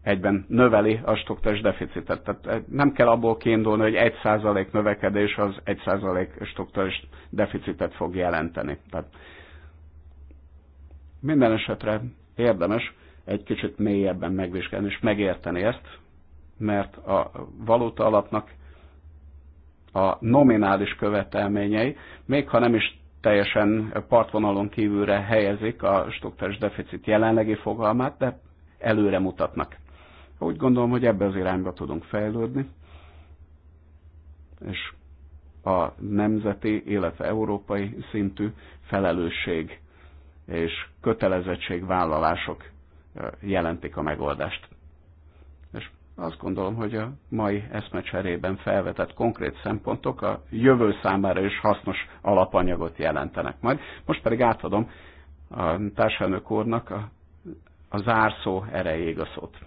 egyben növeli a struktúrális deficitet. Tehát eh, nem kell abból kiindulni, hogy 1% növekedés az 1% struktúrális deficitet fog jelenteni. Tehát minden esetre érdemes egy kicsit mélyebben megvizsgálni és megérteni ezt, mert a valóta alapnak a nominális követelményei, még ha nem is teljesen partvonalon kívülre helyezik a struktúrás deficit jelenlegi fogalmát, de előre mutatnak. Úgy gondolom, hogy ebbe az irányba tudunk fejlődni, és a nemzeti, illetve európai szintű felelősség és kötelezettségvállalások jelentik a megoldást azt gondolom, hogy a mai eszmecserében felvetett konkrét szempontok a jövő számára is hasznos alapanyagot jelentenek majd. Most pedig átadom a társadalmok úrnak a, a zárszó erejéig a szót.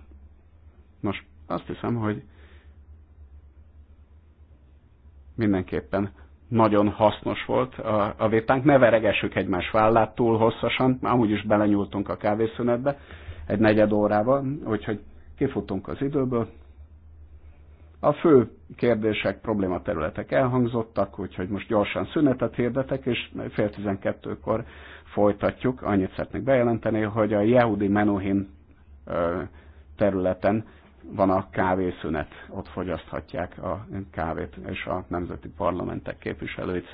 Most azt hiszem, hogy mindenképpen nagyon hasznos volt a, a vétánk. Ne veregessük egymás vállát túl hosszasan, amúgy is belenyúltunk a kávészünetbe egy negyed órával, úgyhogy Kifutunk az időből. A fő kérdések, problématerületek elhangzottak, úgyhogy most gyorsan szünetet hirdetek, és fél tizenkettőkor folytatjuk. Annyit szeretnék bejelenteni, hogy a Yehudi Menuhin területen van a kávészünet, ott fogyaszthatják a kávét, és a nemzeti parlamentek képviselőit